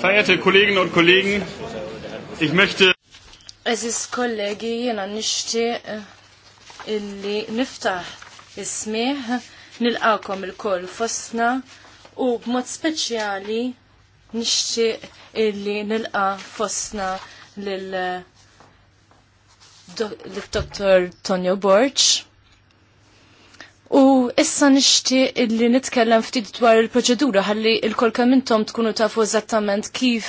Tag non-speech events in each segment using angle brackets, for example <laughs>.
Verehrte Kollegen und Kollegen, ich möchte. Es ist Kollege jena nishti eh, illi niftaħ ismiħ nilqakom il-koll fosna u b'mod speċjali nishti illi nilqa fosna lil eh, dr Tonio Borch U issa nishti illi nitkellem ftit dwar il-proċedura ħalli il-kol kemm intom tkunu tafu eżattament kif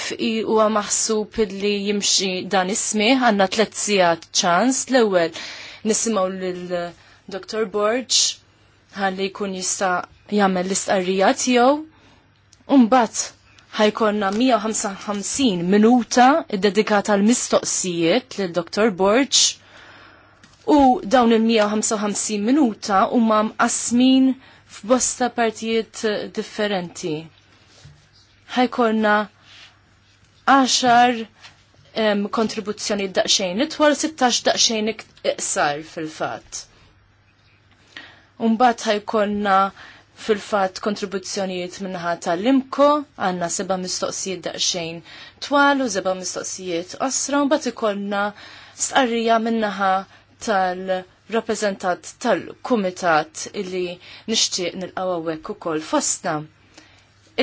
huwa maħsub illi jimxi dan ismi għandna tliet sigħat ċans l-ewwel nisimgħu lil Dr. Borg ħalli jkun jista' jagħmel l-istqarrija tiegħu u mbagħad ħajkonna 155 minuta ddedikata għall mistoqsijiet lil Dr. Borg U dawn il-155 minuta huma mqasmin f'bosta partijiet differenti. Ħajkorna 10 kontribuzzjoni daqxejn, itwal 16 daqxejn iqsar fil-fatt. Umbat ħajkorna fil-fat kontribuzzjonijiet minnaħa tal limko għanna seba mistoqsijiet daqxejn twal u seba mistoqsijiet osra, umbat bat ikonna starrija minnaħa tal rappresentat tal-kumitat illi nixtieq nilqgħu hawnhekk ukoll fostna.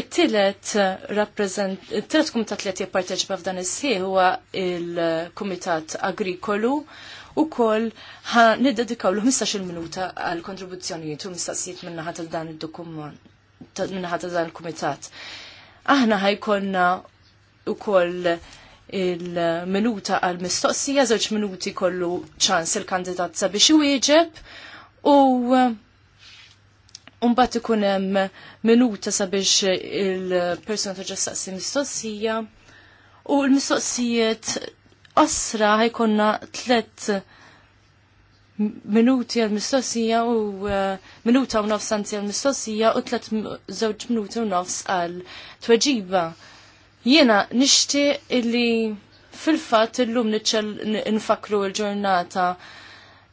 it tilet it-tielet kumitat li għati jipparteċipa f'dan is-sħiħ huwa il-Kumitat Agrikolu u koll niddedikaw l-15 minuta għal kontribuzzjonijiet u mistaqsijiet minnaħat dan il-dokument, minnaħat dan il kumitat Aħna ħajkonna u kol il-minuta għal-mistoqsija, żewġ minuti kollu ċans il-kandidat sabiex iwieġeb u mbagħad ikun hemm minuta sabiex il-persuna taġġa mistoqsija u l-mistoqsijiet osra ħajkonna tlet minuti għal-mistoqsija u eh, minuta u nofs għal-mistoqsija u tlet zewġ minuti u nofs għal-tweġiba. Jiena nixtieq illi fil-fatt illum nfakru l-ġurnata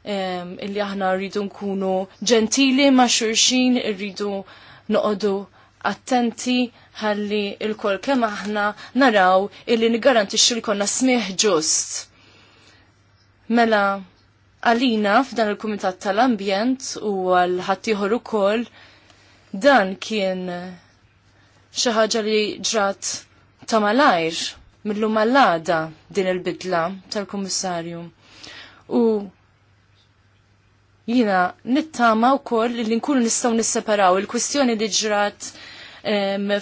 illi aħna rridu nkunu ġentili ma' xurxin, rridu noqdu attenti ħalli il-kol kemm aħna naraw illi nigarantixxu li konna smieħ ġust. Mela għalina f'dan il-Kumitat tal-Ambjent u għal ħaddieħor ukoll dan kien xi ħaġa li ġrat ta' malajx millu malada din il-bidla tal-Kummissarju. U jina nittama u koll li nkunu nistaw nisseparaw il-kwistjoni li ġrat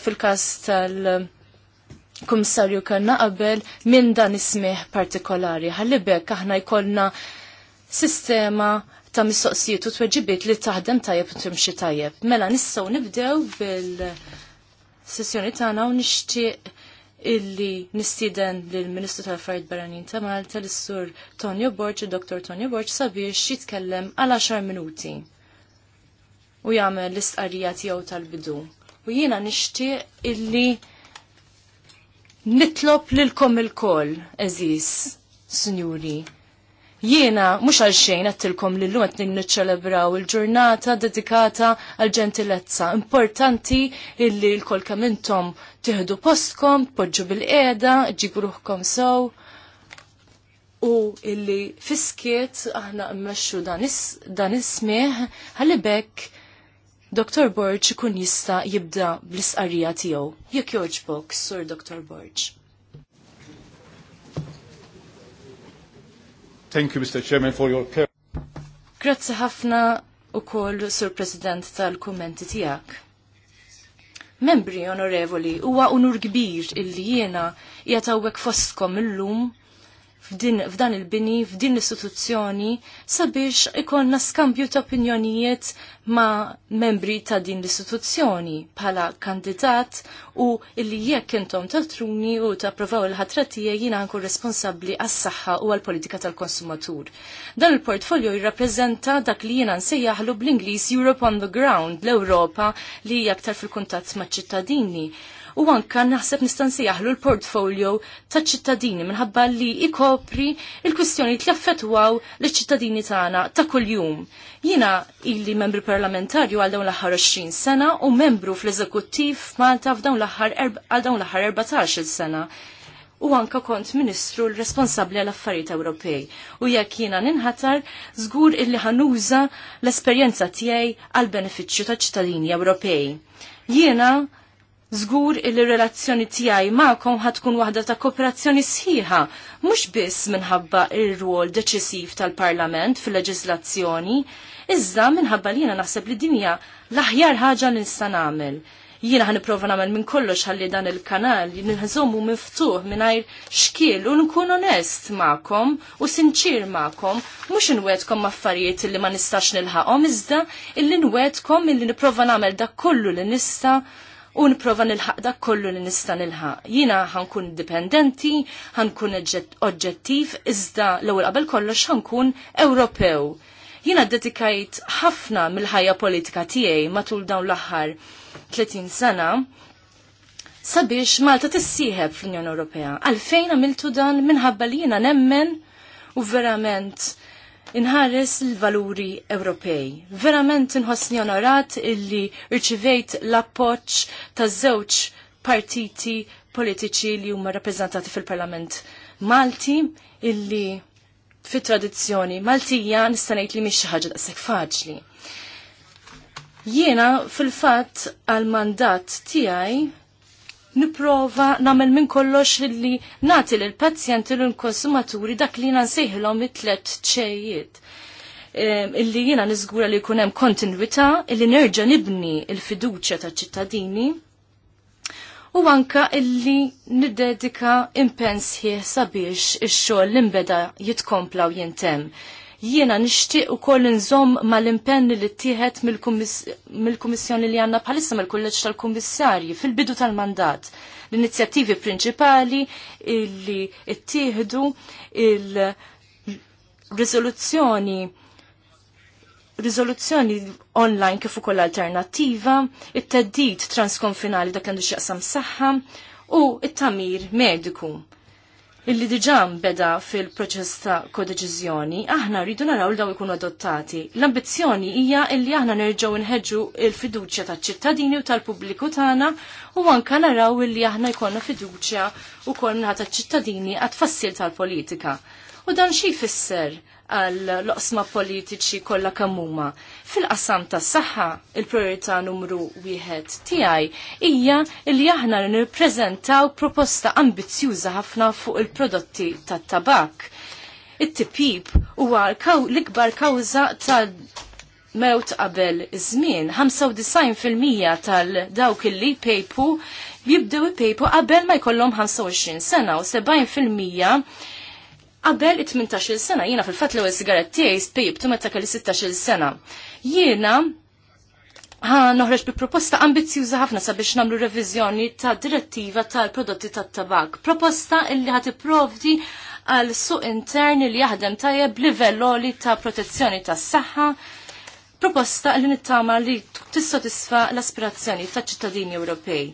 fil-kas tal- Kummissarju kanna qabel minn dan ismiħ partikolari. Ħallibek aħna jkollna sistema ta' mistoqsijiet u tweġibiet li taħdem tajjeb u timxi tajjeb. Mela nistgħu nibdew bil-sessjoni tagħna u nixtieq illi nistiden lill-Ministru tal-Affarijiet Barranin ta' Malta l-Sur Tonio Borg, il-Dr. Tonio Borġ sabiex jitkellem għal 10 minuti u jagħmel l-istqarrija tiegħu tal-bidu. U jiena nixtieq illi nitlob lilkom il-koll, eżis, sinjuri Jiena mhux għal xejn għattilkom li l-lum n niċċelebraw il-ġurnata dedikata għal ġentilezza. Importanti illi l-kol kemm intom postkom, podġu bil eda ġibu sew u illi fiskiet aħna mmexxu dan ismih ħalli bekk Dr. Borġ ikun jista' jibda bl-isqarrija tiegħu. Jekk jogħġbok, Sur Dr. Borg. Thank you, Mr. Chairman, for your care. Grazzi ħafna u koll, Sir President, tal-kommenti tijak. Membri onorevoli, huwa unur kbir illi jiena jgħatawek fostkom illum f'dan il-bini, f'din l-istituzzjoni, sabiex ikonna skambju ta' opinjonijiet ma' membri ta' din l-istituzzjoni bħala kandidat u illi jekk intom truni u ta' provaw il-ħatra tiegħi għanku responsabli responsabbli għas-saħħa u għall-politika tal-konsumatur. Dan il-portfolio jirrappreżenta dak li jiena nsejjaħlu bl-Ingliż Europe on the Ground, l-Ewropa li hija aktar fil-kuntatt maċ-ċittadini u anka naħseb nistansi jaħlu l-portfolio ta' ċittadini minħabba li ikopri il-kwistjoni li jaffetwaw l-ċittadini tagħna ta' kuljum. Jina illi membru parlamentarju għal dawn l-aħħar 20 sena u membru fl-eżekuttiv Malta f'dawn l-aħħar għal dawn l-aħħar 14 sena u anka kont ministru l-responsabli għal-affarijiet Ewropej. U jekk jiena ninħatar, żgur illi ħanuża l-esperjenza tiegħi għal benefiċċju taċ ċittadini Ewropej. Jiena Zgur il-relazzjoni tijaj ma'kom ħatkun wahda ta' kooperazzjoni sħiħa, mux biss minħabba il-rwol deċisiv tal-parlament fil-leġizlazzjoni, iżda minħabba li jena naħseb li dinja l-aħjar ħaġa li nista' nagħmel. Jiena ħan nipprova nagħmel minn kollox ħalli dan il-kanal li nħżommu miftuħ mingħajr xkiel u nkun onest magħkom u sinċir magħkom, mhux inwedkom affarijiet li ma nistax nilħaqhom iżda illi nwedkom illi nipprova nagħmel dak kollu li nista' u nipprova nilħaq dak kollu li nista' nilħaq. Jiena ħankun dipendenti, ħankun oġġettiv, iżda l-ewwel qabel kollox ħankun Ewropew. Jiena dedikajt ħafna mill-ħajja politika tiegħi matul dawn l-aħħar 30 sena sabiex Malta tissieħeb fl-Unjoni Ewropea. Għalfejn għamiltu dan minħabba li jiena nemmen u verament inħares l-valuri Ewropej. Verament inħossni onorat illi rċivejt l-appoċ ta' żewġ partiti politiċi li huma rappreżentati fil-Parlament Malti illi fit-tradizzjoni Maltija nista' ngħid li miex xi ħaġa daqshekk faċli. Jiena fil-fatt għal mandat tiegħi niprofa namel minn kollox li nati l-pazjenti l-konsumaturi dak li nansejħilhom it-tlet ċejjiet. Illi jina nizgura li kunem kontinuità, illi nerġa nibni il-fiduċja ta' ċittadini, u anka illi niddedika impens sabiex ix-xogħol l-imbeda jitkompla u jintem jiena nixtieq ukoll ma mal-impenn li ttieħed mill-Kummissjoni li għandna bħalissa mal-Kulleġġ tal-Kummissarji fil-bidu tal-mandat. L-inizjattivi prinċipali li ttieħdu il-riżoluzzjoni Rizoluzzjoni online kif ukoll alternattiva, it teddit transkonfinali dak l-għandu xaqsam saħħa u it-tamir mediku illi diġà beda fil-proċess ta' kodeċizjoni, aħna rridu naraw li daw ikunu adottati. L-ambizzjoni hija illi aħna nerġgħu nħeġġu il-fiduċja taċ-ċittadini u tal-pubbliku tagħna u anke naraw illi aħna jkollna fiduċja u ukoll taċ ċittadini għat tfassil tal-politika. U dan xi jfisser? għal loqsma politiċi kollha kamuma. fil qasam tas saħħa il-priorità numru wieħed tiegħi hija li aħna nirpreżentaw proposta ambizzjuża ħafna fuq il-prodotti tat-tabak. It-tipib huwa l-ikbar kawża ta' mewt qabel żmien. 95% tal-dawk li pejpu jibdew ipejpu qabel ma jkollhom 25 sena u 70% qabel 18 sena, jiena fil-fat l sigaret tiegħi spejbtu meta kelli 16-il sena. Jiena ħa noħreġ bi proposta ambizjuża ħafna sabiex nagħmlu reviżjoni ta' direttiva tal-prodotti tat-tabak. Proposta illi ħad tipprovdi għal suq interni li jaħdem tajjeb livelloli ta' protezzjoni tas-saħħa, proposta li nittama li tissotisfa l-aspirazzjoni ta' ċittadini Ewropej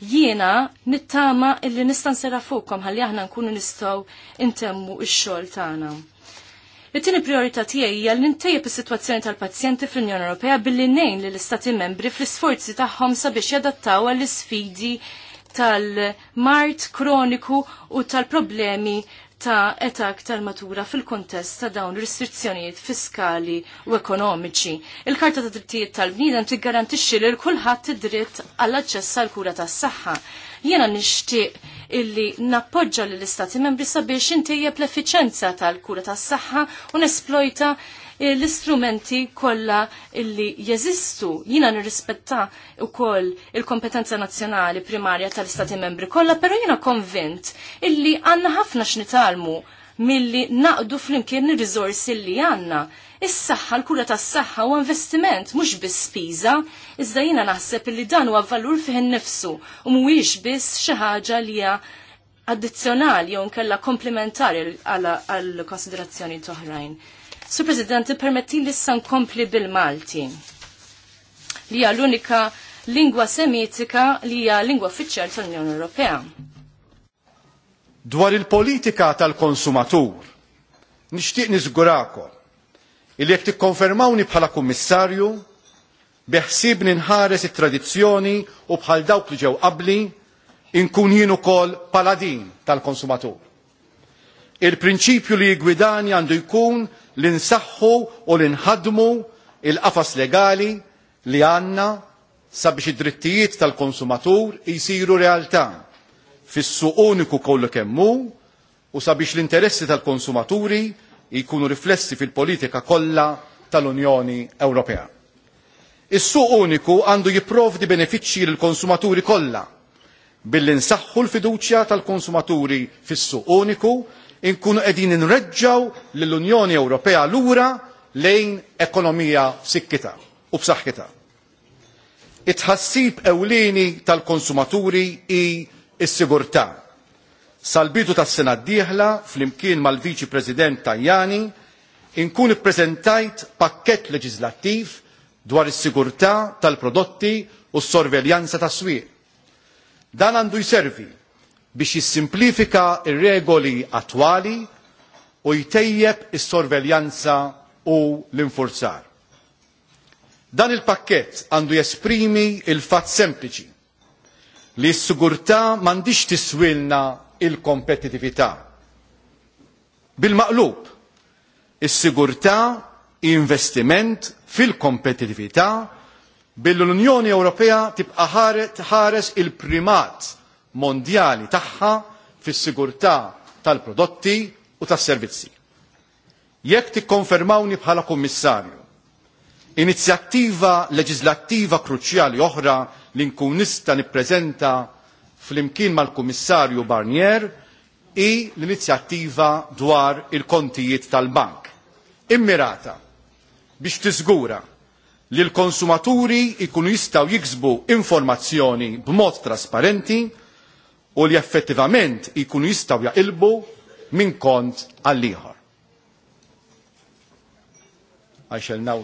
jiena nittama illi nista' sera fuqkom ħalli aħna nkunu nistgħu intemmu ix xogħol tagħna. It-tieni priorità tiegħi hija li ntejjeb is-sitwazzjoni tal-pazjenti fl-Unjoni Ewropea billi ngħin lill istati membri fl-isforzi tagħhom sabiex jadattaw għall-isfidi tal-mart kroniku u tal-problemi ta' eta aktar matura fil-kontest ta' dawn restrizzjonijiet fiskali u ekonomiċi. Il-Karta ta' Drittijiet tal-Bniedem tiggarantixxi lil kulħadd id-dritt għall-aċċess għall kura tas-saħħa. Jiena nixtieq illi nappoġġa lill istati membri sabiex intejjeb l-effiċenza tal-kura tas-saħħa u nesplojta Eh, l-istrumenti kollha illi jeżistu. Jiena nirrispetta wkoll il-kompetenza nazzjonali primarja tal-Istati membri kollha, però jiena konvint illi għandna ħafna x'nitalmu milli naqdu flimkien ir-riżorsi li għandna. Is-saħħa, l-kura tas-saħħa u investiment mhux biss spiża, iżda jiena naħseb illi dan huwa valur fih innifsu u mhuwiex biss xi ħaġa li hija addizzjonali jew nkella komplementari għall konsiderazzjoni toħrajn. Sur President, permetti li san kompli bil-Malti. Li hija l-unika lingwa semitika li hija lingwa fiċċar tal-Unjoni Ewropea. Dwar il-politika tal-konsumatur, nixtieq niżgurakom il jekk tikkonfermawni bħala kummissarju, biħsib nħares it-tradizzjoni u bħal dawk li ġew qabli inkun jienu ukoll paladin tal-konsumatur. Il-prinċipju li jgwidani għandu jkun li nsaħħu u li inħadmu il-qafas legali li għanna sabiex id-drittijiet tal-konsumatur jisiru realtà fis-suq uniku kollu kemmu u sabiex l-interessi tal-konsumaturi jkunu riflessi fil-politika kollha tal-Unjoni Ewropea. Is-suq uniku għandu jipprovdi benefiċċji lill konsumaturi kollha billi nsaħħu l-fiduċja tal-konsumaturi fis-suq uniku inkunu qegħdin nreġġaw lill-Unjoni Ewropea lura lejn ekonomija sikkita u b'saħħitha. It-ħassib ewlieni tal-konsumaturi hi s-sigurtà. Salbitu tas-sena d-dieħla flimkien mal-Viċi President Tajani inkun ippreżentajt pakkett leġislattiv dwar is-sigurtà tal-prodotti u s-sorveljanza tas-swieq. Dan għandu jservi biex jissimplifika ir-regoli attwali u jtejjeb is-sorveljanza u l-infurzar. Dan il-pakket għandu jesprimi il-fat sempliċi li s-sigurtà m'għandix tiswilna il-kompetitività. Bil-maqlub, il sigurtà investiment fil-kompetitività bil unjoni Ewropea tibqa ħares il-primat mondjali tagħha fis-sigurtà tal-prodotti u tas-servizzi. Jekk tikkonfermawni bħala kummissarju, inizjattiva leġislattiva kruċjali oħra li nkun nista nippreżenta fl-imkien mal-Kummissarju Barnier i l-inizjattiva dwar il-kontijiet tal-bank. Immirata biex tiżgura li l-konsumaturi ikunu jistaw jiksbu informazzjoni b'mod trasparenti u li effettivament jkunu jistaw jaqilbu minn kont għall-ieħor. I shall now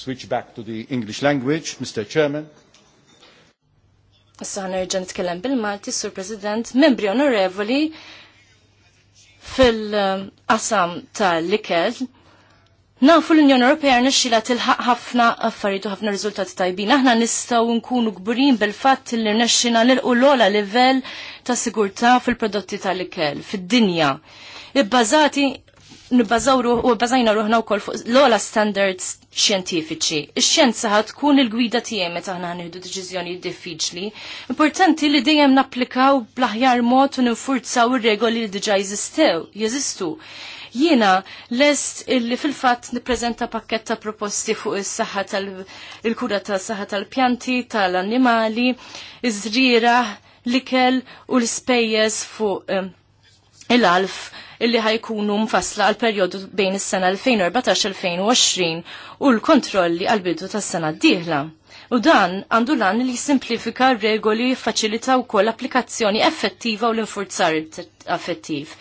switch back to the English language, Mr. Chairman. Issa ħanerġa' nitkellem bil-Malti, Sur President, membri onorevoli fil-qasam uh, tal-Likel Nafu l-Unjoni Ewropea nixxila tilħaq ħafna affarijiet u ħafna riżultati tajbin. Aħna nistgħu nkunu kburin bil-fatt li nixxina nilqu l-ola livell ta' sigurtà fil-prodotti tal-ikel fid-dinja. Ibbażati nibbażaw u bbażajna ruħna wkoll fuq l-ola standards xjentifiċi. Ix-xjenza ħad tkun il-gwida tiegħi meta aħna nieħdu deċiżjoni diffiċli. Importanti li dejjem napplikaw bl-aħjar mod u nifurzaw ir-regoli li diġà jeżistew, jeżistu. jeżistu Jiena lest illi fil-fatt nippreżenta pakketta ta' proposti fuq is-saħħa tal-kura tas-saħħa tal-pjanti, tal-annimali, iż-żriera, l-ikel u l-spejjeż fuq il-alf illi ħajkunu mfassla għal perjodu bejn is-sena 2014-2020 u l-kontrolli għal bidu tas-sena d-dieħla. U dan għandu lan li simplifika regoli faċilita u kol applikazzjoni effettiva u l-infurzar effettiv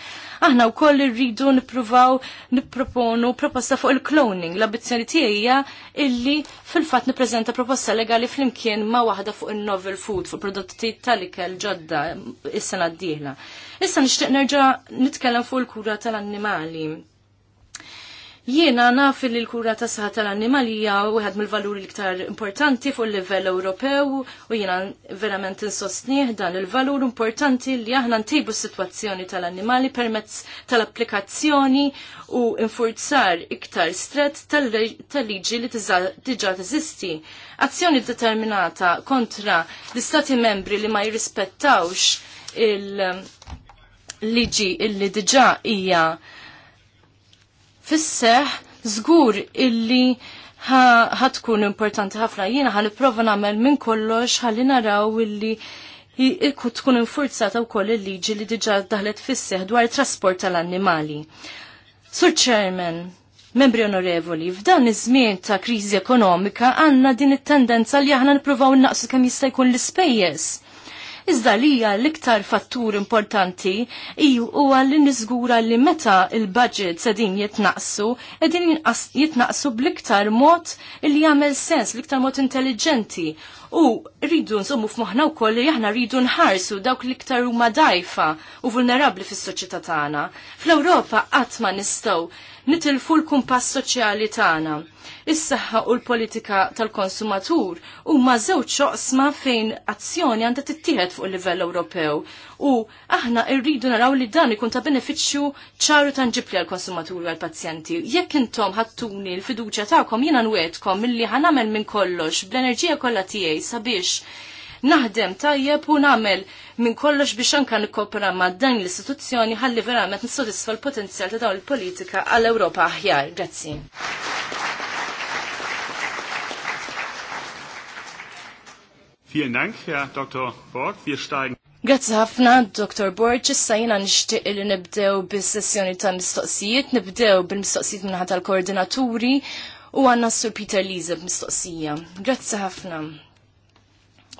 aħna wkoll rridu nippruvaw nipproponu proposta fuq il-cloning. l abizzjoni tiegħi hija illi fil-fatt nippreżenta proposta legali flimkien ma' waħda fuq il-novel food fuq prodotti tal-ikel ġodda is-sena d-dieħla. Issa nixtieq nerġa' nitkellem fuq il-kura tal-annimali Jiena naf li l-kura ta' saħħa tal-annimali wieħed mill-valuri l-iktar importanti fuq il-livell Ewropew u jiena verament insostnih dan il-valur importanti li aħna ntibu s-sitwazzjoni tal-annimali permezz tal-applikazzjoni u infurzar iktar stret tal-liġi li diġà teżisti. Azzjoni determinata kontra l-istati membri li ma jirrispettawx il- liġi illi diġa hija fisseħ żgur illi ħatkun importanti ħafna. Jiena ħan nipprova nagħmel minn kollox ħalli naraw illi ikku tkun infurzata wkoll il-liġi li diġà daħlet fisseħ dwar trasport tal-annimali. Sur Chairman, Membri onorevoli, f'dan iż-żmien ta' kriżi ekonomika għandna din it-tendenza li aħna nippruvaw innaqsu kemm jista' jkun l-ispejjeż. Iżda li hija l-iktar fattur importanti iju huwa li niżgura li meta il-budget din jitnaqsu, qegħdin jitnaqsu bl-iktar mod li jagħmel sens, l-iktar mod intelligenti. U rridu nżommu f'moħħna wkoll li aħna rridu nħarsu dawk l-iktar huma dajfa u vulnerabbli fis-soċjetà tagħna. Fl-Ewropa qatt ma nistgħu nitilfu l-kumpass soċjali tagħna. Is-saħħa u l-politika tal-konsumatur huma żewġ xoqsma fejn azzjoni għandha tittieħed fuq il-livell Ewropew u aħna rridu naraw li dan ikun ta' benefiċċju ċaru tanġibli għall-konsumaturi għall-pazjenti. Jekk intom ħattuni l-fiduċja tagħkom jiena nwiedkom milli ħanamel minn kollox bl-enerġija kollha tiegħi sabiex naħdem tajjeb u nagħmel minn kollox biex anka nikkopera ma' dan l-istituzzjoni ħalli verament nissodisfa l-potenzjal ta' dawn il-politika għall europa aħjar. Grazzi. Vielen Dank, Herr Dr. Borg. Wir steigen. Grazzi ħafna, Dr. Borg. Issa jina nixtieq li nibdew bis-sessjoni ta' mistoqsijiet, nibdew bil-mistoqsijiet minnaħat tal-koordinaturi u għanna Sur Peter Lise b'mistoqsija. Grazzi ħafna.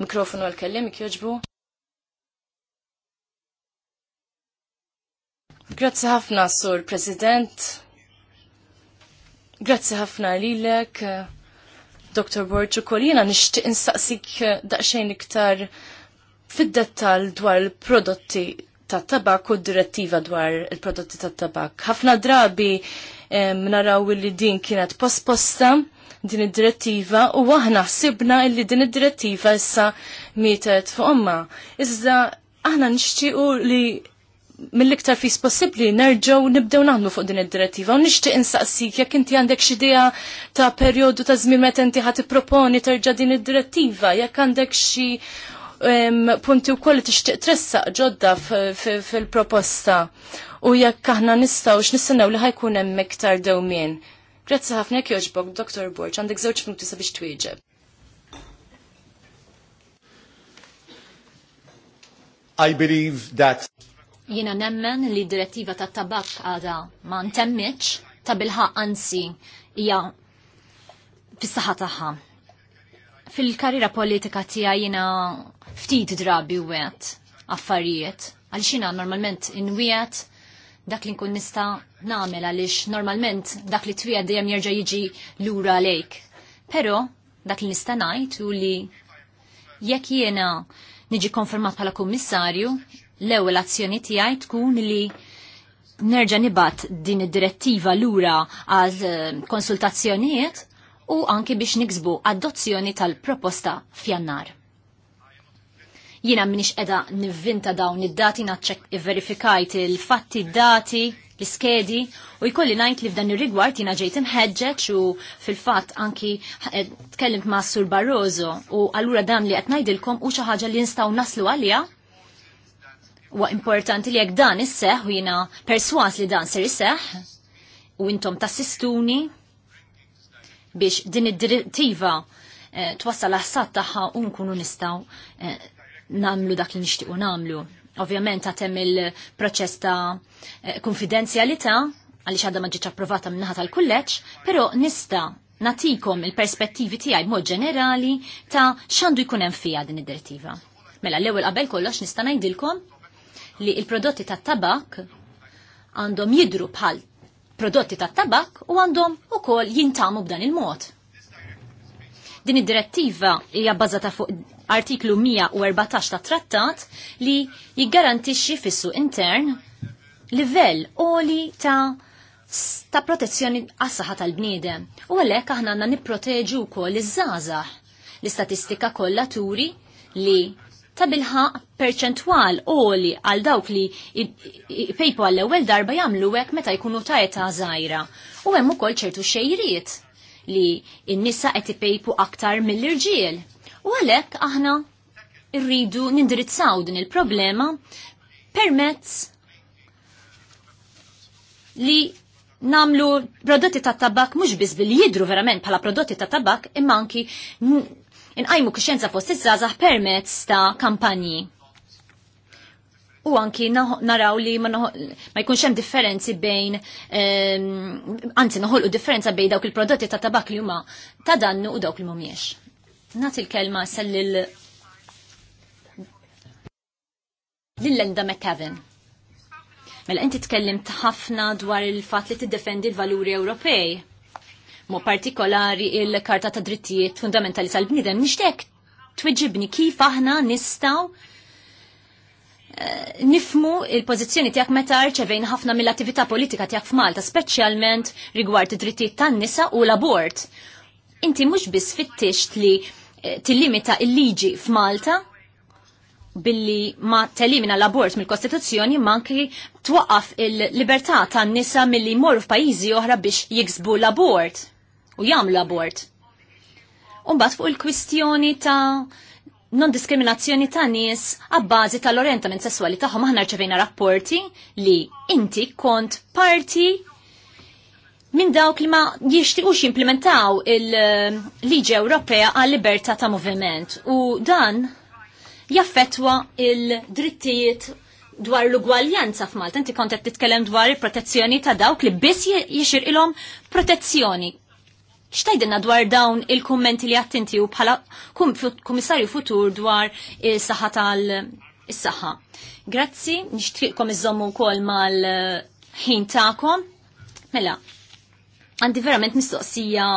Mikrofonu għal-kellim, kjoġbu. Grazzi ħafna, Sur President. Grazzi ħafna lilek, Dr. Borġu Kolina, nixtieq instaqsik eh, daqsxejn iktar fid-dettal dwar il-prodotti tat tabak u direttiva dwar il-prodotti tat tabak. Ħafna drabi naraw li din kienet posposta din id-direttiva u aħna ħsibna li din id-direttiva issa mietet fuq omma. Iżda aħna nixtiequ li mill-iktar fis possibbli nerġgħu nibdew naħdmu fuq din id-direttiva u nixtieq insaqsik jekk inti għandek xi idea ta' perjodu ta' żmien meta inti ħad tipproponi terġa' din id-direttiva, jekk għandek xi punti u koll tixtieq tressaq ġodda fil-proposta u jekk aħna nistgħu x'nistennew li ħajkun hemm iktar dewmien. Grazzi ħafna jekk jogħġbok, Dr. Borġ, għandek żewġ punti sabiex twieġeb. I believe that Jiena nemmen li direttiva ta' tabak għada ma' ntemmiċ ta' bilħa ansi hija fis taħħa. tagħha. Fil-karriera politika tiegħi jiena ftit drabi wet affarijiet għal xina normalment inwiet dak li nkun nista' nagħmel għaliex normalment dak li twiet dejjem jerġa' jiġi lura lejk. Però dak li nista' ngħid u li jekk jiena niġi konfermat bħala kummissarju, l-ewwel azzjoni tiegħi tkun li nerġa' nibgħat din id-direttiva lura għal eh, konsultazzjonijiet u anki biex niksbu adozzjoni tal-proposta f'jannar. Jiena minix edha nivvinta dawn id-dati naċċek verifikajt il-fatti dati l-iskedi u jkolli najt li f'dan ir-rigward jiena ġejt imħeġġeġ u fil-fatt anki eh, tkellimt ma' Sur Barroso u allura dan li qed ngħidilkom u xi ħaġa li nistgħu naslu għalija Wa' importanti li jekk dan isseħ u jiena perswas li dan ser isseħ u intom tassistuni biex din id-direttiva eh, twassal ħsat tagħha u nkunu nistgħu eh, namlu dak li nixtiequ namlu. Ovvjament għatem il-proċess ta' eh, konfidenzjalità għaliex għadha ma ġietx approvata minnaħa tal-kulleġġ, però nista' natikom il-perspettivi tiegħi mod ġenerali ta' x'għandu jkun hemm fiha din id-direttiva. Mela l-ewwel qabel kollox nista' ngħidilkom li il-prodotti tat tabak għandhom jidru bħal prodotti tat tabak u għandhom ukoll jintamu b'dan il-mod. Din id-direttiva hija bbażata fuq artiklu 114 ta' trattat li jiggarantixxi fissu intern livell oli ta' ta' protezzjoni għas-saħħa tal-bniedem. U għalhekk aħna għandna nipproteġu wkoll iż-żgħażagħ. L-istatistika kollha turi li ta' bilħaq perċentwal oli għal dawk li pejpu għall ewwel darba jagħmlu hekk meta jkunu ta' eta żgħira. U hemm ukoll ċertu xejriet li n-nisa qed ipejpu aktar mill-irġiel. U għalhekk aħna rridu nindirizzaw din il-problema permezz li namlu prodotti ta' tabak mhux biss billi jidru verament bħala prodotti ta' tabak imma anki inqajmu kuxjenza fost iż-żgħażagħ permezz ta' kampanji. U anki naraw li ma jkunx hemm differenzi bejn ehm, anzi noħolqu differenza bejn dawk il-prodotti ta' tabak li huma ta' dannu u dawk li mhumiex. Nagħti l-kelma sellil lill-Linda McCavin. Mela inti tkellimt ħafna dwar il-fatt li tiddefendi l-valuri Ewropej mo partikolari il-Karta ta' Drittijiet Fundamentali tal-Bnidem, nishtek twiġibni kif aħna nistaw eh, nifmu il-pozizjoni tijak meta ċevejn ħafna mill-attività politika tijak f'Malta, specialment rigward id-drittijiet tan-nisa u l-abort. Inti mhux biss fittix li eh, tillimita il-liġi f'Malta billi ma telimina l-abort mill-Kostituzzjoni manki twaqqaf il-libertà tan nisa milli jmorru f'pajjiżi oħra biex jiksbu l-abort u jagħmlu abort. Umbagħad fuq il-kwistjoni ta' non-diskriminazzjoni ta' nies għabbażi tal-orientament sessuali tagħhom aħna rċevejna rapporti li inti kont parti minn dawk li ma jixtiqux jimplementaw il-Liġi Ewropea għal libertà ta' moviment u dan jaffetwa il-drittijiet dwar l-ugwaljanza f'Malta. Inti kont qed titkellem dwar il-protezzjoni ta' dawk li biss jixir ilhom protezzjoni Xtajdinna dwar dawn il-kommenti li għattinti u bħala kummissarju futur dwar is-saħħa tal-saħħa. Grazzi, nixtriqkom iżommu kol mal-ħin ta'kom. Mela, għandi verament mistoqsija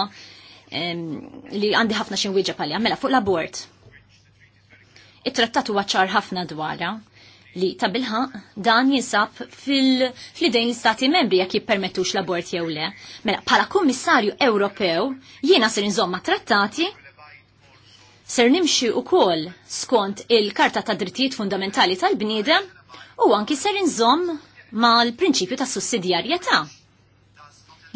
li għandi ħafna xin wieġa palja. Mela, fuq l-abort. It-trattat huwa ċar ħafna dwarha li ta' dan jinsab fil-idejn l-istati membri jekk jippermettux l-abort jew le. Mela, bħala kummissarju Ewropew jiena ser nżomma trattati ser nimxi u kol skont il-Karta ta' Drittijiet Fundamentali tal-Bniedem u anki ser nżomm ma' l-prinċipju ta' sussidjarjetà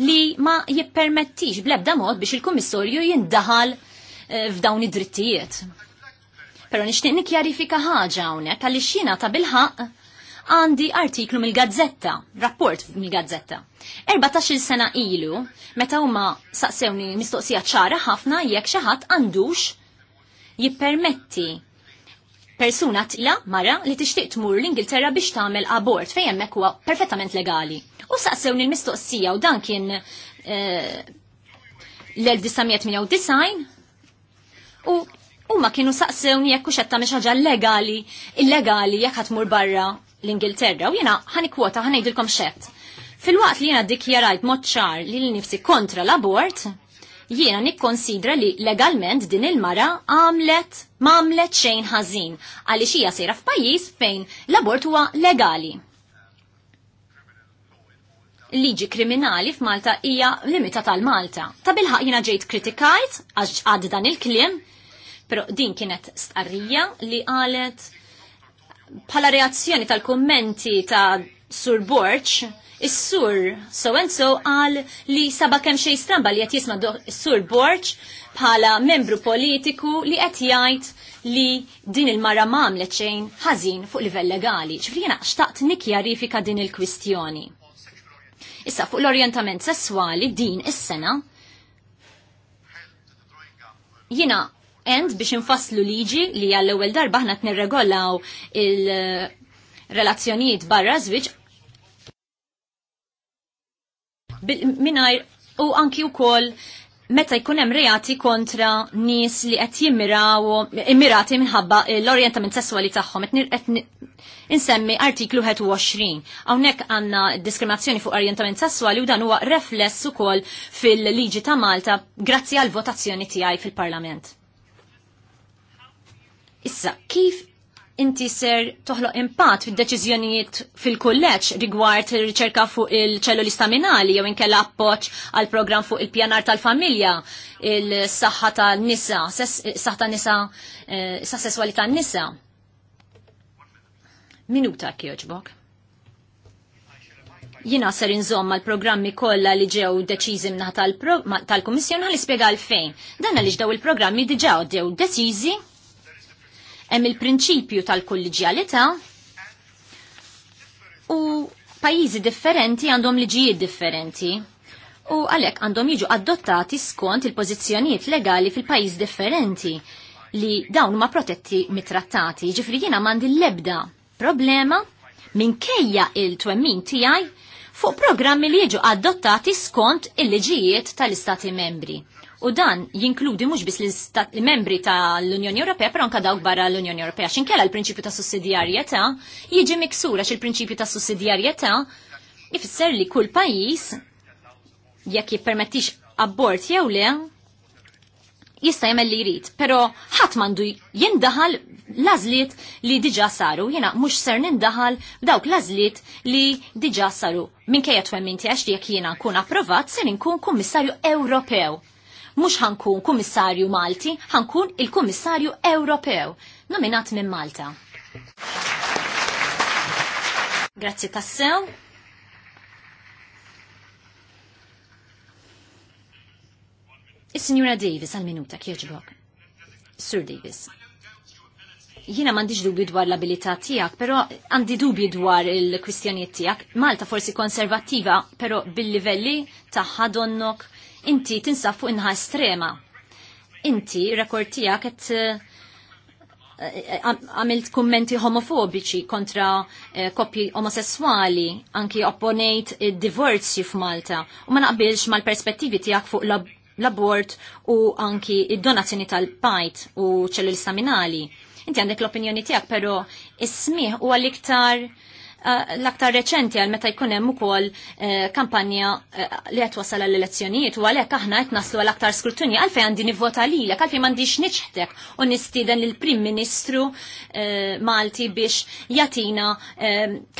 li ma jippermettix blebda mod biex il-Kommissorju jindahal eh, f'dawn id-drittijiet. Pero nixtieq nikjarifika ħaġa hawnhekk għaliex jiena ta' bilħaq għandi artiklu mill-gazzetta, rapport mill-gazzetta. 14 sena ilu, meta huma saqsewni mistoqsija ċara ħafna jekk xi ħadd għandux jippermetti persuna tila mara li tixtieq tmur l-Ingilterra biex tagħmel abort fejn hemmhekk huwa perfettament legali. U saqsewni l-mistoqsija u dan kien eh, l-1998 u ma kienu saqsewni jekk kuxetta miex ħaġa legali, illegali jekk ħatmur barra l-Ingilterra u jena ħani kwota ħanajdilkom xett. Fil-waqt li jena dikjarajt moċċar li l-nifsi kontra l-abort, jiena nikkonsidra li legalment din il-mara għamlet mamlet xejn ħażin għaliex hija sejra f'pajjiż fejn l-abort huwa legali. Liġi kriminali f'Malta hija limitata tal Malta. Ta' bilħaq jiena ġejt kritikajt għax għad dan il-kliem Pero din kienet stqarrija li qalet bħala reazzjoni tal-kummenti ta' Sur Borċ, is-sur so and so qal li saba kemm xejn stramba li qed jisma' is-sur Borċ bħala membru politiku li qed jgħid li din il-mara mamlet xejn ħażin fuq livell legali. Ġifri jena xtaqt nikjarifika din il-kwistjoni. Issa fuq l-orjentament sessuali din is-sena jina And biex infasslu liġi li għall ewwel darba ħna t-nirregolaw il-relazzjonijiet barra żwieġ minajr u anki wkoll meta jkun hemm reati kontra nies li qed jimmiraw immirati minħabba l-orjentament sesswali tagħhom qed insemmi artiklu 21. Hawnhekk għandna diskriminazzjoni fuq orjentament sesswali u dan huwa refless ukoll fil-liġi ta' Malta grazzi għal votazzjoni tiegħi fil-Parlament. Issa, kif inti ser toħloq impatt fid-deċiżjonijiet fil-kulleġġ rigward ir-riċerka fuq il-ċelluli staminali jew inkella appoġġ għal programm fuq il-pjanar tal-familja, il-saħħa tan-nisa, saħħa tan-nisa, eh, sa sesswali tan-nisa. Minuta kjoġbok. Jina ser inżomma l-programmi kollha li ġew deċiżi minna tal għal-ispiega spjega għalfejn. Dan għaliex ġdaw il-programmi diġaw ġew deċiżi Hemm il-prinċipju tal kollegjalità u pajjiżi differenti għandhom liġijiet differenti u għalhekk għandhom jiġu adottati skont il-pożizzjonijiet legali fil-pajjiż differenti li dawn ma protetti mit-trattati. Ġifri jiena mandi l-ebda problema minkejja il-twemmin tiegħi fuq programmi li jiġu adottati skont il-liġijiet tal-Istati membri. U dan jinkludi mhux biss l-membri tal-Unjoni Ewropea, però anke dawk barra l-Unjoni Ewropea. Xinkella l-prinċipju ta' sussidjarjetà jiġi miksura xil-prinċipju ta' sussidjarjetà ifisser li kull pajjiż jekk jippermettix abort jew le jista' jagħmel li jrid, però ħadd m'għandu jindaħal lażliet li diġà saru, jiena mhux ser nindaħal dawk għażliet li diġà saru. Minkejja twemminti għax jekk jiena nkun approvat ser nkun kummissarju Ewropew mhux ħankun kummissarju Malti, ħankun il-Kummissarju Ewropew, nominat minn Malta. Grazzi tassew. Is-Sinjura Davis għal-minuta kieġbok. Sir Davis. Jiena m'għandix dubju dwar l-abilità tiegħek, però għandi dubju dwar il kwistjoniet tiegħek. Malta forsi konservattiva, però bil-livelli taħħadonnok. donnok inti tinsab fuq inħa estrema. Inti rekord tiegħek eh, eh, eh, għamilt kummenti homofobiċi kontra koppji omosessuali, anki opponejt id-divorzju f'Malta u ma naqbilx mal-perspettivi tiegħek fuq l-abort u anki id-donazzjoni tal-pajt u ċellul staminali. Inti għandek l-opinjoni tiegħek, però ismiħ u huwa l-iktar Eh, l-aktar reċenti għal meta jkun hemm ukoll eh, kampanja eh, li qed wasal għall elezzjonijiet u għalhekk aħna qed naslu għall aktar skrutinju għalfejn għandi nivvota lilek għalfejn m'għandix niċħtek u nistieden lill-Prim Ministru Malti biex jagħtina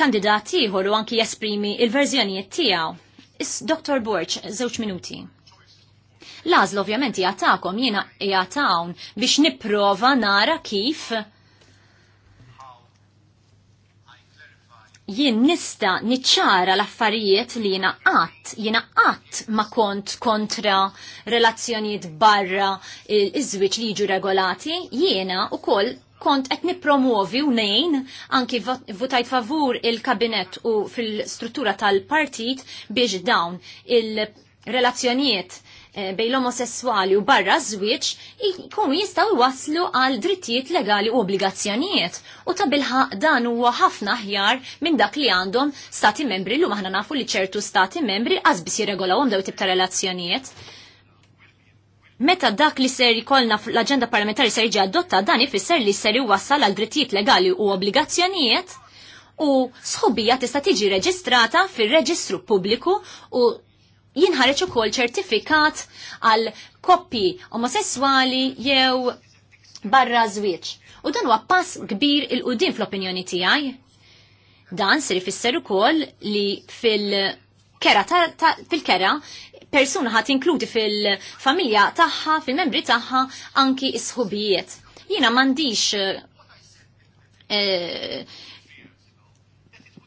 kandidat ieħor u anki jesprimi il-verżjonijiet tiegħu. Is Dr. Borch, żewġ minuti. Lazl ovvjament jagħtakom jiena jagħtawn biex nipprova nara kif jien nista niċċara l-affarijiet li jiena qatt, jiena qatt ma kont kontra relazzjonijiet barra iż-żwieġ li jiġu regolati, jiena ukoll kont qed nippromovi u nejn anki votajt favur il-kabinet u fil-struttura tal-partit biex dawn il-relazzjonijiet Eh, bej l-omosessuali u barra żwieġ jkunu jistgħu waslu għal drittijiet legali u obbligazzjonijiet. U ta' bilħa dan huwa ħafna ħjar minn dak li għandhom stati membri l aħna nafu li ċertu stati membri għazbis jirregolawhom daw tip ta' relazzjonijiet. Meta dak li ser jkollna l-aġenda parlamentari ser jiġi adotta dan ifisser li ser jwassal għal drittijiet legali u obbligazzjonijiet u sħubija tista' tiġi reġistrata fir-reġistru pubbliku u u ukoll ċertifikat għal koppi omosessuali jew barra żwieġ. U dan huwa pass kbir il-qudiem fl-opinjoni tiegħi. Dan sir ifisser ukoll li fil-kera fil-kera persuna ħat inkludi fil-familja tagħha, fil-membri tagħha anki is-sħubijiet. Jiena m'għandix eh,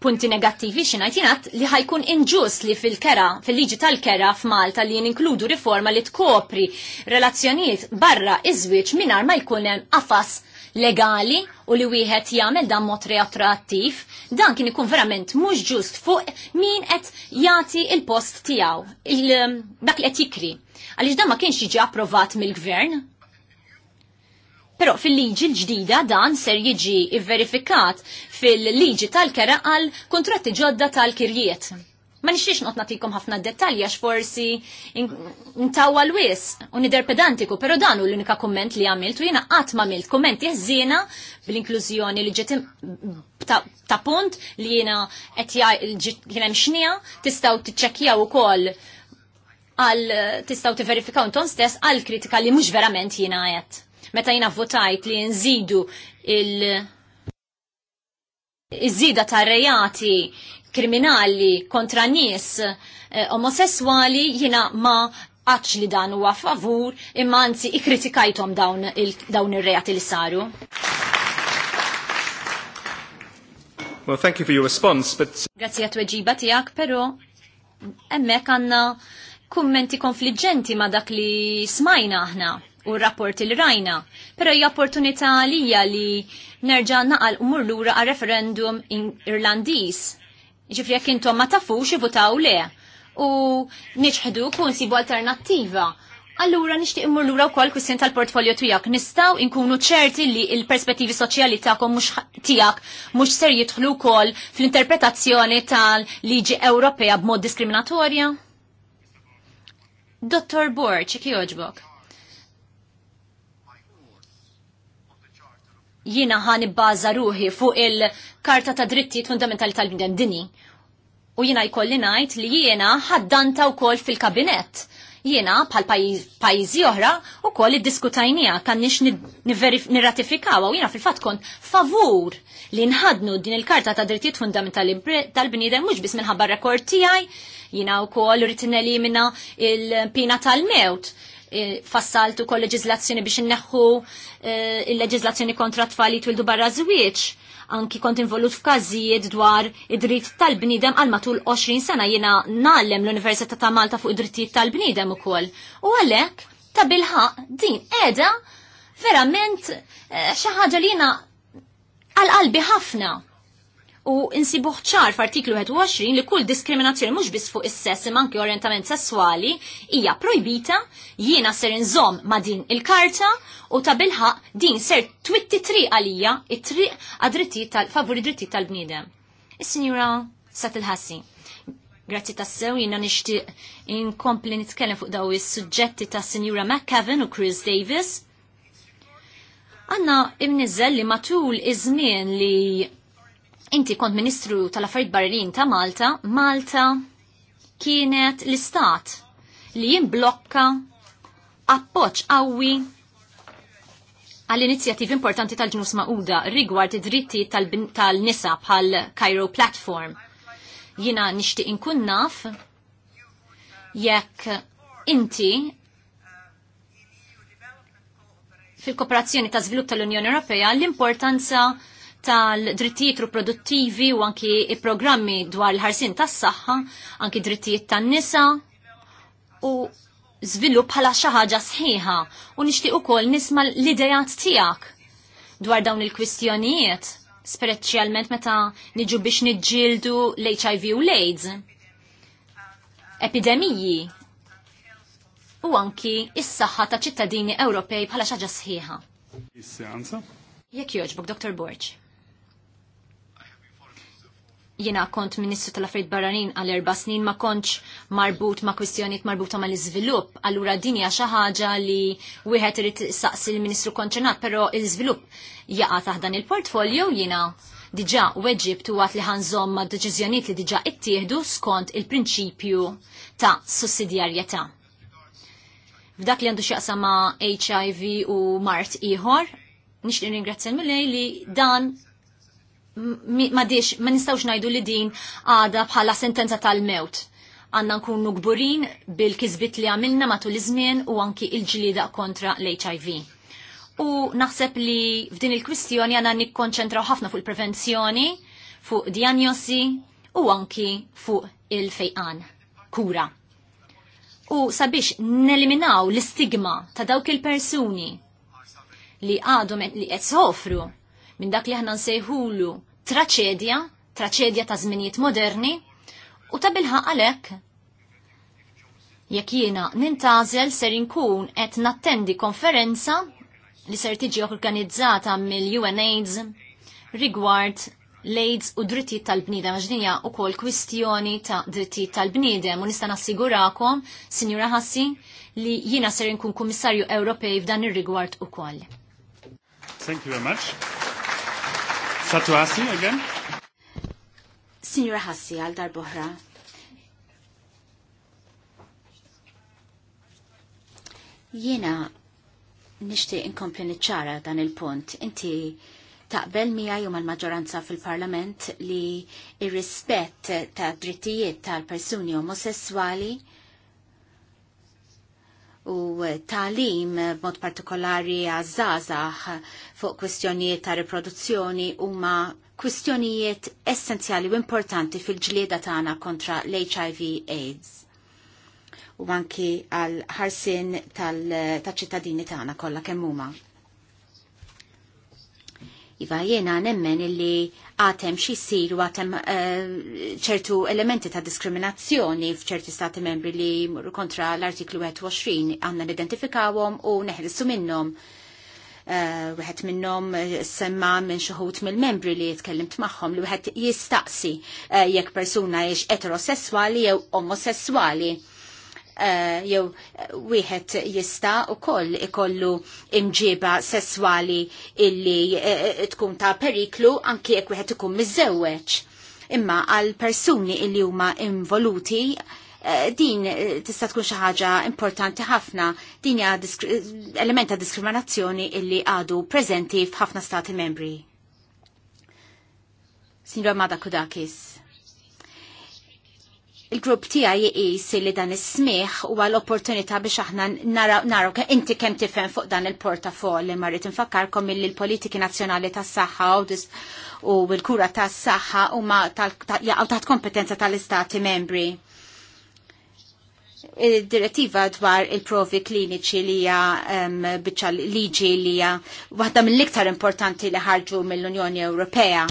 punti negattivi xinajtinat li ħajkun inġus li fil-kera, fil-liġi tal-kera f'Malta li jinkludu riforma li tkopri relazzjoniet barra iżwieċ minar ma jkunem afas legali u li wieħed jagħmel dan mod reattrattiv, dan kien ikun verament mhux ġust fuq min qed jagħti il-post tiegħu, dak li qed jikri. Għaliex dan ma kienx jiġi approvat mill-gvern, Però fil-liġi l-ġdida dan ser jiġi verifikat fil-liġi tal-kera għal kontratti ġodda tal-kirjiet. Ma nixtiex not natikom ħafna dettalji għax forsi ntawa l-wis u nider pedantiku, pero dan u l-unika komment li għamilt u jina qatt ma għamilt komment jazzina bl-inklużjoni li ġetim ta' punt li jena qed jena mxnija tistgħu tiċċekkjaw ukoll għal tistaw t un ton stess għal kritika li mux verament jina għet meta jina votajt li nżidu il- iż-żida ta' rejati kriminali kontra nies eh, omosessuali jina ma għax li dan huwa favur imma anzi ikkritikajthom dawn, dawn ir rejati li saru. Well, thank you for your response, but... Grazie għat weġiba tijak, pero emmek għanna kummenti konfliġenti ma dak li smajna aħna u rapporti li rajna. Pero hija opportunità għalija li nerġa' naqal umur lura għal referendum Irlandiż. Ġifri jekk intom ma tafux ivutaw le u niċħdu kun sibu alternattiva. Allura nixtieq immur lura wkoll kwistjoni tal-portfolio tiegħek. Nistgħu nkunu ċerti li l-perspettivi soċjali tagħkom mhux tiegħek mhux ser jidħlu wkoll fl-interpretazzjoni tal-liġi Ewropea b'mod diskriminatorja? Dottor Borċ, kif jogħġbok? jina ħan ibbaza ruħi fuq il-Karta ta' Drittijiet Fundamentali tal-Bnedem Dini. U jina jkolli ngħid li jiena ħaddanta wkoll fil-kabinett. Jiena bħal pajjiżi oħra id-diskutajnija iddiskutajnija nix nirratifikaw u jiena fil-fatt kont favur li nħadnu din il-Karta ta' Drittijiet Fundamentali tal-Bniedem mhux biss minħabba rekord tiegħi, jiena wkoll rritinelli minna il-pina tal-mewt u kol leġizlazzjoni biex inneħħu eh, il-leġizlazzjoni kontra tfali twildu barra żwieġ. Anki kont involut f'każijiet dwar id-dritt tal-bnidem għal matul 20 sena jiena nallem l-Università ta' Malta fuq id-drittijiet tal-bnidem ukoll. U għalhekk ta' bilħaq din qiegħda verament eh, xi ħaġa li jiena għal qalbi ħafna u insibuħ ċar f'artiklu 21 li kull diskriminazzjoni mhux biss fuq is-sess imma anke orientament sesswali hija projbita, jiena ser inżomm ma' din il-karta u ta' bilħaq din ser twitti triq għalija it-triq għad-drittijiet tal-favuri drittijiet tal-bniedem. Is-Sinjura Satil Ħassi. Grazzi tassew, jina nixtieq inkompli nitkellem fuq daw is-suġġetti ta' Sinjura McCavan u Chris Davis. Għanna imnizzel li matul iż-żmien li Inti kont Ministru tal-Affarijiet Barranin ta' Malta, Malta kienet l-istat li jimblokka appoċ qawwi għall inizjattivi importanti tal-ġnus ma'uda rigward id-dritti tal-nisa bħal Cairo Platform. Jina nixtieq inkun naf jekk inti fil-kooperazzjoni ta' żvilupp tal-Unjoni Ewropea l-importanza tal-drittijiet reproduttivi u anki i-programmi dwar l-ħarsin tas-saħħa, anki drittijiet tan-nisa u żvilupp bħala xi ħaġa sħiħa u nixtieq ukoll nisma l-idejat tiegħek dwar dawn il-kwistjonijiet, speċjalment meta niġu biex niġġieldu l-HIV u l-AIDS. Epidemiji u anki is-saħħa ta' ċittadini Ewropej bħala xaġa sħiħa. Jekk joġbok, Dr. Borg jina kont ministru tal-affarijiet barranin għal erba snin ma kontx marbut ma kwistjoniet marbuta ma l-iżvilupp, allura din hija xi ħaġa li wieħed irid saqsi l-ministru konċernat, però l-iżvilupp jaqa' taħdan il-portfolio jina diġà weġibtu għat li ħanżomm ma' deċiżjonijiet li diġà ittieħdu skont il-prinċipju ta' sussidjarjetà. F'dak li għandu xaqsa ma' HIV u Mart ieħor, nixtieq nirringrazzja mill li dan ma diex, ma nistawx najdu li din għada bħala sentenza tal-mewt. Għanna nkunu gburin bil-kizbit li għamilna matul iż-żmien u anki il-ġlida kontra l-HIV. U naħseb li f'din il-kwistjoni għanna nikkonċentraw ħafna fuq il-prevenzjoni, fuq diagnosi u anki fuq il-fejqan, kura. U sabiex neliminaw l-istigma ta' dawk il-persuni li għadhom li qed sofru minn dak li aħna nsejħulu traċedja, traċedja ta' żminijiet moderni, u ta' bilħa għalhekk jekk jiena nintazel ser inkun qed nattendi konferenza li ser tiġi organizzata mill-UNAIDS rigward l-AIDS u drittijiet tal-bniedem għax u wkoll kwistjoni ta' drittijiet tal-bniedem u nista' nassigurakom, Sinjura Ħassi, li jiena ser inkun Kummissarju Ewropej f'dan ir-rigward ukoll. Thank you very much. Satu Hassi, again? Signora Hassi, għal darbohra. Jena nishti inkompli niċċara dan il-punt. Inti taqbel mija jum għal-maġoranza fil-parlament li ir-rispett ta' drittijiet tal-persuni omosessuali u eh, talim eh, mod partikolari għazzazax fuq kwestjonijiet ta' riproduzzjoni huma kwistjonijiet essenzjali u importanti fil-ġlieda tagħna kontra l-HIV AIDS u anki għal ħarsin tal-ċittadini tagħna kollha kemm huma. Iva jena nemmen illi għatem sir u għatem eh, ċertu elementi ta' diskriminazzjoni fċerti stati membri li mur kontra l-artiklu 21 għanna identifikawom u neħrissu minnom. Uh, wieħed minnhom eh, semma minn xuħut mill-membri li jitkellimt magħhom li wieħed jistaqsi uh, jekk persuna jiex eterosessuali jew omosessuali Eh, jew eh, wieħed jista' koll ikollu imġiba sesswali illi eh, tkun ta' periklu anki jekk wieħed ikun miżewweġ. Imma għal persuni illi huma involuti din tista' tkun xi ħaġa importanti ħafna din hija element ta' diskriminazzjoni illi għadu preżenti f'ħafna stati membri. Sinjor Madakudakis il-grupp tiegħi jqis li dan is-smieħ huwa l-opportunità biex aħna naraw ke inti kemm tifhem fuq dan il-portafoll li marrit infakkarkom milli l-politiki nazzjonali tas-saħħa u l-kura tas-saħħa huma jaqgħu taħt kompetenza tal-istati membri. Il-direttiva dwar il-provi kliniċi li hija biċċa liġi li hija waħda mill-iktar importanti li ħarġu mill-Unjoni Ewropea.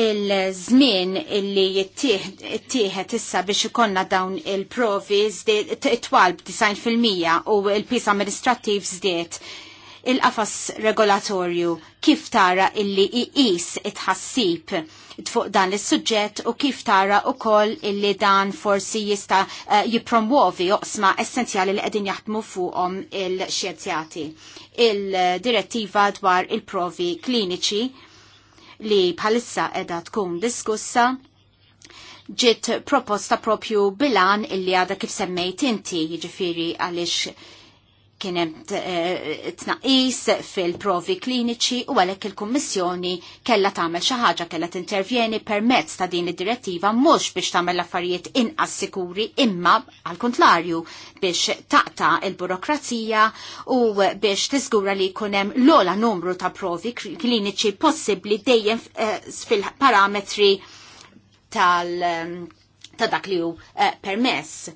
il-żmien illi jittieħed issa biex ikonna dawn il-provi twalb 90% u il-pis amministrattiv żdiet il-qafas regolatorju kif tara illi iqis itħassib fuq dan is suġġett u kif tara u koll illi dan forsi jista uh, jipromuovi oqsma essenzjali li qegħdin jaħdmu fuqhom il-xjenzjati. Il-direttiva dwar il-provi kliniċi li bħalissa edha tkun diskussa ġiet proposta propju bilan illi għada kif semmejt inti jiġifieri għaliex kienem eh, t-naqis fil-provi kliniċi u għalek il-Kommissjoni kella tagħmel xi ħaġa kella tintervjeni permezz ta' din id-direttiva mhux biex tagħmel l-affarijiet inqas sikuri imma għal kontrarju biex taqta il-burokrazija u biex tiżgura li jkun hemm l-ola numru ta' provi kliniċi possibbli dejjem eh, fil-parametri tal ta' dak li hu eh, permess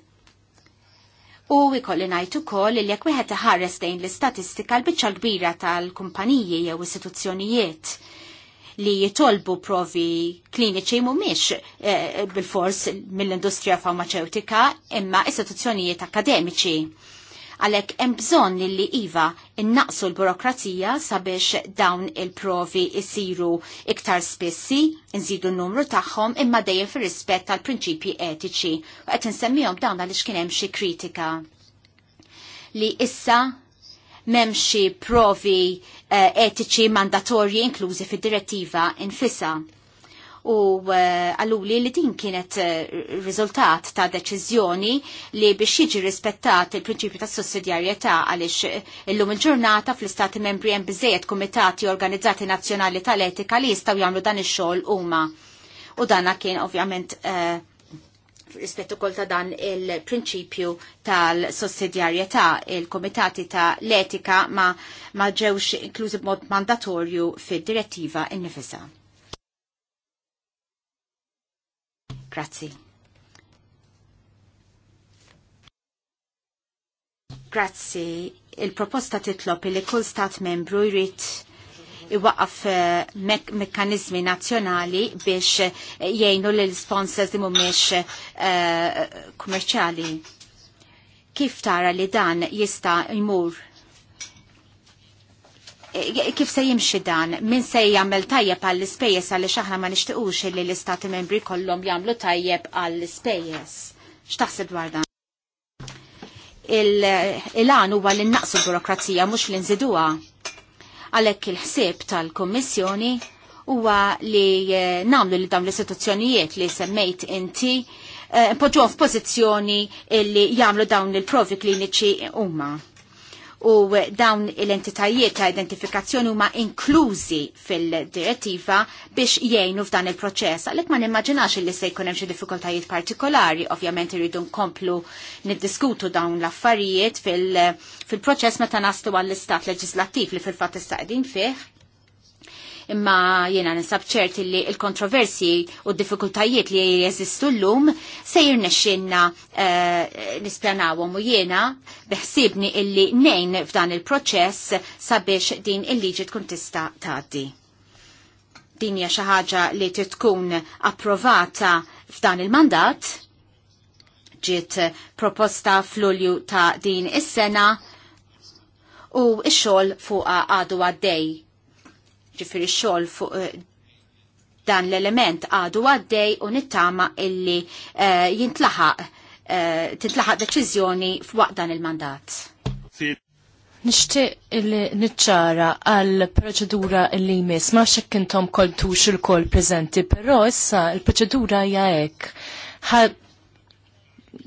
U ikolli ngħid ukoll li jekk wieħed iħares dejn l-istatistika l-biċċa kbira tal-kumpaniji jew istituzzjonijiet li jitolbu provi kliniċi mumiex eh, bil-fors mill-industrija farmaceutika imma istituzzjonijiet akademiċi Għalhekk hemm bżonn li iva innaqsu l-burokrazija sabiex dawn il-provi jisiru iktar spessi, nżidu n-numru tagħhom imma dejjem fir-rispett tal-prinċipji etiċi u qed insemmihom dawn għaliex kien hemm xi kritika li issa memxi provi uh, etiċi mandatorji inklużi fid direttiva infisa u eh, għalluli li din kienet eh, riżultat ta' deċiżjoni li biex jiġi rispettat il-prinċipju ta' sussidjarjetà għaliex eh, illum il-ġurnata fl-istati membri hemm biżejjed kumitati organizzati nazzjonali tal-etika li jistgħu jagħmlu dan ix-xogħol huma. U dana kien ovvjament rispettu rispett ukoll ta' dan il-prinċipju tal-sussidjarjetà il-komitati ta' l-etika ma, ma ġewx inklużi b'mod mandatorju fid-direttiva innifisa. Grazzi. Grazzi. Il-proposta titlob li kull stat membru jrid iwaqaf eh, me mekkanizmi nazzjonali biex eh, jgħinu l sponsors li mhumiex uh, kummerċjali. Kif tara li dan jista' jmur Eh, eh, kif se jimxi dan, min se jagħmel tajjeb għall ispejjeż għaliex aħna ma nixtiequx li l-istati membri kollhom jagħmlu tajjeb għall ispejjeż. X'taħseb dwar dan? Il-għan huwa li naqsu burokrazija mhux li nżiduha. Għalhekk il-ħsieb tal-Kummissjoni huwa li eh, namlu li dawn l-istituzzjonijiet li semmejt inti poġġu f'pożizzjoni li jagħmlu dawn il-provi kliniċi huma u dawn l-entitajiet ta' identifikazzjoni huma inklużi fil-direttiva biex jgħinu f'dan il-proċess. Għalhekk ma nimmaġinax li se jkun hemm xi diffikultajiet partikolari, ovvjament irridu nkomplu niddiskutu dawn l-affarijiet fil-proċess meta naslu għall-istat leġislattiv li fil-fatt istaqdin qegħdin fih imma jiena nisab ċert li il-kontroversi u d-diffikultajiet li jeżistu l-lum se jirnexxinna uh, nispjanawhom u jiena beħsibni illi nejn f'dan il-proċess sabiex din il-liġi tkun tista' tgħaddi. Din hija xi ħaġa li tkun approvata f'dan il-mandat ġiet proposta fl-ulju ta' din is-sena u x-xogħol fuqha għadu għaddej ġifiri xol fuq eh, dan l-element għadu għaddej u nittama illi eh, jintlaħaq eh, tintlaħaq deċiżjoni f'waqt dan il-mandat. Nishtiq illi nitċara għal proċedura illi jmiss ma xekk intom koltux il-kol prezenti, però issa il-proċedura hija hekk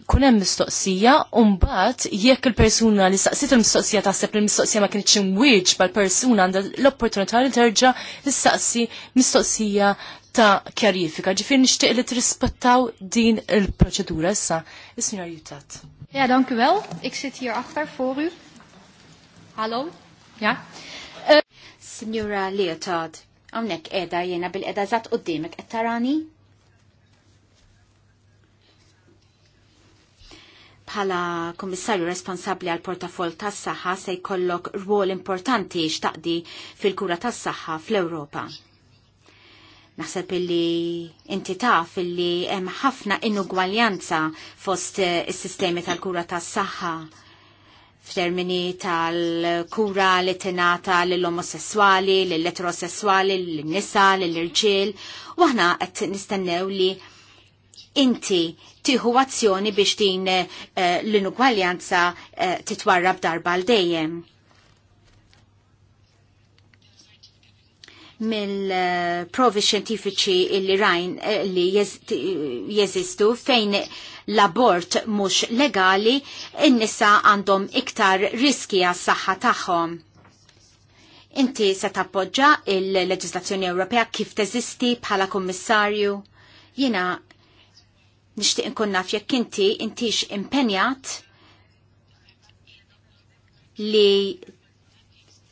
kun hemm mistoqsija u mbagħad jekk il-persuna li staqsiet il-mistoqsija taħseb li l-mistoqsija ma kienx imwieġ bħal-persuna għandha l-opportunità li terġa' tistaqsi mistoqsija ta' kjarifika. Ġifier nixtieq li trispettaw din il-proċedura issa. Is-Sinjor Jutat. Ja, dank u wel. Ik sit hier achter voor u. Hallo? Ja? Eh, Signora Leotard, għamnek edha jena bil-edha zat u d-dimek, ettarani? bħala komissarju responsabli għal portafol tas saħħa se jkollok rwol importanti xtaqdi fil-kura tas saħħa fl-Ewropa. Naħseb illi inti taf illi hemm ħafna inugwaljanza fost is-sistemi tal-kura tas saħħa f'termini tal-kura li tinata lill-omosessuali, lill-eterosessuali, lill-nisa, lill-irġiel, u aħna qed nistennew li inti tieħu azzjoni biex din eh, l-inugwaljanza eh, titwarra b'darba l dejjem. mill-provi xjentifiċi illi rajn eh, li jeżistu fejn l-abort mhux legali, in-nisa għandhom iktar riski għas-saħħa tagħhom. Inti se tappoġġa il-leġislazzjoni Ewropea kif teżisti bħala kummissarju? Jina Nixtieq inkun naf jekk inti intix impenjat li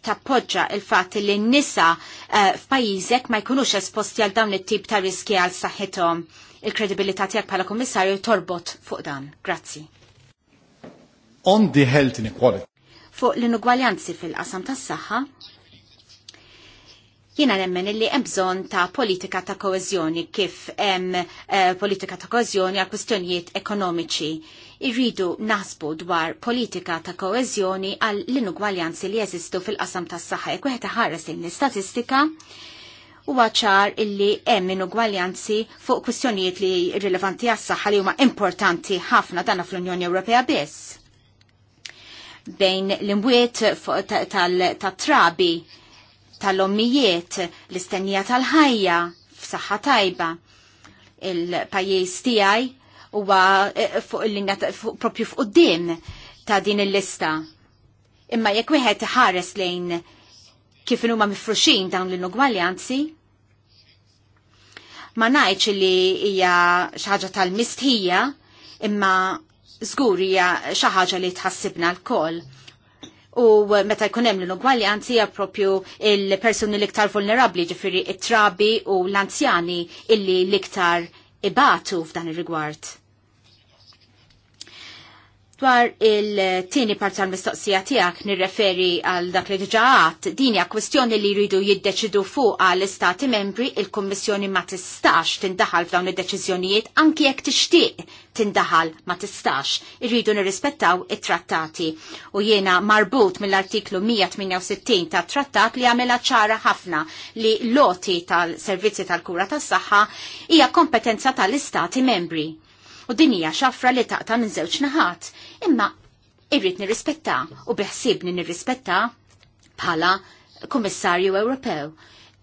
tappoġġa il-fatt li n-nisa uh, f'pajjiżek ma jkunux esposti għal dawn it-tip ta' riski għal saħħithom. Il-kredibilità tiegħek bħala kummissarju torbot fuq dan. Grazzi. On the health inequality. Fuq l-inugwaljanzi fil-qasam tas-saħħa, Jiena nemmen illi hemm bżonn ta' politika ta' koezjoni kif hemm eh, politika ta' koezjoni għal kwistjonijiet ekonomiċi. Irridu nasbu dwar politika ta' koezjoni għal l-inugwaljanzi li jeżistu fil-qasam tas-saħħa jekk wieħed ħares il-statistika huwa ċar illi hemm inugwaljanzi fuq kwistjonijiet li rilevanti għas-saħħa li huma importanti ħafna dana fl-Unjoni Ewropea biss bejn l-imwiet tal-trabi tal-ommijiet, l-istennija tal-ħajja f'saħħa tajba. Il-pajjiż tiegħi huwa eh, fuq il-linja propju f'qudiem ta' din il-lista. Imma jekk wieħed ħares lejn kif huma mifruxin dawn l-inugwaljanzi, ma ngħidx li hija xi ħaġa tal-mistħija, imma żgur hija xi ħaġa li tħassibna l-koll U meta jkun hemm l anzi hija propju il-persuni l-iktar vulnerabbli ġifieri it-trabi u l-anzjani illi l-iktar ibatu f'dan ir-rigward. Dwar il-tieni part mistoqsija tiegħek nirreferi għal dak li ġaħat, din hija kwestjoni li jridu jiddeċidu fuq għal istati membri il-Kummissjoni ma tistax tindaħal f'dawn id-deċiżjonijiet anki jekk tixtieq tindaħal ma tistax. Irridu nirrispettaw it-trattati. U jiena marbut mill-artiklu 168 ta' trattat li għamela ċara ħafna li loti tal-servizzi tal-kura tas-saħħa hija kompetenza tal-istati membri. U din hija xafra li taqta minn żewġ naħat imma irrid nirrispetta u biħsibni nirrispetta bħala Kummissarju Ewropew.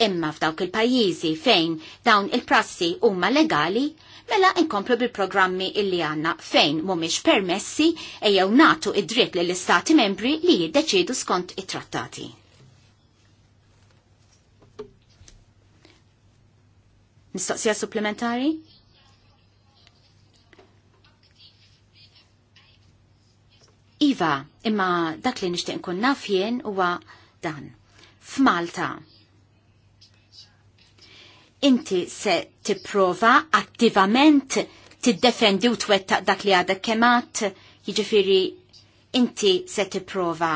Imma f'dawk il-pajjiżi fejn dawn il-prassi huma legali, mela inkomplu bil-programmi illi għanna fejn mumiex permessi e jew natu id-dritt lill istati membri li jiddeċidu skont it-trattati. Mistoqsija supplementari? Iva, imma dak li nixtieq nkun naf jien huwa dan. F'Malta, inti se tipprova attivament tiddefendi u twettaq dak li għadek kemat, jiġifieri inti se tipprova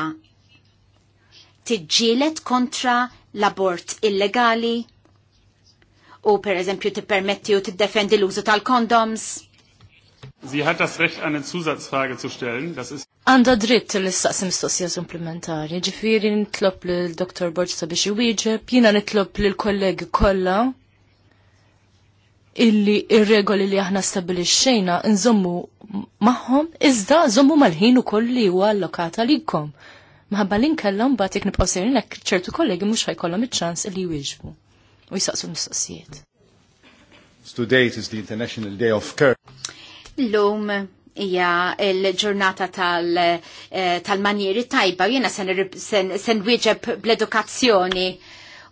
tiġġielet kontra l-abort illegali u per eżempju tippermetti u tiddefendi l-użu tal-kondoms. Sie hat das Recht, eine Zusatzfrage zu stellen. Das ist Għanda dritt l-istaqsi mistoqsija supplementari, ġifiri nitlob l-Dr. Borġ sabiex iwieġeb, jina nitlob l-kollegi kolla illi ir-regoli li aħna stabilixxejna nżommu magħhom iżda nżommu mal-ħin ukoll li huwa allokata likom. Maħabba li nkellhom mbagħad jekk nibqgħu serin hekk ċertu kollegi mhux ħajkollhom iċ-ċans li jwieġbu u jistaqsu l-mistoqsijiet. Today is the International Day of Care. L-lum hija l-ġurnata tal eh, manjeri tajba u jena sen wieġeb bl-edukazzjoni.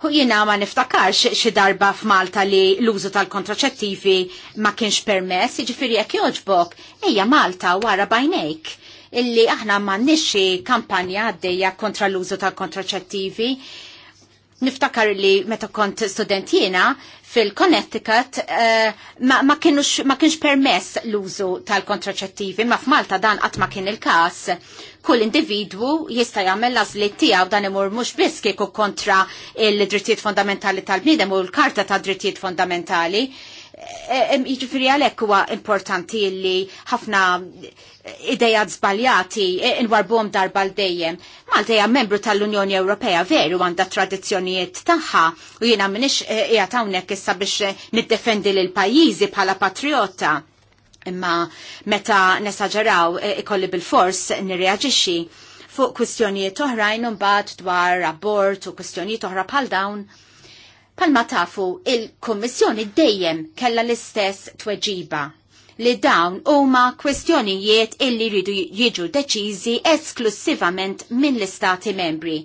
U jena ma niftakarx xi darba f'Malta li l-użu tal-kontraċettivi ma kienx permess, jiġifieri jekk joġbok, ija Malta wara bajnejk illi aħna m'għandniex nixi kampanja għaddejja kontra l-użu tal-kontraċettivi. Niftakar li meta kont studentjina fil-Connecticut uh, ma, kienx permess l-użu tal-kontraċettivi, ma f'Malta dan qatt ma kien il-każ. Kull individwu jista' jagħmel l-għażliet tiegħu dan imur mhux biss kieku kontra il-drittijiet fondamentali tal-bniedem u l-Karta tad drittijiet fondamentali, jiġifieri għalhekk huwa importanti li ħafna ideja żbaljati e, inwarbom darba l dejjem. Malta hija membru tal-Unjoni Ewropea veru għandha tradizzjonijiet tagħha u jiena m'iniex e, qiegħed hawnhekk issa biex e, niddefendi lil pajjiżi bħala patriota. Imma meta nesaġaraw ikolli bil-fors nirreaġixxi fuq kwistjonijiet oħrajn imbagħad dwar abort u kwistjonijiet oħra bħal dawn Palma tafu il-Kommissjoni dejjem kella l-istess tweġiba li dawn huma kwestjonijiet illi rridu jiġu deċiżi esklusivament minn l-istati membri.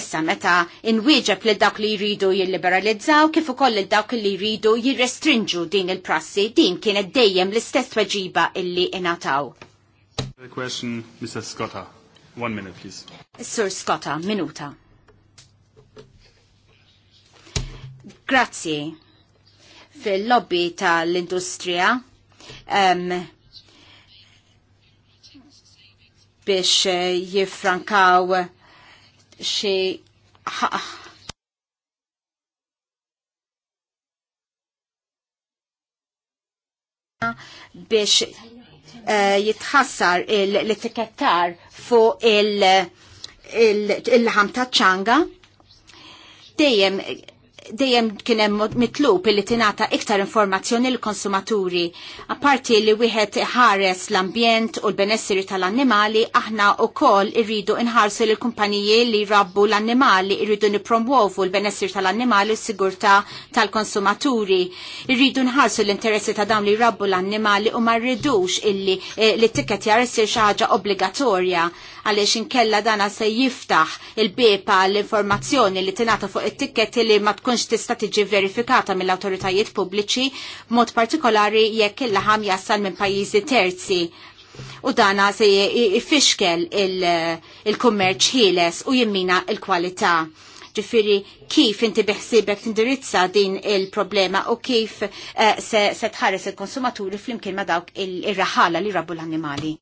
Issa meta inwieġeb li dak li jridu jilliberalizzaw kif ukoll li dak li jridu jirrestrinġu din il-prassi din kienet dejjem l-istess tweġiba illi ingħataw. Question, Mr. Scotta. One minute, please. Sir Scotta, minuta. Grazzi. Fil-lobby tal-industrija um, biex eh, jiffrankaw xie biex uh, jitħassar l-etikettar fuq il-ħam il, il, il, ċanga dejjem dejjem kien hemm mitlub li tingħata iktar informazzjoni l konsumaturi Apparti li wieħed ħares l-ambjent u l-benessiri tal-annimali, aħna wkoll irridu nħarsu lill kumpaniji li rabbu l-annimali, irridu nipromuovu l-benessiri tal-annimali u s-sigurtà tal-konsumaturi. Irridu nħarsu l-interessi ta' dawn li rabbu l-annimali u ma rridux illi eh, l t-tiket xi ħaġa obbligatorja għaliex inkella dana se jiftaħ il-bepa l-informazzjoni li tingħata fuq it tiket li ma tkunx tkunx tista' tiġi verifikata mill-awtoritajiet pubbliċi mod partikolari jekk il-laħam jassal minn pajjiżi terzi. U dana se jifixkel il-kummerċ il ħieles u jimmina il-kwalità. Ġifiri, kif inti biħsibek tindirizza din il-problema u kif uh, se, se tħares il-konsumaturi fl-imkien ma dawk il-raħala li rabu l-annimali?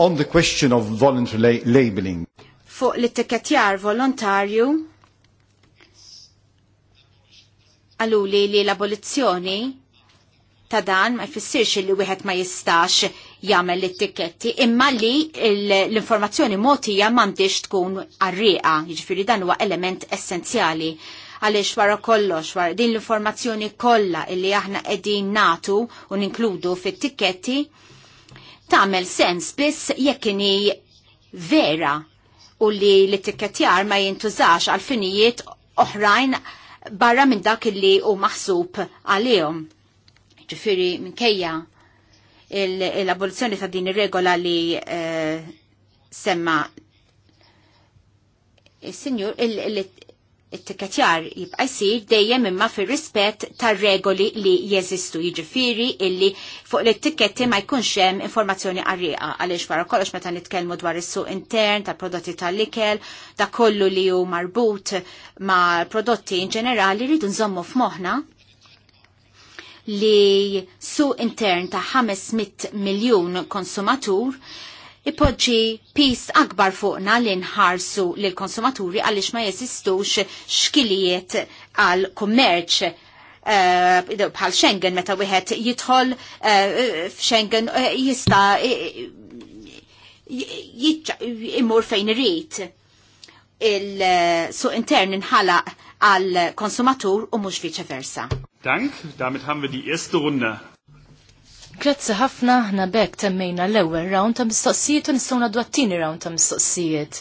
on the question of voluntary labeling fuq l-tikketjar volontarju għaluli li l-abolizzjoni ta' dan ma jfissirx li wieħed ma jistax jagħmel l tikketti imma li l-informazzjoni motija m'għandix tkun arriqa, jiġifieri dan huwa element essenzjali għaliex wara kollox wara din l-informazzjoni kollha illi aħna qegħdin natu u ninkludu fit-tikketti tagħmel sens biss jekk vera u li l tikketjar ma jintużax għal finijiet oħrajn barra minn dak li u maħsub għalihom. Ġifiri minkejja l abolizjoni ta' din ir-regola li eh, semma il-sinjur it-tiketjar jibqa' jsir dejjem imma fir-rispett tar-regoli li jeżistu jiġifieri illi fuq l tikketti ma jkunx hemm informazzjoni għarriqa għaliex wara kollox meta nitkellmu dwar is-suq intern tal-prodotti tal-ikel da kollu li hu marbut ma' prodotti in ġenerali rridu nżommu f'moħħna li su intern ta' 500 miljun konsumatur ipoġġi pis akbar fuqna li nħarsu lil konsumaturi għaliex ma jeżistux xkilijiet għal kummerċ eh, bħal Schengen meta wieħed jidħol eh, f'Schengen eh, jista' imur fejn irid il-suq intern inħalaq għal konsumatur u mhux viċe versa. Dank, damit haben wir die erste Runde Grazzi ħafna ħna bekk temmejna l-ewwel round ta' mistoqsijiet u nistgħu ngħaddu għat-tieni round ta' mistoqsijiet.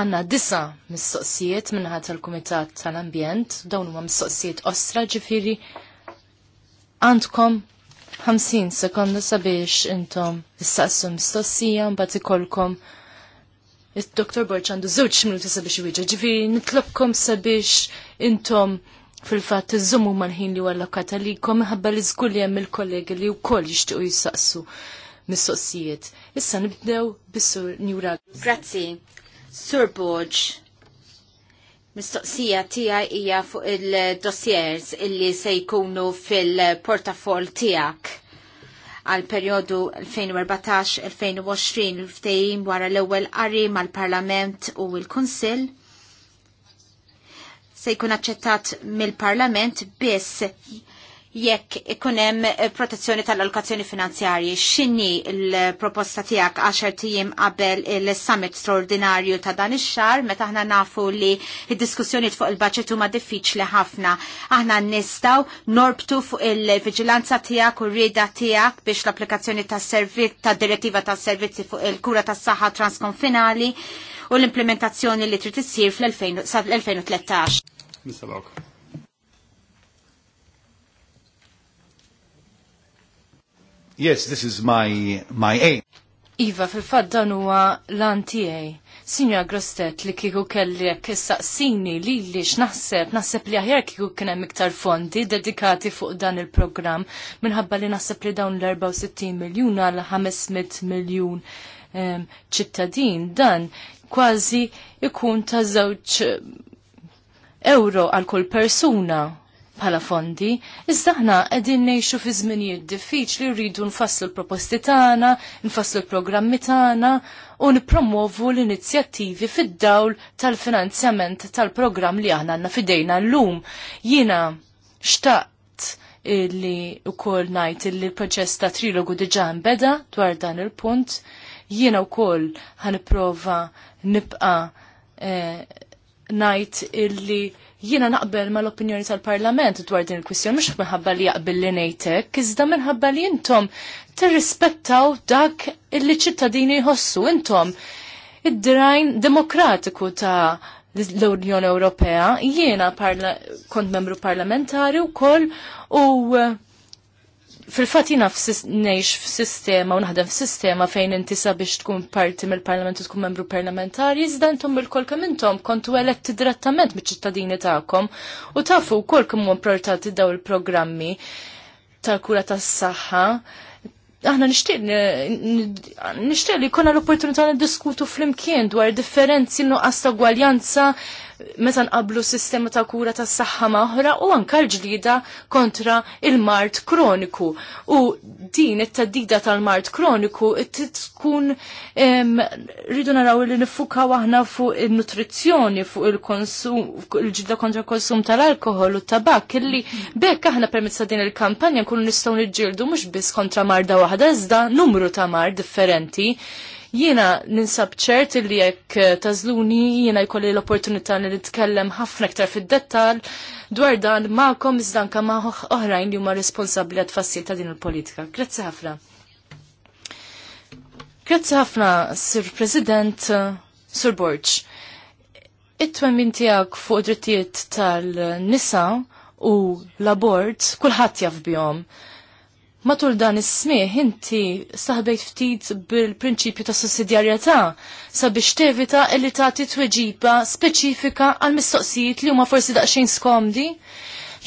Għanna disa mistoqsijiet minnaħat tal-Kumitat tal-Ambjent, dawn huma mistoqsijiet ostra ġifieri għandkom 50 sekonda sabiex intom issaqsu mistoqsija mbagħad ikolkom id dr Borċ għandu żewġ minuti sabiex iwieġa, ġifieri nitlobkom sabiex intom fil-fatt t mal-ħin li kata li kom ħabba li zgull li hemm il-kollegi li wkoll jixtiequ jissaqsu mis-soqsijiet. Issa nibdew bis-sur Njura. Grazzi. Sur mis mistoqsija tiegħi hija fuq il-dossiers illi se jkunu fil-portafol tiegħek għal periodu 2014-2020 l-ftejim wara l-ewwel qari mal-Parlament u l-Kunsill se jkun aċċettat mill-Parlament biss jekk ikun hemm eh, protezzjoni tal-allokazzjoni finanzjarji. X'inhi l-proposta tiegħek 10 tiem qabel il-summit straordinarju ta' dan ix-xahar meta aħna nafu li d-diskussjoni fuq il-baġġett huma diffiċli ħafna. Aħna nistgħu norbtu fuq il-viġilanza tiegħek u rieda tiegħek biex l-applikazzjoni tas-servizz tad-direttiva tas-servizzi fuq il-kura tas-saħħa transkonfinali u l-implementazzjoni li trid issir fl-2013. Nisalok. Yes, this is my, my aim. Iva, fil-fat dan huwa lan tiegħi. Sinja Grostet li kieku kelli kessaqsini li li x'naħseb, naħseb li aħjar kieku kien hemm iktar fondi dedikati fuq dan il-programm minħabba li naħseb li dawn l-64 miljun għal 500 miljun ehm, ċittadin dan kważi ikun ta' żewġ euro għal kull persuna bħala fondi, iżda ħna qegħdin ngħixu fi żminijiet diffiċli rridu nfasslu l-proposti tagħna, nfasslu l-programmi tagħna u nippromovu l-inizjattivi fid-dawl tal-finanzjament tal-programm li aħna għandna fidejna llum. Jiena xtaqt li wkoll ngħid li l-proċess ta' trilogu diġà nbeda dwar dan il-punt, jiena wkoll ħaniprova nibqa' eh, najt illi jina naqbel ma l-opinjoni tal-parlament dwar din il kwistjon mux minħabba li jaqbel li nejtek, iżda minħabba li intom tirrispettaw dak illi ċittadini jħossu, intom id-drajn demokratiku ta' l-Unjoni Ewropea, jiena parla, kont membru parlamentari u koll u fil-fat jina nejx f-sistema u naħdem f-sistema fejn inti sabiex tkun parti mill-parlament u tkun membru parlamentari, iżda intom bil-kol kemm kontu eletti direttament mill-ċittadini ta'kom u tafu kol kemm huwa importanti daw il-programmi tal-kura tas-saħħa. Aħna nixtieq li jkollna l-opportunità niddiskutu fl-imkien dwar differenzi nuqqas ta' gwaljanza meta nqablu sistema ta' kura tas saħħa maħra u anka l-ġlida kontra il-mart kroniku. U din it-taddida tal-mart kroniku tkun rridu naraw li nifuka waħna fuq il-nutrizzjoni, fuq il-konsum, il-ġlida kontra il-konsum tal-alkohol u tabak, illi bekk aħna permezz ta' din il-kampanja nkunu nistgħu niġġieldu mhux biss kontra marda waħda, iżda numru ta' mar differenti. Jiena ninsab ċert li jekk eh, tażluni jiena jkolli l-opportunità li nitkellem ħafna aktar fid-dettal dwar dan ma'kom iżda anke ma' oħrajn li huma responsabbli għat fassil ta' din il-politika. Grazzi ħafna. Grazzi ħafna, Sir President, eh, Sir Borg. It-twemmin tiegħek fuq drittijiet tal-nisa u l-abort kulħadd jaf bjom. Matul dan is-smieħ inti saħbejt ftit bil-prinċipju ta' sussidjarjetà sabiex tevita li tagħti tweġiba speċifika għal mistoqsijiet li huma forsi daqsxejn skomdi.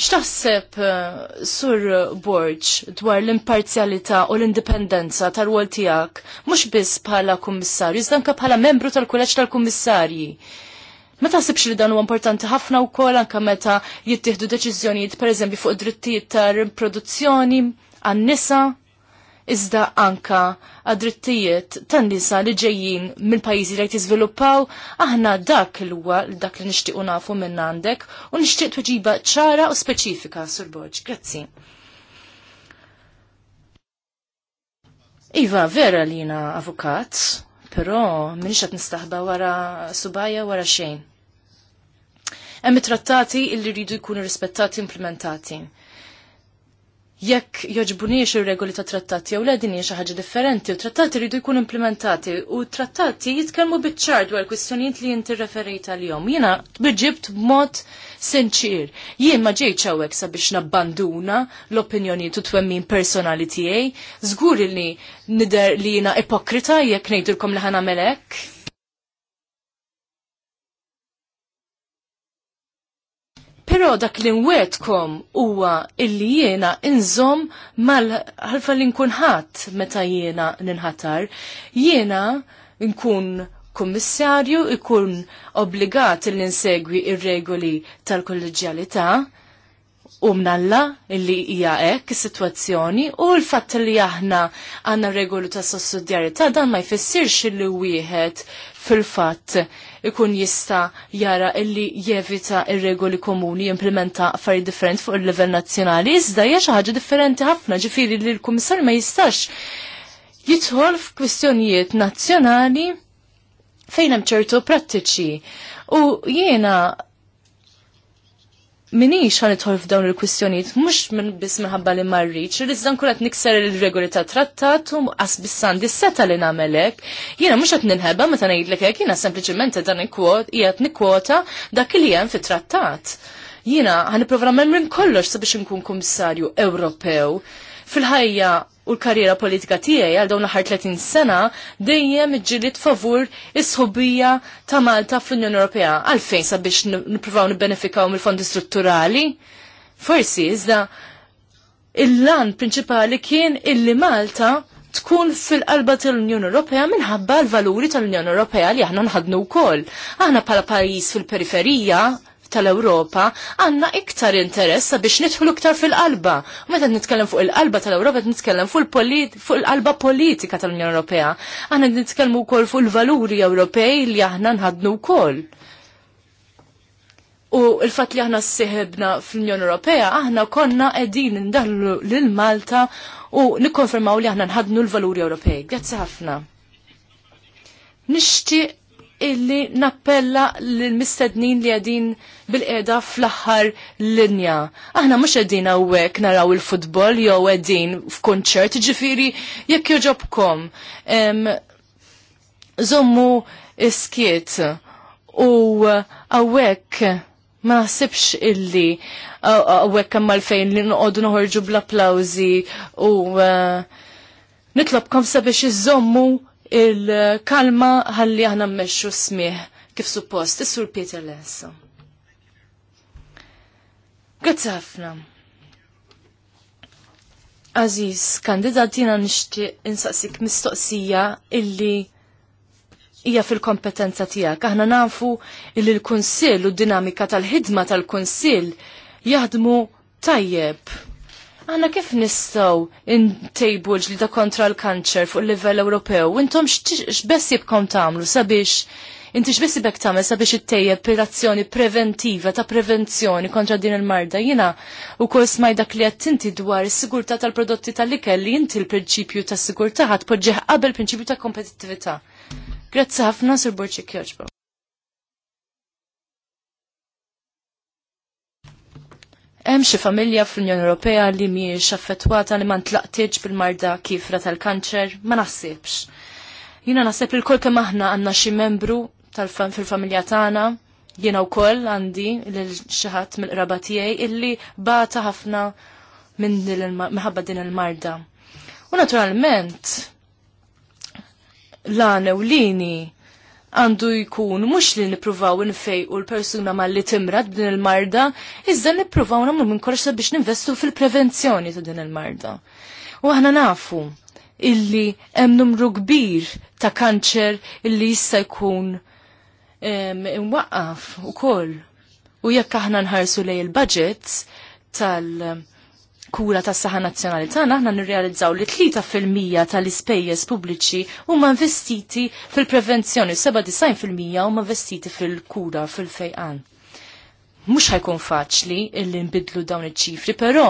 X'taħseb eh, sur Borġ dwar l-imparzjalità u l-indipendenza tal wol tiegħek mhux biss bħala kummissarju, iżda anke bħala membru tal-kulleġġ tal-kummissarji. Ma taħsibx li dan huwa importanti ħafna wkoll anke meta jittieħdu deċiżjonijiet pereżempju fuq drittijiet ta' riproduzzjoni għan-nisa iżda anka għadrittijiet tan nisa li ġejjin minn pajjiżi li jiżviluppaw, aħna dak l huwa dak li nixtiequ nafu minn għandek u nixtieq tuġiba ċara u speċifika sur Borġ. Grazzi. Iva, vera li jina avukat, però minix qed nistaħba wara subajja wara xejn. Hemm trattati li rridu jkunu rispettati implementati jekk joġbuniex ir-regoli ta' trattati jew l hija xi ħaġa differenti u trattati rridu jkun implementati u trattati jitkellmu biċ-ċar dwar kwistjonijiet li inti referejt għalihom. Jiena biġibt b'mod sinċir. Jien ma ġejtx hawnhekk sabiex nabbanduna l-opinjonijiet u twemmin personali tiegħi, żgur li nider li jiena ipokrita jekk ngħidulkom li ħanamel hekk. Pero dak li nwetkom huwa illi jiena inżom mal-ħalfa li nkun ħadd meta jiena ninħatar, jiena nkun kummissarju ikun obbligat li nsegwi ir-regoli tal kollegjalità u mnalla illi hija hekk is-sitwazzjoni u l-fatt li aħna għandna regolu ta' sussidjarità dan ma jfissirx illi wieħed fil-fatt ikun jista jara illi jevita il regoli komuni implementa affarijiet differenti fuq il-livell nazzjonali. Iżda hija xi ħaġa differenti ħafna ġifieri li l-Kummissar ma jistax jidħol f'kwistjonijiet nazzjonali fejn hemm ċertu prattiċi. U jiena minix għan itħol f'dawn il-kwistjoniet, mux minn bis minħabba li marriċ, rizdan kullat nikser il-regoli ta' trattat u bissan disseta li namelek, jena mux għat ninħeba ma ta' najdlek jek, jena sempliciment dan il jgħat nikwota dak li jgħan fit trattat. Jena għan iprogramma minn kollox sabiex nkun komissarju Ewropew. Fil-ħajja u l-karriera politika tiegħi għal dawn l-aħħar 30 sena dejjem ġilit favur is-sħubija ta' Malta fl-Unjoni Ewropea. Għalfejn sabiex nippruvaw nibbenefikaw mill-fondi strutturali? Forsi iżda il-lan prinċipali kien illi Malta tkun fil-qalba tal-Unjoni Ewropea minħabba l-valuri tal-Unjoni Ewropea li aħna nħadnu wkoll. Aħna bħala pajjiż fil-periferija tal-Ewropa għanna iktar interessa biex nidħlu iktar fil-qalba. U meta nitkellem fuq il-qalba tal europa nitkellem fuq il-qalba politika tal-Unjoni Ewropea. Għanna nitkellmu wkoll fuq il-valuri Ewropej li aħna nħadnu wkoll. U il-fat li aħna s-sihibna fl-Unjoni Ewropea, aħna konna edin ndaħlu lil malta u nikkonfermaw li aħna nħadnu l-valuri Ewropej. Grazzi ħafna. Nixtieq illi nappella l-mistednin li għedin bil-qeda fl-axħar linja. Aħna mux għedin għawek naraw il-futbol jew għedin f'konċert, ġifiri jekk joġobkom. Zommu iskiet u għawek ma naħsibx illi għawek kammal fejn li nqodu noħorġu bl-applawzi u eh, nitlobkom sabiex iżommu il-kalma ħalli aħna mmexxu smih kif suppost. Is-sur Peter Lessa. Grazzi ħafna. Aziz, kandidatina nixtieq insaqsik mistoqsija illi hija fil-kompetenza tiegħek. Aħna nafu illi l-Kunsill u d-dinamika tal-ħidma tal-Kunsill jaħdmu tajjeb Għanna kif nistaw intejbu ġlida kontra l-kanċer fuq livell Ewropew? Intom x'bess jibkom tagħmlu sabiex inti x'bess jibek tagħmel sabiex ittejjeb relazzjoni preventiva ta' prevenzjoni kontra din il-marda. Jiena u kol smajdak li qed dwar is-sigurtà tal-prodotti tal-ikel li inti l-prinċipju tas-sigurtà ħadd poġġeħ qabel prinċipju ta' kompetittività. Grazzi ħafna Sir Borċi Joġbo. Hemm xi familja fl-Unjoni Ewropea li mhijiex affettwata li ma ntlaqtitx bil-marda kifra tal-kanċer ma naħsibx. Jiena naħseb li l-kol kemm aħna għandna xi membru fil-familja tagħna jiena wkoll għandi lil xi ħadd mill-qraba tiegħi illi bata ħafna minn minħabba din il-marda. U naturalment l-għana u lini għandu jkun mux li nipruvaw nfejqu l-persuna ma li timrat b'din il-marda, iżda nipruvaw namlu minn korsa biex ninvestu fil-prevenzjoni ta' din il-marda. U aħna nafu illi hemm numru kbir ta' kanċer illi jista' jkun imwaqqaf ukoll. U jekk aħna nħarsu lej il-budgets tal- kura tas saħa nazzjonali tagħna aħna nirrealizzaw li 3% tal-ispejjeż pubbliċi huma investiti fil-prevenzjoni, 97% huma investiti fil-kura fil-fejqan. Mhux ħajkun faċli illi nbidlu dawn iċ-ċifri, però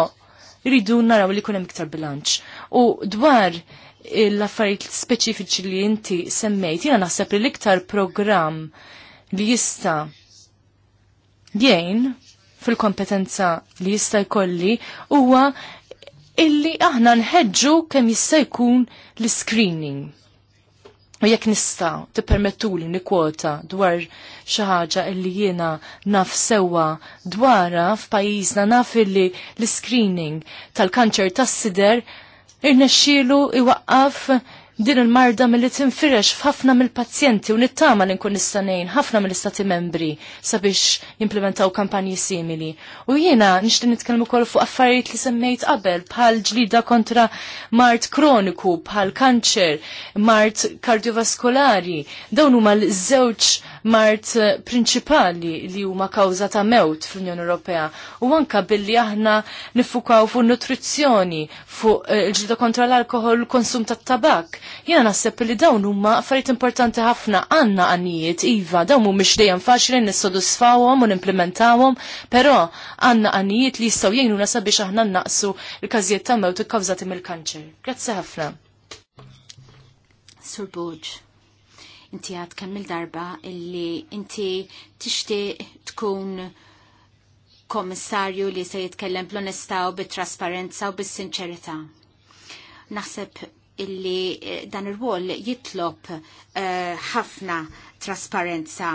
rridu naraw li jkun hemm iktar bilanċ. U dwar l-affarijiet speċifiċi li inti semmejt, jiena naħseb li l-iktar programm li jista' jgħin fil-kompetenza li jista' jkolli huwa illi aħna nħeġġu kemm jista' jkun l-screening. U jekk nista' tippermettuli nikwota dwar xi ħaġa illi jiena naf sewwa dwara f'pajjiżna naf illi l-screening tal-kanċer tas-sider irnexxielu iwaqqaf din il-marda mill-li tinfirex f'ħafna mill-pazjenti u nittama li nkun nistanejn ħafna mill-istati membri sabiex jimplementaw kampanji simili. U jiena nixti nitkellmu kol fuq affarijiet li semmejt qabel bħal ġlida kontra mart kroniku, bħal kanċer, mart kardiovaskolari, dawn huma l-żewġ mart prinċipali li huma kawża ta' mewt fl-Unjoni Ewropea u anka billi aħna nifukaw fuq nutrizzjoni, fuq eh, il-ġilda kontra l-alkohol, konsum tat tabak. Jiena naħseb li dawn huma affarijiet importanti ħafna għandna għanijiet, iva, dawn mhumiex dejjem faċli nissodisfawhom u nimplementawhom, però għandna għanijiet li jistgħu jgħinuna sabiex aħna naqsu l-każijiet ta' mewt ikkawżati mill-kanċer. Grazzi ħafna. Sir Budge. Inti għad kemm il-darba illi inti tixtieq tkun komissarju li se jitkellem bl onesta u bit-trasparenza u bis-sinċerità. Naħseb illi eh, dan ir-rwol jitlob eh, ħafna uh, trasparenza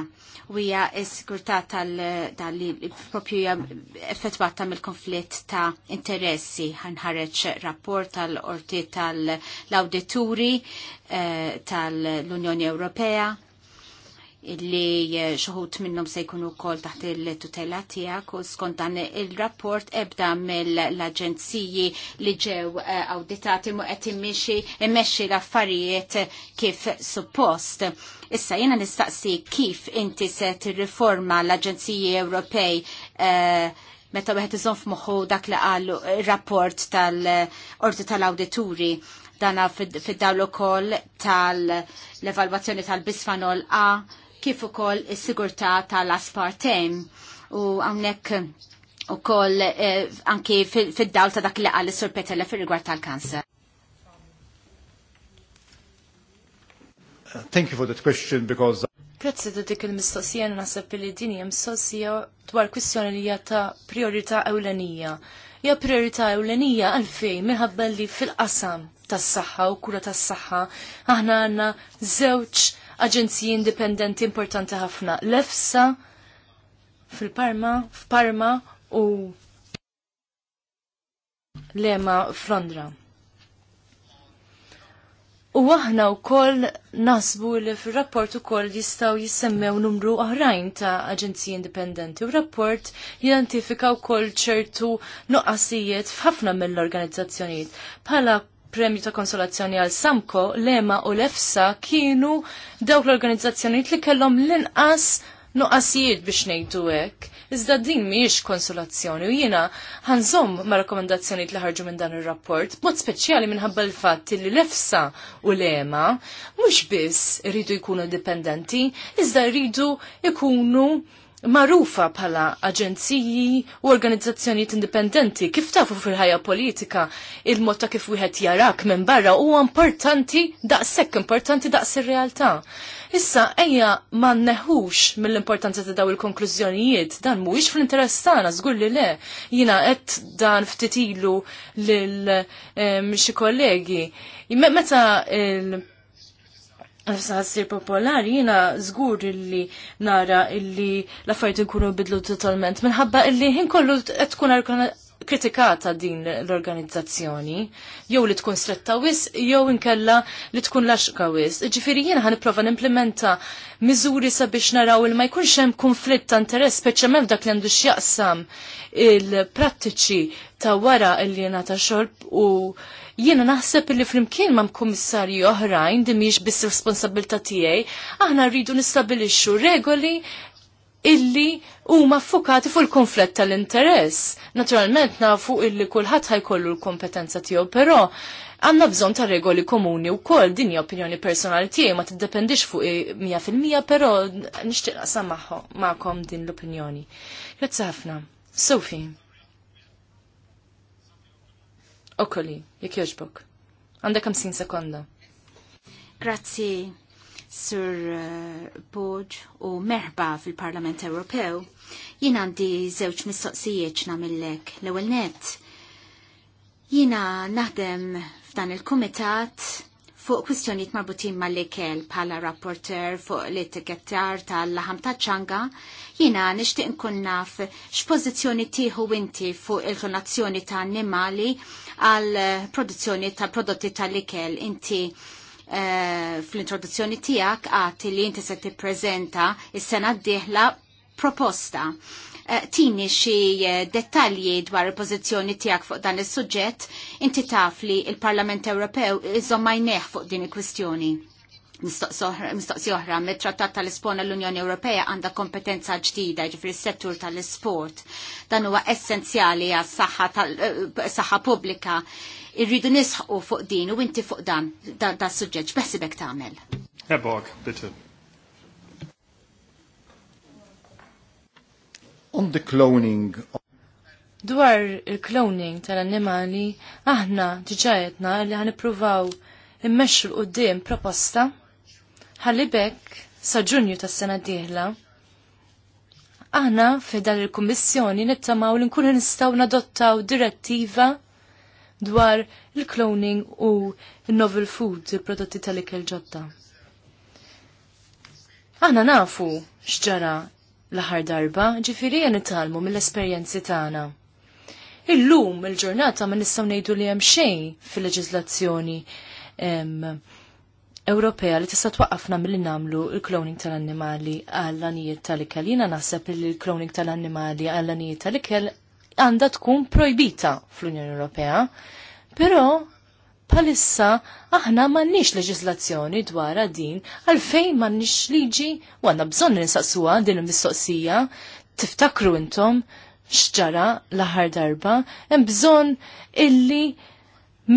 u hija s-sigurtà tal-propju effettwata mill-konflitt ta' interessi ħanħareġ rapport tal-orti tal-awdituri eh, tal-Unjoni Ewropea li eh, xoħut minnom se jkunu kol taħt il-tutela tijak u skont dan il-rapport ebda mill-agenziji li ġew eh, auditati mu għet immexxi l-affarijiet kif suppost. Issa jena nistaqsi kif inti se tirriforma l-agenziji Ewropej eh, meta wieħed iżomm f'moħħu dak li qal rapport tal-orti tal-awdituri dana fid-dawl ukoll tal-evalwazzjoni tal-bisfanol A kif ukoll is-sigurtà tal-aspartame u hawnhekk ukoll eh, anki fid-dawl ta' dak li qal is-Sur Petella fir-rigward tal-kanser. Thank you for that question because Grazzi ta' dik il-mistoqsija naħseb li din hija mistoqsija dwar kwistjoni li hija ta' priorità ewlenija. Hija priorità ewlenija għalfejn minħabba li fil-qasam tas-saħħa u kura tas-saħħa aħna għandna żewġ aġenziji indipendenti importanti ħafna. L-EFSA fil-Parma, f'Parma u Lema f'Londra. U aħna u koll nasbu li fil-rapport u koll jistaw jissemmew numru oħrajn ta' aġenziji indipendenti. U rapport jidentifika u koll ċertu nuqqasijiet f'ħafna mill-organizzazzjonijiet. Pala premju ta' konsolazzjoni għal Samko, Lema u Lefsa kienu dawk l-organizzazzjonijiet li kellhom l-inqas nuqqasijiet biex ngħidu hekk. Iżda din mhijiex konsolazzjoni u jiena ħanżomm ma' rakkomandazzjonijiet li ħarġu minn dan ir-rapport, mod speċjali minħabba l-fatt li Lefsa u Lema mhux biss iridu jkunu dipendenti, iżda jridu jkunu marufa bħala aġenziji u organizzazzjonijiet indipendenti. Kif tafu fil-ħajja politika il-mod ta' kif wieħed jarak minn barra huwa importanti daqshekk importanti daqs ir-realtà. Issa ejja ma nneħux mill-importanza ta' daw il-konklużjonijiet dan mhuwiex fl-interess tagħna żgur li le. Jiena qed dan ftitilu lil eh, xi kollegi. Meta il- Sassir popolari jina zgur illi nara illi l-affarijiet ikunu bidlu totalment minħabba illi ħin kollu qed tkun kritikata din l-organizzazzjoni jew li tkun stretta wis jew inkella li tkun laxka wis. Ġifieri jiena ħan nipprova nimplementa miżuri sabiex naraw il ma jkunx hemm konflitt ta' interess speċjalment f'dak li għandu x'jaqsam il-prattiċi ta' wara illi ta' xorb u Jiena naħseb li flimkien ma' komissarju oħrajn di miex biss responsabilta tiegħi, aħna rridu nistabilixxu regoli illi huma ffukati fuq il-konflett tal-interess. Naturalment nafu illi kulħadd ħajkollu l-kompetenza tiegħu, però għandna bżonn ta' regoli komuni wkoll din hija opinjoni personali tiegħi ma tiddependix fuq mija fil però nixtieq naqsam magħkom din l-opinjoni. Grazzi ħafna. Sophie. Okoli, jek joġbok. Għandek sin sekonda. Grazzi, Sur uh, eh, Boġ u merba fil-Parlament Ewropew. Jien għandi żewġ mistoqsijiet namillek l-ewwel net. Jiena naħdem f'dan il-kumitat fuq kwistjonijiet marbutin mal-ikel bħala rapporter fuq l-etikettar tal-laħam ta' ċanga, jina nishtiq nkun naf x'pożizzjoni tieħu inti fuq il konazzjoni ta' annimali għal produzzjoni ta' prodotti tal-ikel. Inti uh, fl-introduzzjoni tijak għati li inti se tippreżenta il sena d-dieħla proposta. Uh, tini xie eh, dettalji dwar il-pozizjoni tijak fuq dan is suġġett inti taf li il-Parlament Ewropew iżommajneħ fuq din il-kwistjoni mistoqsi oħra, mit-trattat tal ispon l-Unjoni Ewropea għandha kompetenza ġdida ġifri settur tal-isport. Dan huwa essenzjali għas eh, saħħa pubblika. Irridu nisħu fuq din u inti fuq dan da suġġett besibek tagħmel. Herborg, bitte. On the cloning Dwar il-cloning tal-annimali, aħna ġiġajetna li ħanipruvaw immexxu l-qoddim proposta ħallibek sa ġunju tas sena d-dieħla. Aħna fedal il-Kummissjoni nittamaw li nkunu nistgħu nadottaw direttiva dwar il-cloning u novel food, il-prodotti tal-ikel ġodda. Aħna nafu x'ġara l-aħħar darba, ġifiri jien italmu mill-esperjenzi tagħna. Illum il-ġurnata ma nistgħu ngħidu li hemm xejn fil-leġiżlazzjoni Ewropea li tista' twaqqafna milli nagħmlu l-cloning tal-annimali għall anijiet tal-ikel. Jiena naħseb li l-cloning tal-annimali għall anijiet tal-ikel għandha tkun projbita fl-Unjoni Ewropea. Però palissa aħna m'għandniex leġislazzjoni dwar din għalfejn m'għandniex liġi u għandna bżonn ninsaqsuha din il-mistoqsija tiftakru intom xġara l-aħħar darba hemm bżonn illi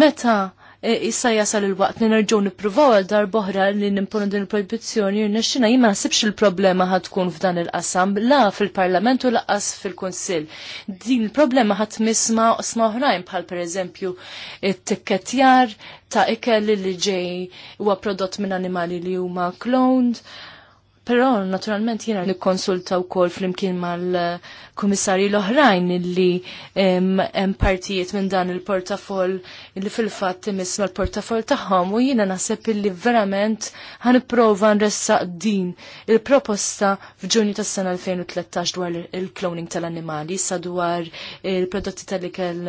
meta E, issa jasal il-waqt li nerġgħu nippruvaw għal darboħra li nimponu din il-proibizzjoni jirnexxina jien ma nasibx il-problema ħad tkun f'dan il-qasam la fil-Parlament u laqas fil-Kunsill. Din il-problema ħad misma sma oħrajn bħal pereżempju it-tikketjar ta' ikel li ġej huwa prodott minn animali li huma kloned Però naturalment jiena nikkonsulta wkoll flimkien mal-kummissarji l-oħrajn illi hemm partijiet minn dan il-portafoll illi fil-fatt imiss mal-portafoll tagħhom u jiena naħseb illi verament ħanipprova nressaq din il-proposta f'Ġunju tas-sena 2013 dwar il-cloning tal-annimali sa dwar il-prodotti tal-ikel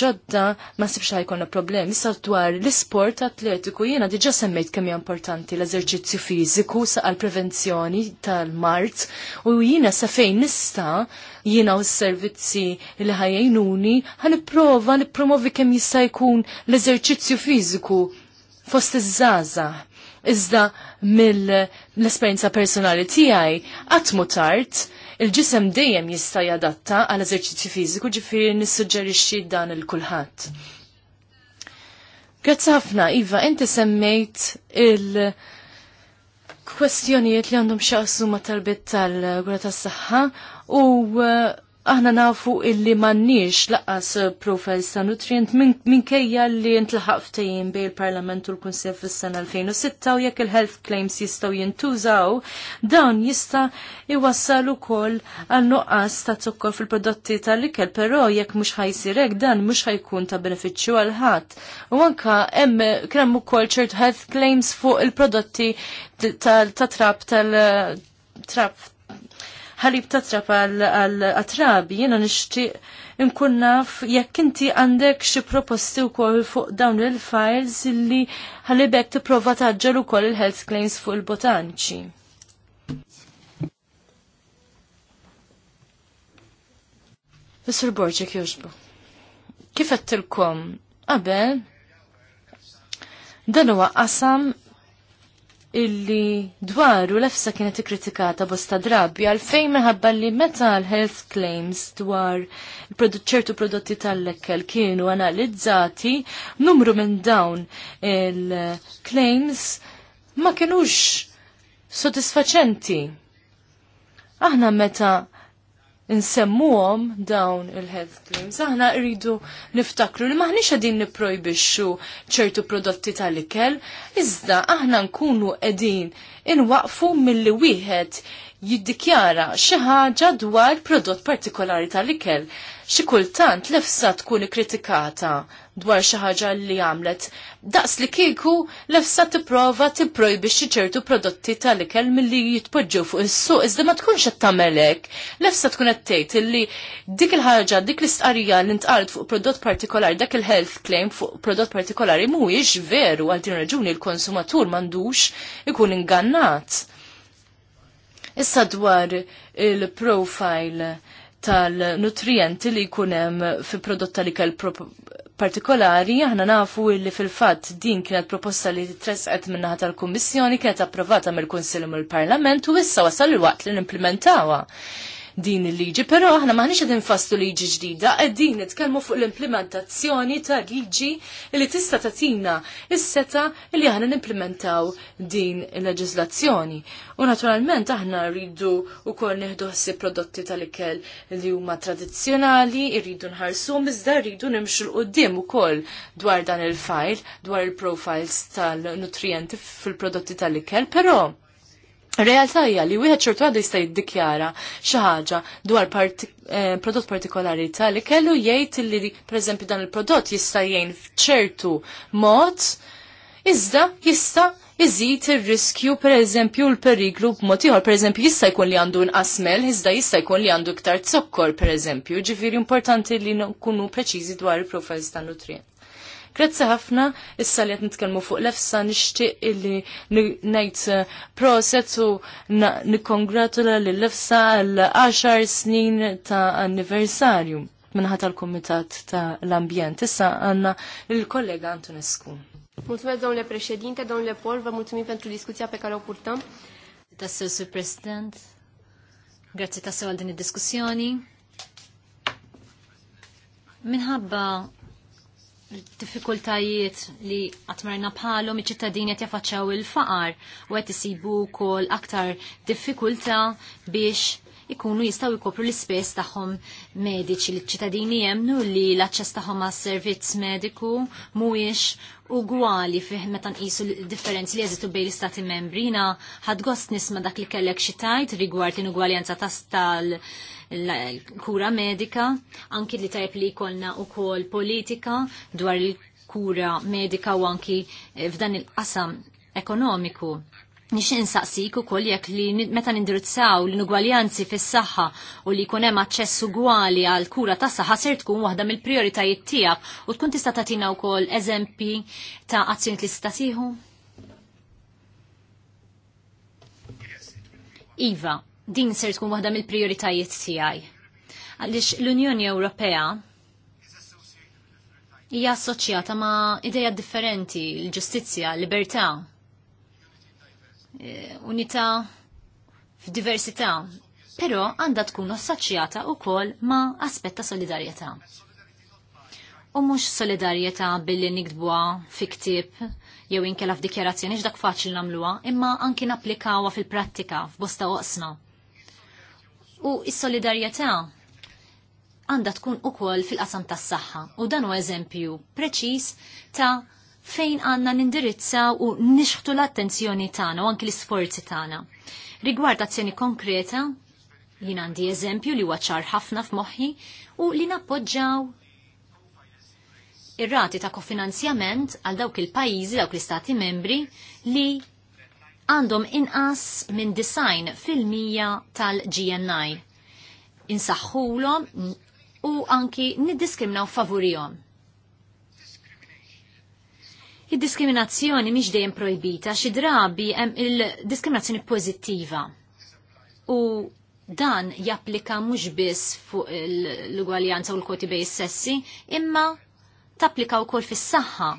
ġodda ma sibx ħajkonna problemi. Issa dwar l-isport atletiku jiena diġa semmejt kemm hija importanti l-eżerċizzju fiżiku saqal prevenzjoni tal-mart u jiena sa fejn nista' jiena u s-servizzi li ħajjajnuni ħaniprova nippromovi kemm jista' jkun l-eżerċizzju fiżiku fost iż-żgħażagħ. Iżda mill-esperjenza personali tiegħi qatt tard il-ġisem dejjem jista' jadatta għal eżerċizzju fiżiku ġifieri nissuġġerixxi dan il kulħadd. Grazzi ħafna, Iva, inti semmejt il- kwestjonijiet li għandhom xaqsu ma talbiet tal-gura tas saħħa u aħna nafu illi mannix laqas profils ta' nutrient minkejja kejja li intlaħaq ftejjin bej il-Parlament u l-Kunsel fis-sena 2006 u jekk il-health claims jistgħu jintużaw, dawn jista' iwassal ukoll għal nuqqas ta' zokkor fil-prodotti tal-ikel, però jekk mhux ħajsir hekk dan mhux ħajkun ta' benefiċċju għal ħadd. U anka hemm kemm ukoll ċert health claims fuq il-prodotti ta' trap tal-trap ħalib ta' għal-atrabi, jena nishti nkun naf jekk inti għandek xi proposti wkoll fuq dawn il-files illi ħalibek tipprova u ukoll il-health claims fuq il-botanċi. Mr. Borġek joġbu. Kif għattilkom? Qabel, dan huwa qasam illi dwaru l-efsa kienet ikkritikata bosta drabi għalfejn meħabba li meta l-health claims dwar ċertu prodotti tal-lekkel kienu analizzati numru minn dawn il-claims ma kienux sodisfaċenti. Aħna meta nsemmuhom dawn il-health claims. Aħna rridu niftakru li maħniex qegħdin nipprojbixxu ċertu prodotti tal-ikel, iżda aħna nkunu qegħdin inwaqfu milli wieħed jiddikjara xi ħaġa dwar prodott partikolari tal-ikel. Xi kultant l-efsa tkun ikkritikata dwar xi ħaġa li għamlet. Daqs li kieku lefsa tipprova tipprova tipprojbixxi ċertu prodotti tal-ikel milli jitpoġġew fuq is-suq iżda ma tkunx qed tagħmel hekk. l'efsa tkun qed tgħid illi dik il-ħaġa, dik l-istqarrija li ntqalt fuq prodott partikolari, dak il-health claim fuq prodott partikolari mhuwiex veru għal din raġuni l-konsumatur m'għandux ikun ingannat. Issa dwar il-profile tal-nutrienti li hemm fi prodott tal-ikel partikolari aħna nafu li fil-fatt din kienet proposta li tresqet minnaħa tal-Kummissjoni kienet approvata mill-Kunsill u mill-Parlament u issa wasal il-waqt li nimplementawha din il-liġi, però aħna maħniex qed fastu liġi ġdida, qegħdin nitkellmu fuq l-implementazzjoni ta' liġi li tista' tagħtina is-seta li aħna n-implementaw din il-leġiżlazzjoni. U naturalment aħna rridu wkoll neħdu għassi prodotti tal-ikel li huma tradizzjonali, rridu nħarsu, iżda rridu nimxu l u ukoll dwar dan il-fajl, dwar il-profiles tal-nutrienti fil-prodotti tal-ikel, però Realtà hija li wieħed ċertu għadu jista' jiddikjara xi ħaġa dwar eh, prodott partikolari tal-li kellu jgħid li pereżempju dan il-prodott jista' jgħin f'ċertu mod iżda jista' iżid ir-riskju pereżempju l-periklu b'mod ieħor, pereżempju jista' jkun li għandu inqasmel, iżda jista' jkun li għandu iktar zokkor pereżempju, ġifieri importanti li nkunu preċiżi dwar il-profiles ta' nutrient. Grazzi ħafna, issa li qed nitkellmu fuq lefsa nixtieq illi najt eh, proset u nikkongratula li lefsa l 10 snin ta' anniversarium minħat tal komitat ta' l-Ambjent. Issa għanna il-kollega Antonescu. Mulțumesc, domnule președinte, domnule Pol, vă mulțumim pentru diskuzja pe care purtam. purtăm. Tassew, President. Grazie tassew għal din id-diskussjoni. Minħabba diffikultajiet li għatmarina bħalhom iċ-ċittadini qed jaffaċċaw il-faqar u qed jisibu wkoll aktar diffikulta biex ikunu jistgħu jkopru l-ispess tagħhom mediċi li ċ-ċittadini jemnu li l-aċċess tagħhom għas servizz mediku mhuwiex ugwali fih meta nqisu l-differenzi li jazitu bejn l-istati membrina ħad gost nisma' dak li kellek xi tajt rigward inugwaljanza tas tal l-kura medika, anki li tajb li kolna u kol politika dwar il-kura medika u anki eh, f'dan il-qasam ekonomiku. Nix insaqsik u kol jek li meta nindirizzaw l-inugwaljanzi fis saħħa u li kunem aċċess ugwali għal kura ta' saħħa ser tkun waħda mill-prioritajiet tiegħek u tkun tista' tagħtina wkoll eżempi ta' azzjonijiet li tista' Iva, din ser tkun waħda mill-prioritajiet tiegħi. Għaliex l-Unjoni Ewropea hija assoċjata ma' ideja differenti, l-ġustizzja, l-libertà, e, unità f'diversità, però għandha tkun assoċjata wkoll ma' aspett ta' solidarjetà. U mhux solidarjetà billi nikdbuha fi ktieb jew inkela f'dikjarazzjoni x'dak faċli nagħmluha, imma anki napplikawha fil-prattika f'bosta oqsna u s-solidarjetà għandha tkun koll fil-qasam tas-saħħa u dan huwa eżempju preċiż ta' fejn għandna nindirizza u nixħtu l-attenzjoni tagħna u anki l-isforzi tagħna. Rigward azzjoni konkreta, jien għandi eżempju li huwa ċar ħafna f'moħħi u li nappoġġaw ir-rati ta' kofinanzjament għal dawk il-pajjiżi, dawk l-istati membri li għandhom inqas minn design fil-mija tal-GNI. Insaħħulhom u anki niddiskriminaw favorihom. Id-diskriminazzjoni mhix dejjem projbita, xi drabi hemm il-diskriminazzjoni pożittiva. U dan japplika mhux biss fuq l-ugwaljanza u l koti bej sessi, imma tapplika wkoll fis-saħħa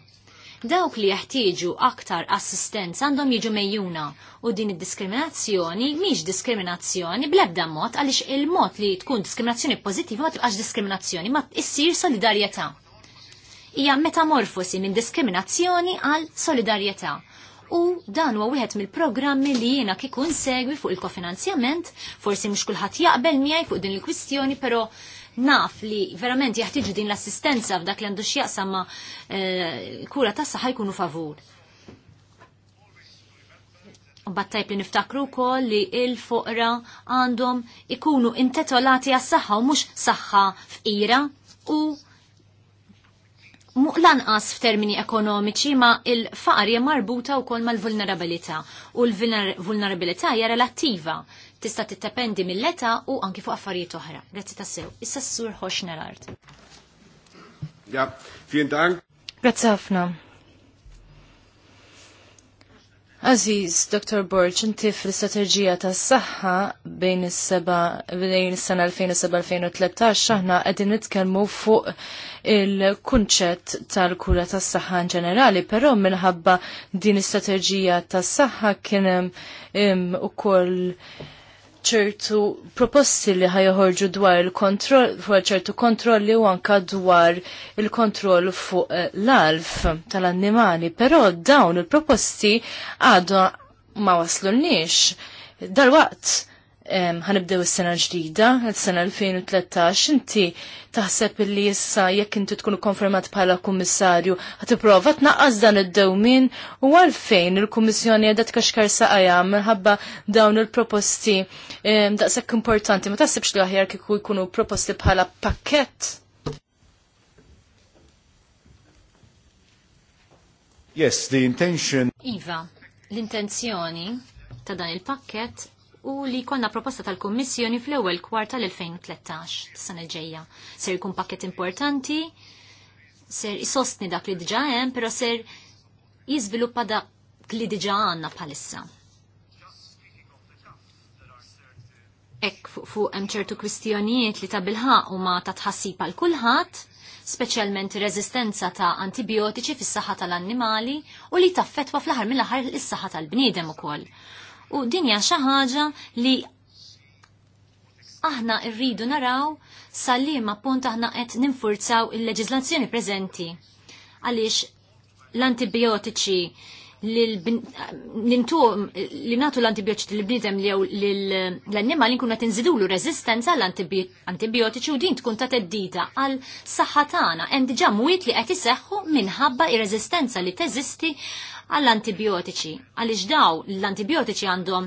Dawk li jeħtieġu aktar assistenza għandhom jiġu mejjuna u din id-diskriminazzjoni miex diskriminazzjoni bl-ebda mod għaliex il-mod li tkun diskriminazzjoni pożittiva ma tibqax diskriminazzjoni ma issir solidarjetà. Hija metamorfosi minn diskriminazzjoni għal solidarjetà u dan huwa wieħed mill-programmi li jiena kikun segwi fuq il-kofinanzjament, forsi mhux kulħadd jaqbel miegħi fuq din il-kwistjoni, però naf li verament jaħtiġu din l-assistenza f'dak li għandu xjaqsa ma' eh, kura tas saħħa jkunu favur. Battajb li niftakru kol li il-fuqra għandhom ikunu intetolati għas saħħa u mux saħħa f'ira u lanqas f'termini ekonomiċi ma il-faqar hija marbuta wkoll mal-vulnerabilità u l-vulnerabilità hija relattiva tista' tittependi mill-età u anki fuq affarijiet oħra. Grazzi tassew. Issa s-sur Hoxner Art. Ja, vielen Dank. Grazzi ħafna. Aziz, Dr. Borch, inti fl ta' tas saħħa bejn is-sena 2007-2013 aħna qegħdin nitkellmu fuq il-kunċett tal-kura tas saħħa in ġenerali, però minħabba din istrateġija tas saħħa kien hemm ukoll ċertu proposti li ħajħorġu dwar il-kontroll, fuq ċertu kontrolli u anka dwar il-kontroll fuq eh, l-alf tal-annimali, però dawn il-proposti għadu ma nix. Dal-waqt ħanibdew is-sena ġdida, is-sena 2013, inti taħseb li issa jekk inti tkun konfermat bħala kummissarju ħat tipprova tnaqqas dan id-dewmin u għalfejn il-Kummissjoni qiegħda tkaxkar saqajja minħabba dawn il-proposti daqshekk importanti, ma taħsibx li aħjar kieku jkunu proposti bħala pakkett? Yes, the intention. Iva, l-intenzjoni ta' dan il-pakket u li konna proposta tal-Kommissjoni fl-ewwel kwarta l-2013 s-sena ġejja. Ser jkun pakket importanti, ser isostni dak li diġa hemm, però ser jiżviluppa dak li diġa għandna bħalissa. Ek fuq fuq hemm ċertu kwistjonijiet li ta' bilħaq huma ta' tħassib għal kulħadd, speċjalment reżistenza ta' antibiotiċi fis-saħħa tal-annimali u li taffetwa fl-aħħar mill-aħħar is-saħħa tal-bniedem ukoll u dinja xi ħaġa li aħna rridu naraw sal-liema punt aħna qed ninfurzaw il leġizlazzjoni preżenti. Għaliex l-antibiotiċi l li natu l-antibiotiċi li bnidem li l-annimali nkun qed inżidulu reżistenza l-antibiotiċi u din tkun ta' teddita għal saħħa tagħna hemm diġà mwiet li qed iseħħu minħabba ir-reżistenza li teżisti għall-antibiotiċi, għaliex daw l-antibiotiċi għandhom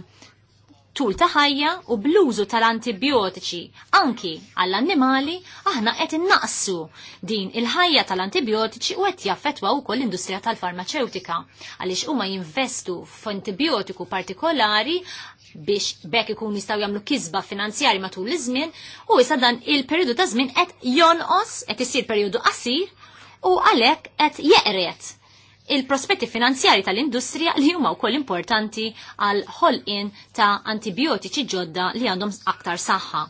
tul ta' ħajja u bluzu tal-antibiotiċi anki għall-annimali aħna qed innaqsu din il-ħajja tal-antibiotiċi u qed jaffetwa wkoll l-industrija tal-farmaceutika għaliex huma jinvestu f'antibiotiku partikolari biex bekk ikun jistgħu jagħmlu kisba finanzjari matul iż-żmien u issa dan il-perjodu ta' żmien qed jonqos qed isir perjodu qasir u għalhekk qed jeqret il-prospetti finanzjari tal-industrija li huma wkoll importanti għal ħolqien ta' antibiotiċi ġodda li għandhom aktar saħħa.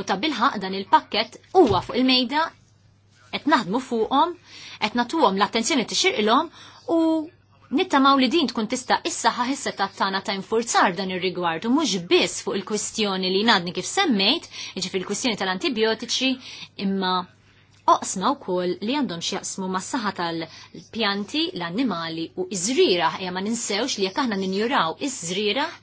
U ta' bilħaq dan il-pakket huwa fuq il-mejda qed naħdmu fuqhom, qed nagħtuhom l-attenzjoni tixirqilhom u nittamaw li din tkun tista' is-saħħa ħissa tagħna ta' infurzar dan ir-rigward u mhux biss fuq il-kwistjoni li ngħadni kif semmejt, jiġifieri il-kwistjoni tal-antibiotiċi imma oqsma wkoll li għandhom x'jaqsmu mas-saħħa tal-pjanti, l-annimali u iż-żrieraħ ma ninsewx li jekk aħna ninjuraw iż-żrieraħ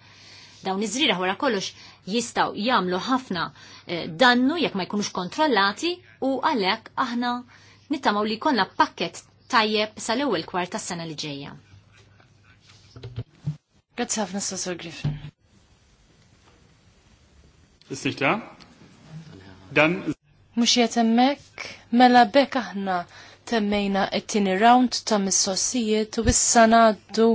dawn iż-żrieraħ wara kollox jistgħu jagħmlu ħafna eh, dannu jekk ma jkunux kontrollati u għalhekk aħna nittamaw li jkollna pakket tajjeb sal-ewwel kwart tas-sena li ġejja. Grazzi ħafna Sassur Griffin. Ist nicht da? mux jetemmek, mela bekk aħna temmejna it-tini round ta' mistoqsijiet u issa ngħaddu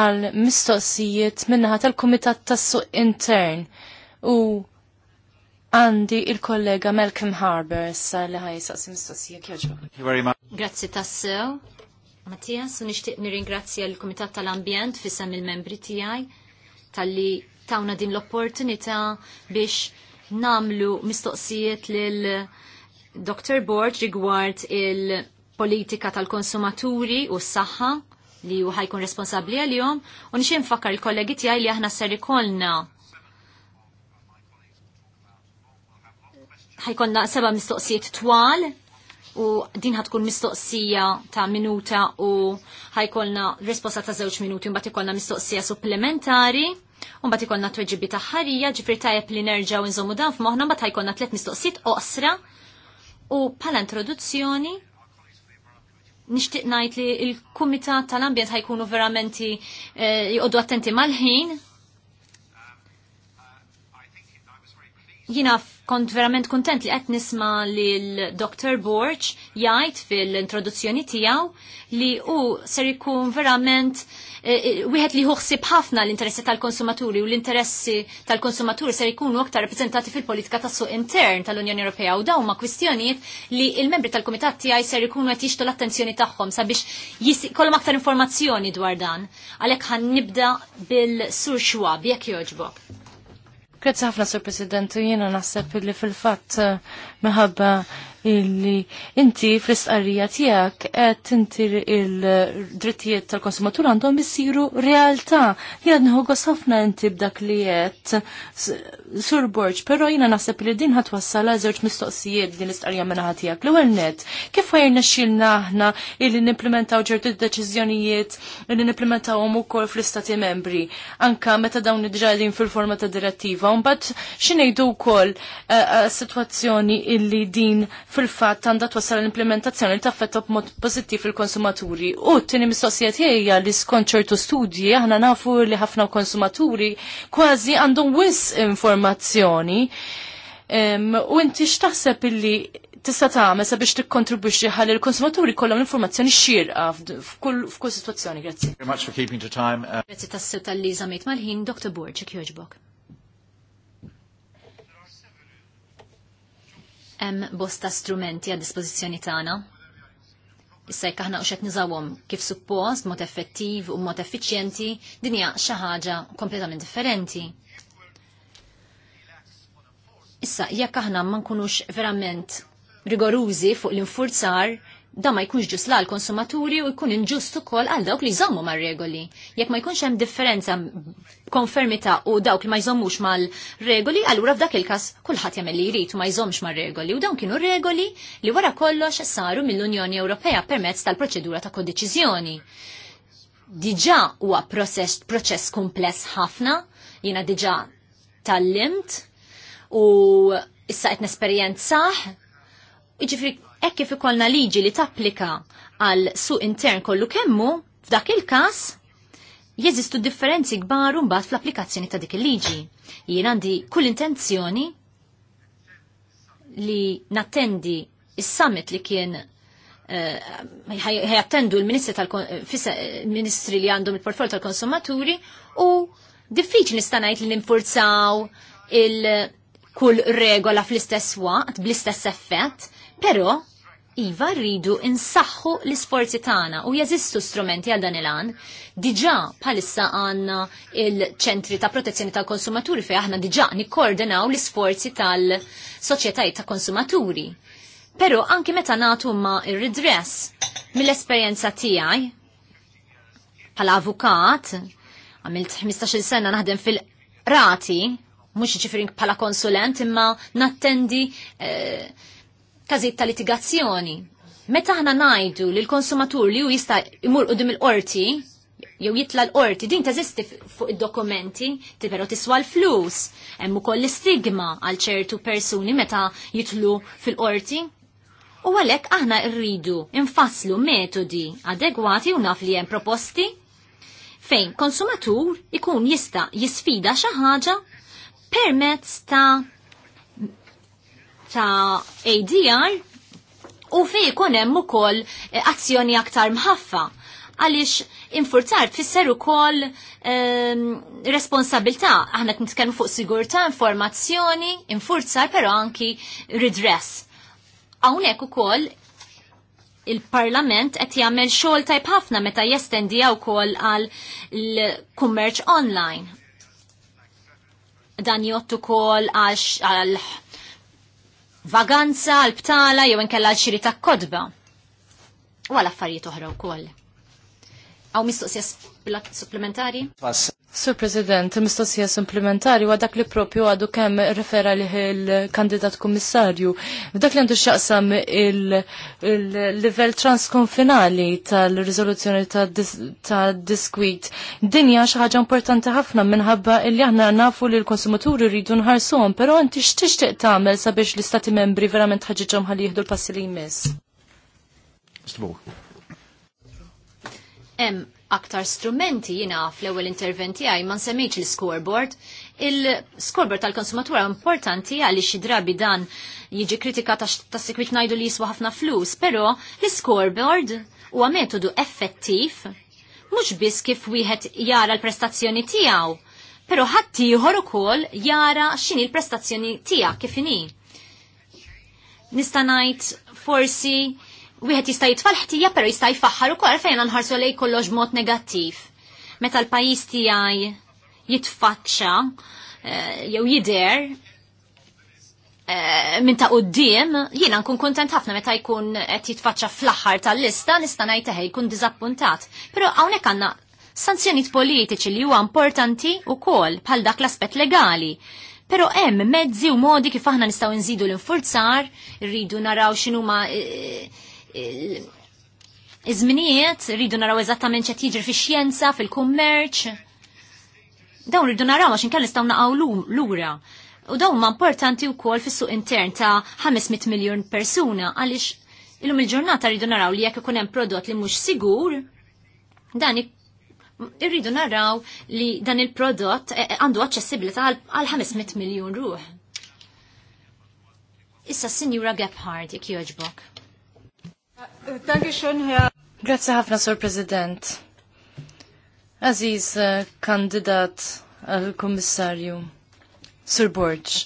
għal mistoqsijiet minnaħa tal-Kumitat tas-Suq Intern u għandi il-kollega Malcolm Harbour issa li ħajsaqsi mistoqsija joġbu. Grazzi tassew. Mattias, u nixtieq nirringrazzja l-Kumitat tal-Ambjent fissam il-membri tijaj tal-li tawna din l-opportunità biex namlu mistoqsijiet lil Dr. Borg rigward il-politika tal-konsumaturi u s-saħħa li u ħajkun responsabli għal-jom u nxin fakar il-kollegi tijaj li aħna ser ikolna ħajkonna seba mistoqsijiet twal u din ħatkun mistoqsija ta' minuta u ħajkolna risposta ta' zewċ minuti un bat ikolna mistoqsija supplementari bat ikonna tweġibi taħħarija, ġifri tajab li nerġaw nżomu dan f'moħna, bat ikonna tlet mistoqsit oqsra u pala introduzzjoni nishtiq najt li il-Kumitat tal-Ambjent ħajkunu veramenti eh, jqoddu attenti mal-ħin Jina kont verament kontent li qed nisma li l-Dr. Borch jgħid fil-introduzzjoni tiegħu li hu ser ikun verament eh, eh, wieħed li ħuħsib ħafna l-interessi tal-konsumaturi u l-interessi tal-konsumaturi ser ikunu aktar rappreżentati fil-politika tas suq intern tal-Unjoni Ewropea u dawn ma' kwistjonijiet li il-membri tal-kumitat tiegħi ser ikunu qed jixtu l-attenzjoni tagħhom sabiex kollhom aktar informazzjoni dwar dan. Għalhekk ħan nibda bil-Sur Schwab jekk jogħġbok. Grazzi ħafna, Sur President, jiena naħseb li fil-fatt eh, meħabba illi inti fl-istqarrija tiegħek qed inti il-drittijiet tal-konsumatur għandhom isiru realtà. Jgħad nħoggos ħafna inti b'dak li għed Sur Borġ, pero jina naħseb li din wassala żewġ mistoqsijiet din l-istqarja minna ħatijak. L-ewwel net, kif ħajrna xilna aħna illi nimplementaw d deċiżjonijiet illi nimplementawhom ukoll fl-istati membri, anka meta dawn id-ġadin fil-forma ta' direttiva, u mbagħad x'ngħidu wkoll eh, eh, sitwazzjoni illi din fil-fatt għandha twassal l-implementazzjoni li taffetta mod pozittiv il-konsumaturi. U t tini mistoqsijiet jgħja hija li skont ċertu studji aħna nafu li ħafna konsumaturi kważi għandhom wis inform informazzjoni. U inti x'taħseb illi tista' tagħmel sabiex tikkontribwixxi ħalli l-konsumaturi kollhom l-informazzjoni xierqa f'kull f'kull sitwazzjoni. Grazie. Uh, Grazie tas tal liża mejt mal-ħin Dr. Borġek jogħġbok. Hemm bosta strumenti għad dispożizzjoni tagħna Issa jekk aħna qed niżawhom kif suppost, mod effettiv u mod effiċjenti, din hija xi ħaġa kompletament differenti. Issa, jekk aħna ma nkunux verament rigorużi fuq l-infurzar, da ma jkunx ġust l konsumaturi u jkun inġust ukoll għal dawk li jżommu mar-regoli. Jekk ma jkunx hemm differenza konfermita u dawk li ma jżommux mal-regoli, allura f'dak il-każ kulħadd jagħmel li jrid u ma jżommx mar-regoli. U dawn kienu regoli li wara kollox saru mill-Unjoni Ewropea permezz tal-proċedura ta' kodeċiżjoni. Diġà huwa proċess kompless ħafna, jiena diġà tal-limt, u issa qed nesperjenzah, Jiġifieri hekk kif ikollna liġi li tapplika għal suq intern kollu kemmu, f'dak il-każ jeżistu differenzi kbar mbagħad fl-applikazzjoni ta' dik il-liġi. Jien għandi kull intenzjoni li nattendi is-summit li kien eh, ħajattendu uh, l-ministri tal-ministri li għandhom il-portfolio tal-konsumaturi u diffiċli nistanajt li ninfurzaw il- kull regola fl-istess waqt, bl-istess effett, però iva rridu insaħħu l-isforzi tagħna u jeżistu strumenti għal dan il-għan. Diġà bħalissa għandna il-ċentri ta' protezzjoni tal-konsumaturi fejn aħna diġà nikkoordinaw l-isforzi tal-soċjetajiet ta' konsumaturi. Però anki meta nagħtu ma' ir-redress mill-esperjenza tiegħi bħala avukat, għamilt 15-il sena naħdem fil-rati mhux ċifrink bħala konsulent imma nattendi kazit eh, każijiet ta' litigazzjoni. Meta aħna ngħidu li l-konsumatur li hu jista' jmur qudiem il-qorti jew jitla l-qorti din teżisti fuq id-dokumenti, però tiswa l-flus. Hemm ukoll l stigma għal ċertu persuni meta jitlu fil-qorti. U għalhekk aħna rridu infaslu metodi adegwati u naf li hemm proposti fejn konsumatur ikun jista' jisfida xi ħaġa permezz ta' ta' ADR u fej jkun hemm ukoll eh, azzjoni aktar mħaffa għaliex infurzar tfisser ukoll um, responsabilità. Aħna nitkellmu fuq sigurtà, informazzjoni, infurzar però anki redress. Hawnhekk ukoll il-Parlament qed jagħmel xogħol tajb ħafna meta jestendiha wkoll għal l-kummerċ online dan jottu kol għal vaganza, għal btala, jew inkella għal xiri ta' kodba. U għal affarijiet oħra wkoll. Għaw mistoqsijas bil-att supplementari? Sur President, mistoqsija supplementari wa dak li propju għadu kemm refera liħ il-kandidat kummissarju. Dak li għandu xaqsam il-level transkonfinali tal-rizoluzzjoni ta' diskwit. Dinja xaħġa importanti ħafna minħabba li aħna nafu li l-konsumaturi rridu nħarsuhom, pero inti x'tixtieq tagħmel sabiex l-istati membri verament ħaġiġhom ħalli jieħdu l-passi li jmiss aktar strumenti jina fl-ewwel interventi għaj ma semmiċ l scoreboard Il-scoreboard tal-konsumatura importanti għaliex xi drabi dan jiġi kritika ta' sekwit najdu li jiswa ħafna flus, però l-scoreboard huwa metodu effettiv mhux biss kif wieħed jara l-prestazzjoni tiegħu, però ħadd ieħor ukoll jara x'inhi l-prestazzjoni tiegħek kif inhi. Nista' ngħid forsi wieħed jista' jitfal ħtija però jista' jfaħħar ukoll fejn nħarsu lej kollox mod negattiv. Meta l-pajjiż tiegħi jitfaċċa eh, jew jidher eh, minn ta' quddiem, jiena nkun kontent ħafna meta jkun qed jitfaċċa fl-aħħar tal-lista nista' ngħid teħej jkun diżappuntat. Però hawnhekk għandna sanzjonijiet politiċi li huwa importanti wkoll bħal dak l-aspett legali. Pero hemm mezzi u modi kif aħna nistgħu nżidu l-infurzar, rridu naraw x'inhuma e, iż-żminijiet rridu naraw eżattament ċet jiġri fix-xjenza, fil-kummerċ. Dawn rridu naraw għax inkell nistgħu naqgħu lura. U dawn ma importanti wkoll fis-suq intern ta' 500 miljun persuna għaliex illum il-ġurnata rridu naraw li jekk ikun hemm prodott li mhux sigur, dan irridu naraw li dan il-prodott e, e, għandu aċċessibilità għal 500 miljun ruħ. Issa Sinjura Gephardt jekk jogħġbok. Grazie ħafna, Sur President. Aziz, uh, kandidat għal-Kommissarju, Sur Borġ,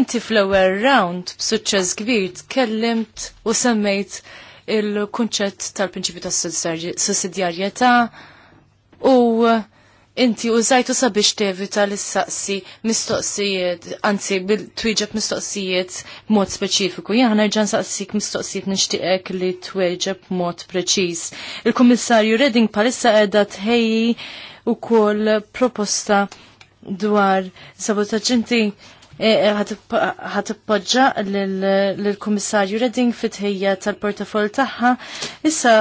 inti fl-ewwel round b'suċċess kbir tkellimt u semmejt il-kunċett tal-prinċipju tas-sussidjarjetà u inti użajtu sabiex tevita s saqsi mistoqsijiet, anzi bil-tweġeb mistoqsijiet mod speċifiku. Jena nerġan saqsik mistoqsijiet nishtiqek li tweġeb mod preċis. Il-Komissarju Redding palissa edha tħeji u kol proposta dwar sabotaġinti e, e, poġġa l-Komissarju Redding fit-ħejja tal-portafol taħħa. Issa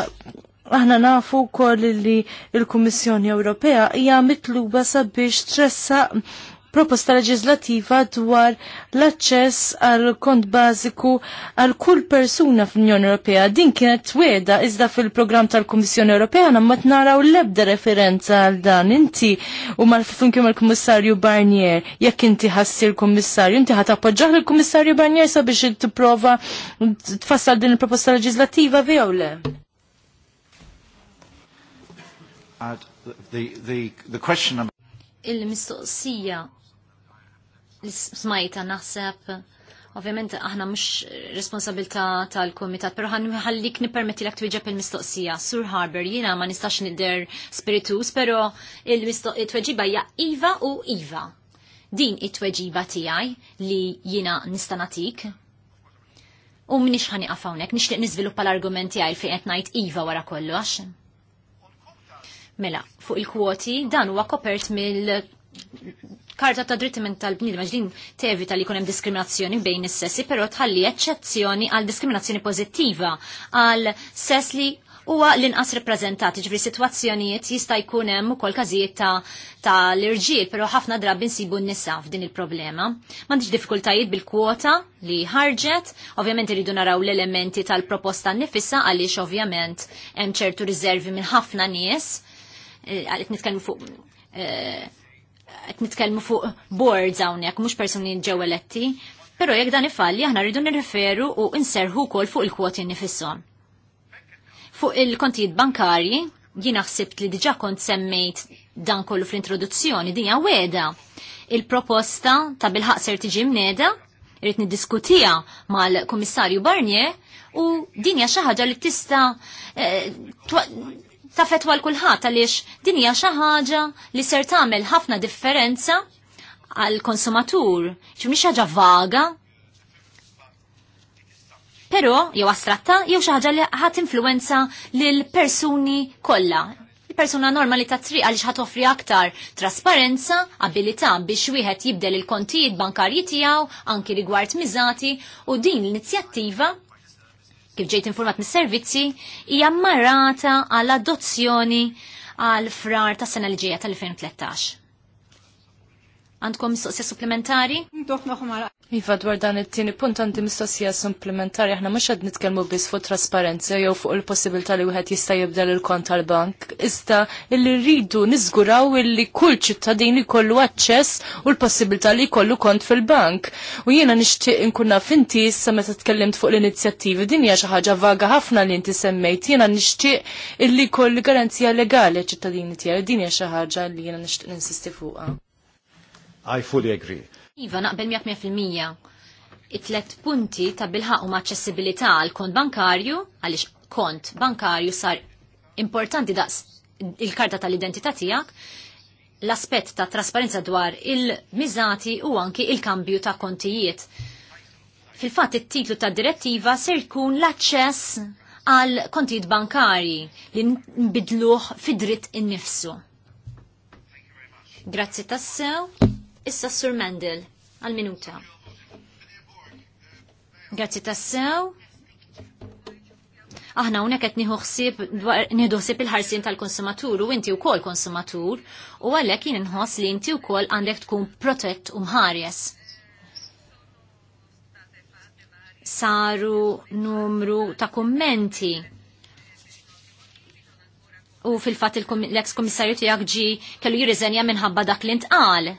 aħna nafu wkoll li l-Kummissjoni Ewropea hija mitluba sabiex tressaq proposta leġislativa dwar l-aċċess għal kont bażiku għal kull persuna fl-Unjoni Ewropea. Din kienet weda iżda fil-programm tal-Kummissjoni Ewropea ma naraw l-ebda referenza għal dan. Inti u mal-funkim mal-Kummissarju Barnier, jekk inti ħassi l-Kummissarju, inti ħat appoġġaħ l-Kummissarju Barnier sabiex tipprova tfassal din il-proposta leġislativa vew le? Il-mistoqsija li smajta naħseb Ovvjament aħna mux responsabilta tal-kumitat, però ħallik nipermetti l aktu iġab il-mistoqsija. Sur Harbor, jiena ma nistax nidder spiritus, pero il weġiba hija Iva u Iva. Din it-tweġiba tiegħi li jiena nista' nagħtik. U minix ħani hawnhekk nixtieq niżviluppa l argumenti għaj fejn qed ngħid Iva wara kollox. Mela, fuq il-kwoti dan huwa kopert mill karta ta' drittiment tal-bnidma ġdin tevita li kunem diskriminazzjoni bejn is-sessi, però tħalli eċċezzjoni għal diskriminazzjoni pozittiva għal sess li huwa l-inqas rappreżentati ġifri situazzjonijiet jista' jkun hemm ukoll każijiet ta', ta l-irġiel, però ħafna drabi nsibu n-nisa f'din il-problema. M'għandix diffikultajiet bil-kwota li ħarġet, ovvjament iridu naraw l-elementi tal-proposta nifissa għaliex ovvjament hemm ċertu riservi minn ħafna nies Eh, għalet nitkellmu fuq eh, nitkellmu fuq boards hawnhekk mhux persuni ġew eletti, però jekk dan ifalli aħna rridu nirreferu u inserħu wkoll fuq il-kwoti nifisshom. Fuq il-kontijiet bankari, jien ħsibt li diġa' kont semmejt dan kollu fl-introduzzjoni dinja weda. Il-proposta ta' bil-ħaq ser tiġi mneda, irrid niddiskutija mal-Kummissarju Barnier u dinja xi ħaġa li tista' eh, ta' fetwa l-kulħat għaliex din hija xi ħaġa li ser tagħmel ħafna differenza għal konsumatur, xi ħaġa vaga. Però jew astratta jew xi ħaġa li ħadd influenza l persuni kollha. Il-persuna normali ta' triq għaliex ħat offri aktar trasparenza, abilita' biex wieħed jibdel il-kontijiet bankarji tiegħu anki rigward miżati u din l-inizjattiva kif ġejt informat mis-servizzi, hija marrata għal adozzjoni għal frar ta' sena li ġejja tal-2013. Għandkom mistoqsija supplementari? Iva dwar dan it-tieni punt għandi mistoqsija supplementari aħna mhux qed nitkellmu biss fuq trasparenza jew fuq il-possibilità li wieħed jista' jibdel il-kont tal-bank, iżda li rridu niżguraw illi kull ċittadin jkollu aċċess u l-possibilità li jkollu kont fil-bank. U jiena nixtieq inkun naf inti issa meta tkellimt fuq l-inizjattivi din hija xi ħaġa vaga ħafna li inti semmejt. Jiena nixtieq illi jkoll garanzija legali ċittadini tiegħi din hija xi ħaġa li jiena nixtieq ninsisti fuqha. I fully agree. Iva, naqbel 100%. It-tlet punti ta' bilħaq u maċċessibilità għal kont bankarju, għaliex kont bankarju sar importanti daqs il-karta tal-identità tiegħek, l-aspett ta' trasparenza dwar il-miżati u anki il-kambju ta' kontijiet. Fil-fatt it-titlu ta' direttiva ser jkun l-aċċess għal kontijiet bankarji li nbidluħ fid-dritt innifsu. Grazzi tassew. Issa Sur Mendel, għal-minuta. Grazzi tassew. Aħna unek qed nieħu ħsieb nieħdu ħsieb il-ħarsien tal-konsumatur u inti wkoll konsumatur u għalhekk jien inħoss li inti wkoll għandek tkun protett u mħares. Saru numru ta' kummenti u fil-fat l-ex komissarju tijak ġi kellu jirriżenja minħabba dak li intqal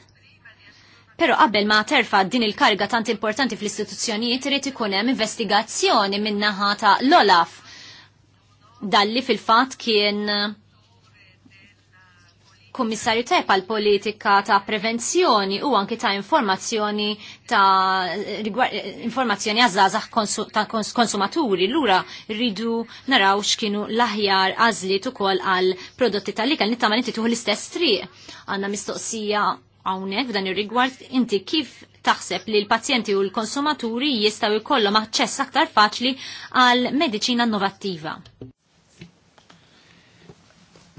Pero qabel ma terfa din il-karga tant importanti fl-istituzzjonijiet irid ikun hemm investigazzjoni min-naħa ta' l-Olaf. Dalli fil-fatt kien kummissarju tajb għal politika ta' prevenzjoni u anki ta' informazzjoni ta' informazzjoni għazzazax konsu, ta' kons konsumaturi. Lura rridu naraw x'kienu l-aħjar għażliet ukoll għal prodotti tal-lika li ta' ma' l-istess triq. Għanna mistoqsija hawnhekk f'dan ir-rigward inti kif taħseb li l-pazjenti u l-konsumaturi jistgħu jkollhom aċċess aktar faċli għal mediċina innovattiva.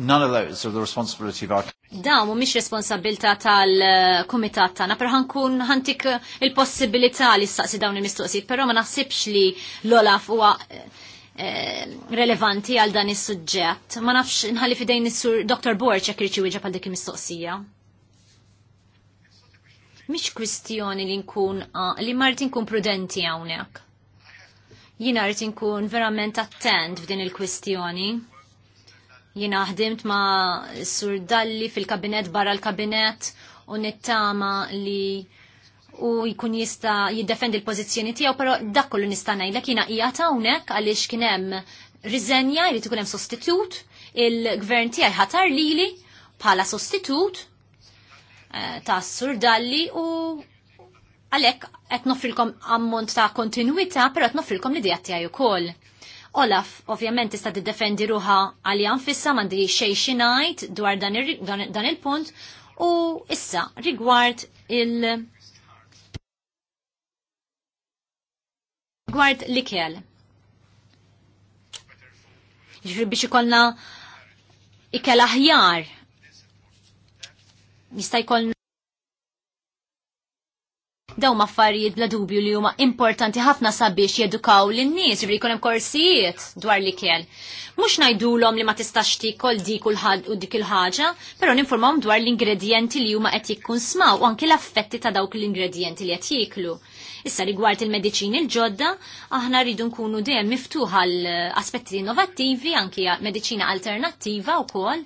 None of those are the responsibility of our Da, mu mish responsabilta tal-komitat tana, per ħankun ħantik il-possibilità li staqsi dawn il-mistoqsijiet, pero ma naħsibx li l-olaf huwa eh, eh, relevanti għal dan is-suġġett. Ma nafx nħalli fidejn is-sur Dr. Borċ jekk irċi wieġeb għal dik il-mistoqsija. Mhix kwistjoni li nkun ah, li marti nkun prudenti hawnhekk. Jina rrid nkun verament attent f'din il-kwistjoni. Jina ħdimt ma' Sur Dalli fil-kabinet barra l-kabinet u nittama li u jkun jista jiddefendi l-pozizjoni tiegħu, però dak kollu nista' ngħidlek jiena qiegħed hawnhekk għaliex kien hemm riżenja jrid ikun hemm sostitut, il-gvern tiegħi ħatar lili bħala sostitut Eh, ta' surdalli u għalek qed nofrilkom ammont ta' kontinuita, però qed nofrilkom l-idea tiegħi ukoll. Olaf, ovvjament tista' tiddefendi ruha għalija nfissa m'għandi mandi xej ngħid dwar dan il-punt u issa rigward il- rigward l-ikel. Ġifri biex ikolna ikel aħjar jista' jkollna daw maffarijiet bla dubju li huma importanti ħafna sabiex jedukaw lin-nies jibri jkun hemm korsijiet dwar li kell. Mhux ngħidulhom li ma tistax tikol dik u dik il-ħaġa, però ninformawhom dwar l-ingredjenti li huma qed jikkunsmaw u anke l-affetti ta' dawk l-ingredjenti li qed jiklu. Issa rigward il-mediċini l-ġodda, aħna rridu nkunu dejjem miftuħa l-aspetti innovattivi, anke mediċina alternattiva wkoll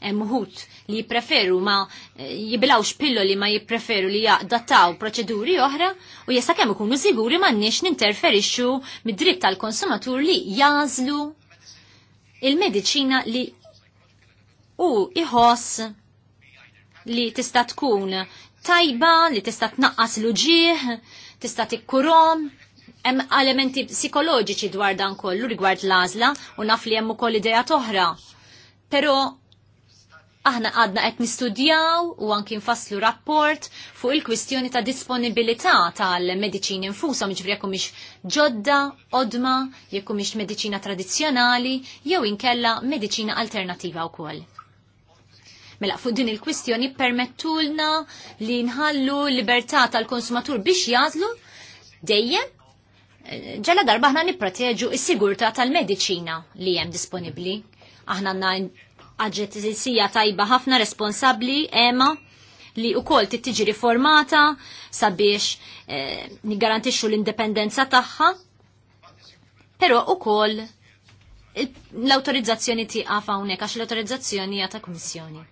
hemm eh, li jippreferu ma eh, jibilawx pillo li ma jippreferu li jaqdataw proċeduri oħra u jessa kemm ikunu siguri m'għandniex ninterferixxu mid-dritt tal-konsumatur li jażlu il-mediċina li u iħoss li tista' tkun tajba, li tista' tnaqqas l-uġieħ, tista' tikkurom, hemm elementi psikoloġiċi dwar dan kollu rigward l-għażla u naf li hemm ukoll idea toħra. Però aħna għadna qed nistudjaw u anki nfasslu rapport fuq il-kwistjoni ta' disponibilità tal-mediċini infusa, ġifri jekk mhix ġodda, odma, jekk mhix mediċina tradizzjonali jew inkella alternativa alternattiva wkoll. Mela fuq din il-kwistjoni permettulna li nħallu libertà tal-konsumatur biex jazlu dejjem ġala darba ħna nipproteġu is-sigurtà tal-mediċina li hemm disponibbli aħna għanna aġenzija tajba ħafna responsabbli ema li u kol tittiġi riformata sabiex eh, nigarantixxu l-indipendenza tagħha, però u kol l-autorizzazzjoni tiqaf hawnhekk għax l-autorizzazzjoni hija ta' kummissjoni.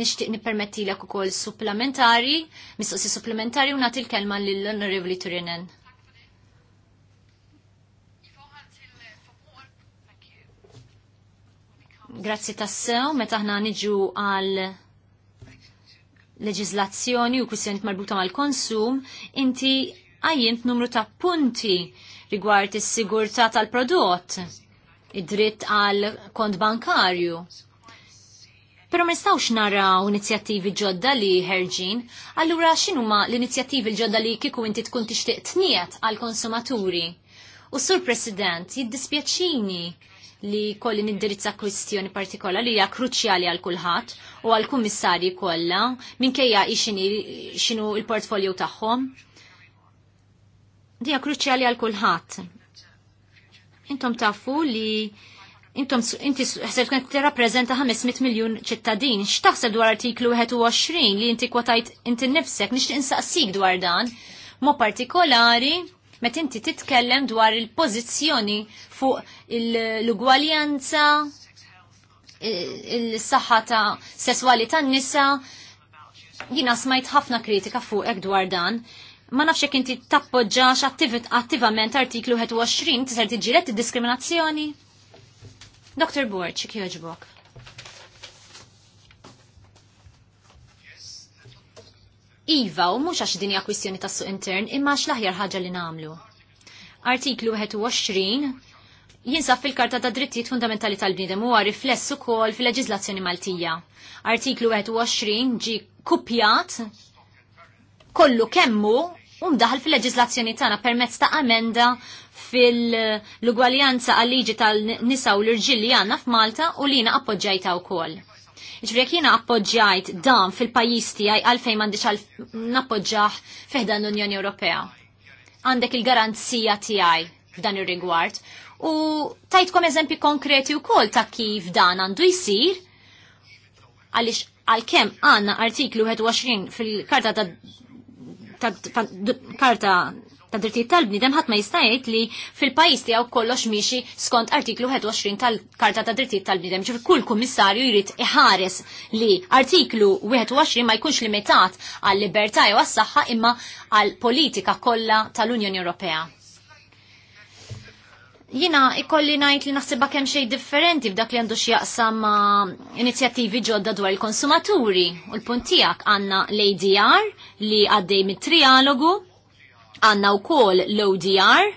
Nixtieq nippermettilek ukoll supplementari, mistoqsi supplementari u nagħti l-kelma lill-Onorevoli Turinen. Grazzi tassew, meta ħna niġu għal leġizlazzjoni u kwissjoni marbuta mal-konsum, inti għajjint numru ta' punti rigward is-sigurtà tal-prodott, id-dritt għal kont bankarju. Pero ma nistawx naraw inizjattivi ġodda li ħerġin, allura x'inhuma l-inizjattivi ġodda li kieku inti tkun tixtieq tniet għal konsumaturi. U sur President, jiddispjaċini li kolli nindirizza kwistjoni partikolari li hija kruċjali għal kulħadd u għal kummissarji kollha minkejja x'inhu l portfolio tagħhom. Dija kruċjali għal kulħadd. Intom tafu li intom inti ħseb kien tirrappreżenta 500 miljun ċittadin. X'taħseb dwar artiklu 21 li inti kwotajt inti nnifsek nixtieq insaqsik dwar dan. Mo partikolari met inti titkellem dwar il-pozizjoni fuq l-ugwaljanza, il-saħħa ta' sesswali tan nisa jina smajt ħafna kritika fuq ek dwar dan. Ma nafx jekk inti tappoġġax attivament artiklu 21 tisar tiġġieled id-diskriminazzjoni. Dr. Borċ, kjoġbok. Iva, u mhux għax dinja kwistjoni tas suq intern, imma għax laħjar aħjar ħaġa li nagħmlu. Artiklu 21 jinsaf fil-Karta ta' Drittijiet Fundamentali tal u għarri rifless ukoll fil-leġiżlazzjoni Maltija. Artiklu 21 ġi kupjat kollu kemmu u mdaħal fil-leġiżlazzjoni tagħna permezz ta' amenda fil-ugwaljanza għal liġi tal-nisa u l-irġilli għandna f'Malta u lina appoġġajta wkoll. Ġifri jiena appoġġjajt dan fil-pajjiż tiegħi għalfejn m'għandix għal nappoġġaħ fiħdan l-Unjoni Ewropea. Għandek il-garanzija tiegħi f'dan ir-rigward. U tajtkom eżempi konkreti wkoll ta' kif dan għandu jsir għaliex għalkemm għandna artiklu 21 fil-karta ta' karta ta' drittijiet tal-bniedem ħadd ma jista' jgħid li fil-pajjiż tiegħu kollox miexi skont artiklu 21 tal-Karta ta' Drittijiet tal-Bniedem. Ġifier kull kummissarju jrid iħares li artiklu 21 ma jkunx limitat għal libertà jew għas-saħħa imma għal politika kollha tal-Unjoni Ewropea. Jina ikolli najt li naħsibba kemm xejn differenti f'dak li għandu x'jaqsam inizjattivi ġodda dwar il-konsumaturi u l-punt tiegħek għandna l-ADR li għaddej mit-trialogu Għanna u kol l-ODR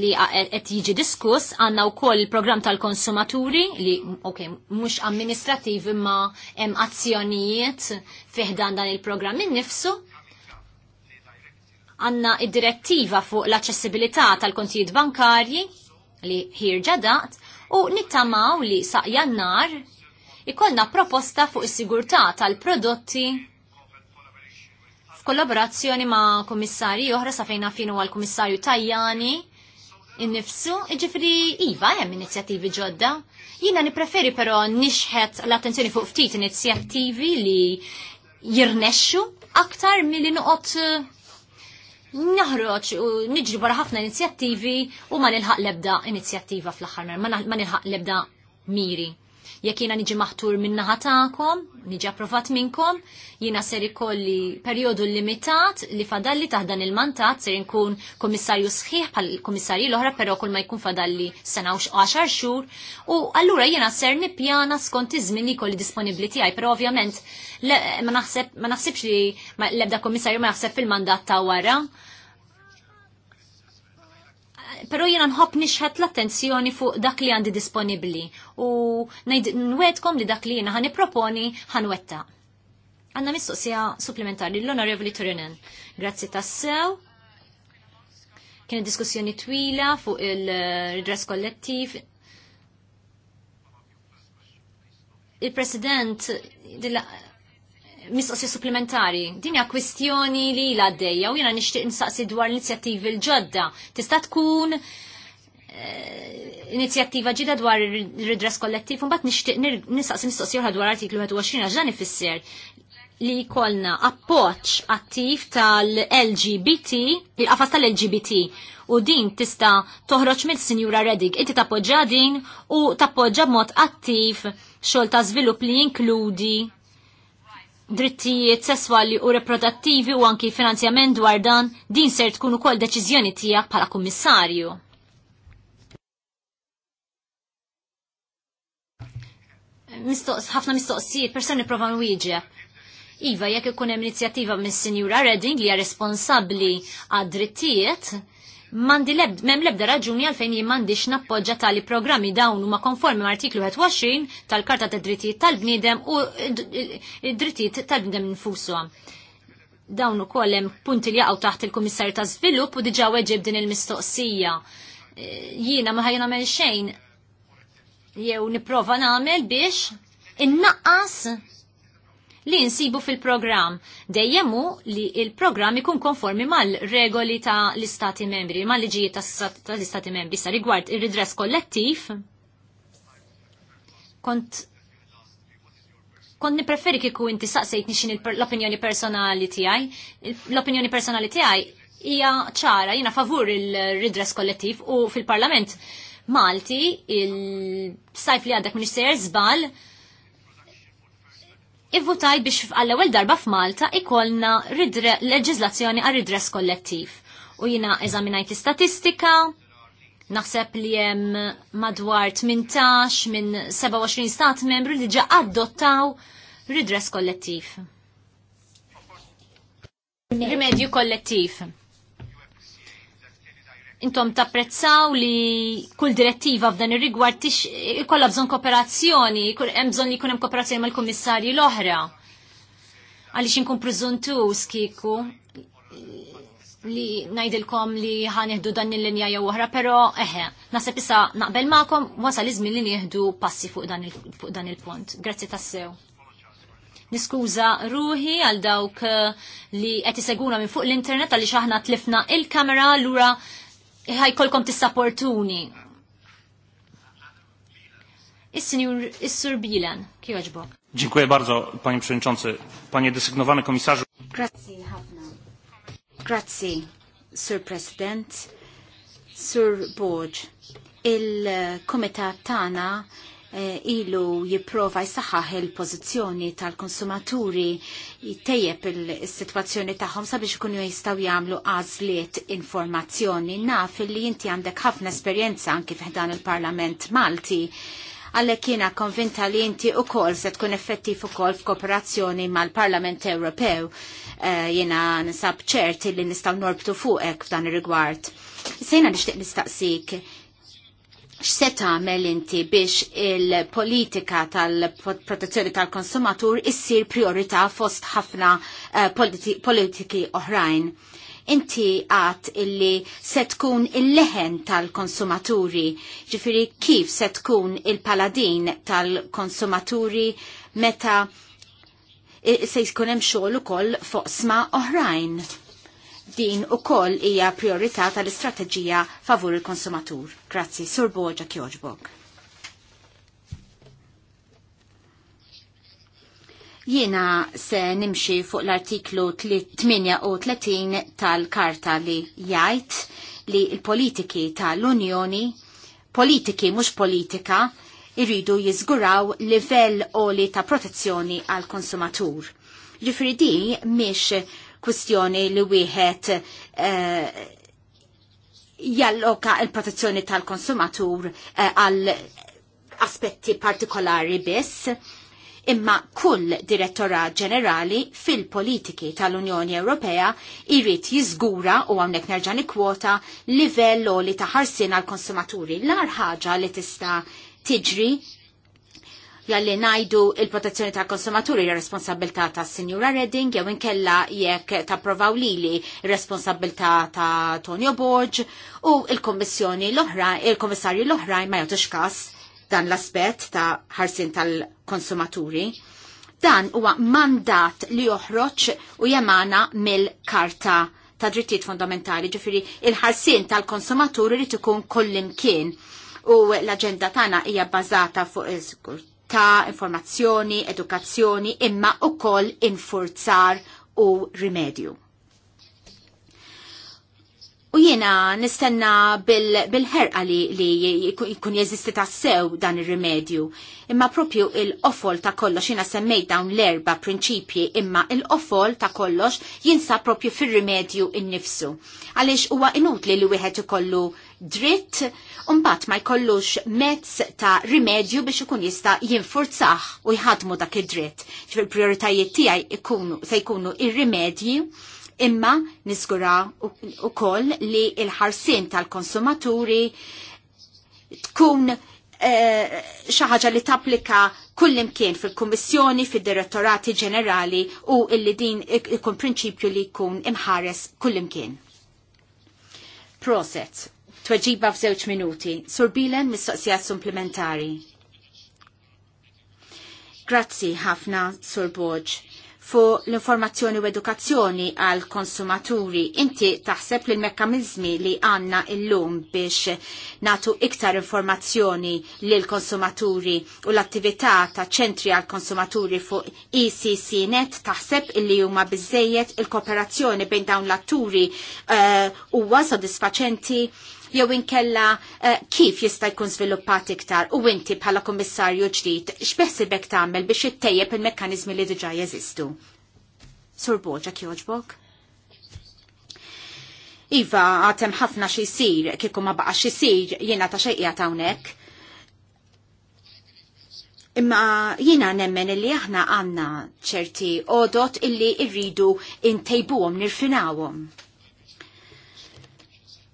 li e- qed jiġi diskuss għandna wkoll il-programm tal-konsumaturi li ok mhux amministrativ imma hemm azzjonijiet fiħdan dan il-programm innifsu għanna id-direttiva fuq l-aċċessibilità tal-kontijiet bankarji li ħirġa daqt u nittamaw li saqja nar ikollna proposta fuq is-sigurtà tal-prodotti f'kollaborazzjoni ma' kummissarji oħra sa fejna finu għal kummissarju Tajjani innifsu, iġifri iva hemm inizjattivi ġodda. Jina nipreferi però nixħet l-attenzjoni fuq ftit inizjattivi li jirnexxu aktar milli noqgħod eh, naħroġ u nġri barra ħafna inizjattivi u ma nilħaq lebda inizjattiva fl-aħħar ma nilħaq lebda miri jekk jiena niġi maħtur min-naħa tagħkom, niġi approvat minnkom, jiena ser ikolli perjodu limitat li fadalli taħdan il-mandat ser inkun komissarju sħiħ bħal komissarji l-oħra però kull ma jkun fadalli sena u 10 xhur u allura jiena ser nippjana skont iż-żmien li jkolli disponibbli tiegħi, però ovvjament ma naħsibx li l-ebda komissarju ma jaħseb fil-mandat ta' wara pero jena nħob nixħet l-attenzjoni fuq dak li għandi disponibli u nwetkom li dak li jena għani proponi wetta. Għanna mistoqsija supplementari l-Onorevoli Turinen. Grazzi tassew. Kienet diskussjoni twila fuq il-redress kollettiv. Il-President mistoqsi supplementari. Din hija kwistjoni li la għaddejja u jiena nixtieq nsaqsi dwar l-inizjattivi l-ġodda. Tista' tkun eh, inizjattiva ġida dwar ridress kollettiv, mbagħad nixtieq nistaqsi mistoqsi oħra dwar artiklu 21 għax dan ifisser li jkollna appoġġ attiv tal-LGBT, il-qafas tal-LGBT, u din tista toħroġ mill-Sinjura Reddick, Inti tappoġġa din u tappoġġa b'mod attiv xogħol ta' żvilupp li jinkludi drittijiet sesswali u reproduttivi u anki finanzjament dwar dan din ser tkun ukoll deċiżjoni tiegħek bħala kummissarju. ħafna mistoqsijiet, persa nipprova nwieġeb. Iva, jekk ikun hemm inizjattiva mis-Sinjura Redding li hija responsabbli għad drittijiet, mandi leb, mem lebda raġuni għalfejn jien m'għandix nappoġġa tali programmi dawn huma konformi artiklu 21 tal-Karta ta' Drittijiet tal-Bniedem u drittijiet tal-bniedem nfusu. Dawn ukoll hemm punti li jaqgħu taħt il komissar ta' svilup u diġà weġib din il-mistoqsija. E, jiena ma ħajja nagħmel xejn jew nipprova nagħmel biex innaqqas li nsibu fil-programm. Dejjemu li il-programm ikun konformi mal-regoli ta' l-istati membri, mal-liġijiet ta' l-istati membri sa' rigward il ridress kollettiv. Kont kont nipreferi kiku inti saqsejt nixin l-opinjoni personali tiegħi. L-opinjoni personali tiegħi hija ċara, jiena favur il ridress kollettiv u fil-Parlament Malti il-sajf li għandek minister zbal, Ivvutaj biex għall-ewwel darba f'Malta ikollna leġiżlazzjoni għal ridress kollettiv. U jina eżaminajt l-istatistika, naħseb li jem madwar 18 minn 27 stat membru li ġa adottaw ridress kollettiv. Rimedju kollettiv intom tapprezzaw li kull direttiva f'dan ir-rigward tix ikolla bżonn kooperazzjoni, hemm bżonn li jkun hemm kooperazzjoni mal-kummissarji l-oħra. Għaliex inkun preżuntus kieku li ngħidilkom li ħaneħdu dan il-linja jew oħra, però eħe, naħseb issa naqbel magħkom wasal iż li nieħdu passi fuq dan il-punt. Grazzi tassew. Niskuża ruħi għal dawk eh, li qed isegwuna minn fuq l-internet għaliex aħna tlifna il-kamera lura ħajkolkom tissapportuni. Is-Sinjur Is-Sur Bilan, kieġbok. Dziękuję bardzo, Panie Przewodniczący. Panie desygnowany komisarzu. Grazie, Hafna. Grazie, Sir President, Sir Borg. Il-Komitat tana Eh, ilu jipprova jsaħħaħ il-pożizzjoni tal-konsumaturi jittejjeb il-sitwazzjoni tagħhom sabiex ikunu jistgħu jagħmlu għażliet informazzjoni. Naf li inti għandek ħafna esperjenza anki fiħdan il-Parlament Malti Għalle kiena konvinta li inti u kol se tkun effettiv u kol f'kooperazzjoni mal-Parlament Ewropew uh, eh, jena nisab ċerti li nistaw norbtu fuqek f'dan ir-rigward. Sejna nishtiq nistaqsik, x'se tagħmel inti biex il-politika tal-protezzjoni tal-konsumatur issir priorità fost ħafna eh, politiki oħrajn inti għat illi se tkun il-leħen tal-konsumaturi, ġifiri kif se tkun il-paladin tal-konsumaturi meta eh, se jkunem xogħol ukoll fuq sma oħrajn din u koll hija priorità tal-istrateġija favur il-konsumatur. Grazzi, Sur Boġa Kjoġbog. Jiena se nimxi fuq l-artiklu 38 tal-karta li jgħid li l-politiki tal-Unjoni, politiki mhux politika, irridu jiżguraw livell oli ta' protezzjoni għal konsumatur. Ġifri miex kwistjoni li wieħed uh, jalloka il-protezzjoni tal-konsumatur eh, għal uh, aspetti partikolari biss imma kull direttora ġenerali fil-politiki tal-Unjoni Ewropea irrit jizgura u għamnek nerġa' kwota livell li taħarsin għal konsumaturi l-ar ħaġa li tista' tiġri jalli najdu il-protezzjoni ta' konsumaturi responsabilità ta' Signora Redding jew inkella jekk ta' provaw li responsabilità ta' Tonio Borg u il-kommissjoni l-oħra, il-kommissarju l-oħra ma jagħtux kas dan l-aspett ta' ħarsin tal-konsumaturi. Dan huwa mandat li joħroġ u jemana mill-karta ta' drittijiet fondamentali, ġifiri il-ħarsin tal-konsumaturi li tkun kollimkien u l-agenda tagħna hija bbażata fuq ta' informazzjoni, edukazzjoni, imma u koll infurzar u rimedju. U jiena nistenna bil-ħerqa bil li, li jkun jeżisti ta' sew dan ir-rimedju. Imma propju il-qofol ta' kollox jiena semmejt dawn l-erba prinċipji imma il-qofol ta' kollox jinsa propju fir-rimedju innifsu. Għaliex huwa inutli li wieħed ikollu dritt umbat ma jkollux mezz ta' rimedju biex ikun jista' jinfurzaħ u jħadmu dak id-dritt. Ġifir prioritajiet tiegħi ikunu se jkunu ir-rimedji imma niżgura koll li l-ħarsien tal-konsumaturi tkun eh, xi xaħġa li tapplika kullimkien fil-Kommissjoni, fil-Direttorati Ġenerali u illi din ikun prinċipju li jkun imħares kullimkien. Proset. Tweġiba f'żewġ minuti. Sur Bilen mistoqsija supplementari. Grazzi ħafna, Sur Boġ. Fu l-informazzjoni u edukazzjoni għal konsumaturi, inti taħseb li l mekkamizmi li għanna il-lum biex natu iktar informazzjoni l konsumaturi u l-attività ta' ċentri għal konsumaturi fuq ECC net taħseb illi huma biżejjed il-kooperazzjoni bejn dawn l-atturi eh, huwa uh, sodisfaċenti jew inkella eh, kif jista' jkun żviluppat iktar u inti bħala kummissarju ġdid x'beħsibek tagħmel biex ittejjeb il-mekkaniżmi li diġà jeżistu. Sur Boġa kjoġbok? Iva, għatem ħafna xi jsir kieku ma baqa xisir, jiena ta' xejqija ta' hawnhekk. Imma jiena nemmen illi aħna għanna ċerti odot illi irridu intejbuhom nirfinawhom.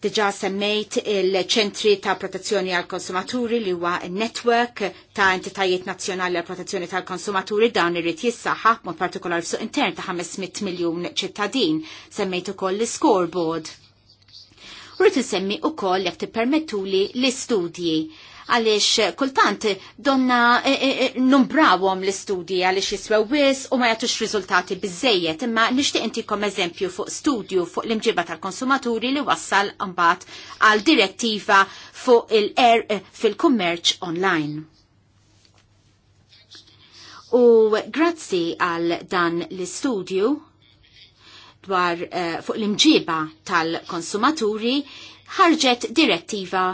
Diġa semmejt il-ċentri ta' protezzjoni għal konsumaturi li huwa network ta' entitajiet nazzjonali għal protezzjoni tal konsumaturi dawn irrid jissaħħa mod partikolar f'suq intern ta' 500 miljun ċittadin. Semmejt ukoll l-scoreboard. rrid insemmi ukoll jekk tippermettuli l-istudji għaliex kultant donna e, e, e, numbrawhom l-istudji għaliex jiswew wis u ma jagħtux riżultati biżejjed, imma nixtieq intikom eżempju fuq studju fuq l-imġiba tal-konsumaturi li wassal għambat għal direttiva fuq il-air eh, fil-kummerċ online. U grazzi għal dan l-istudju dwar uh, fuq l-imġiba tal-konsumaturi ħarġet direttiva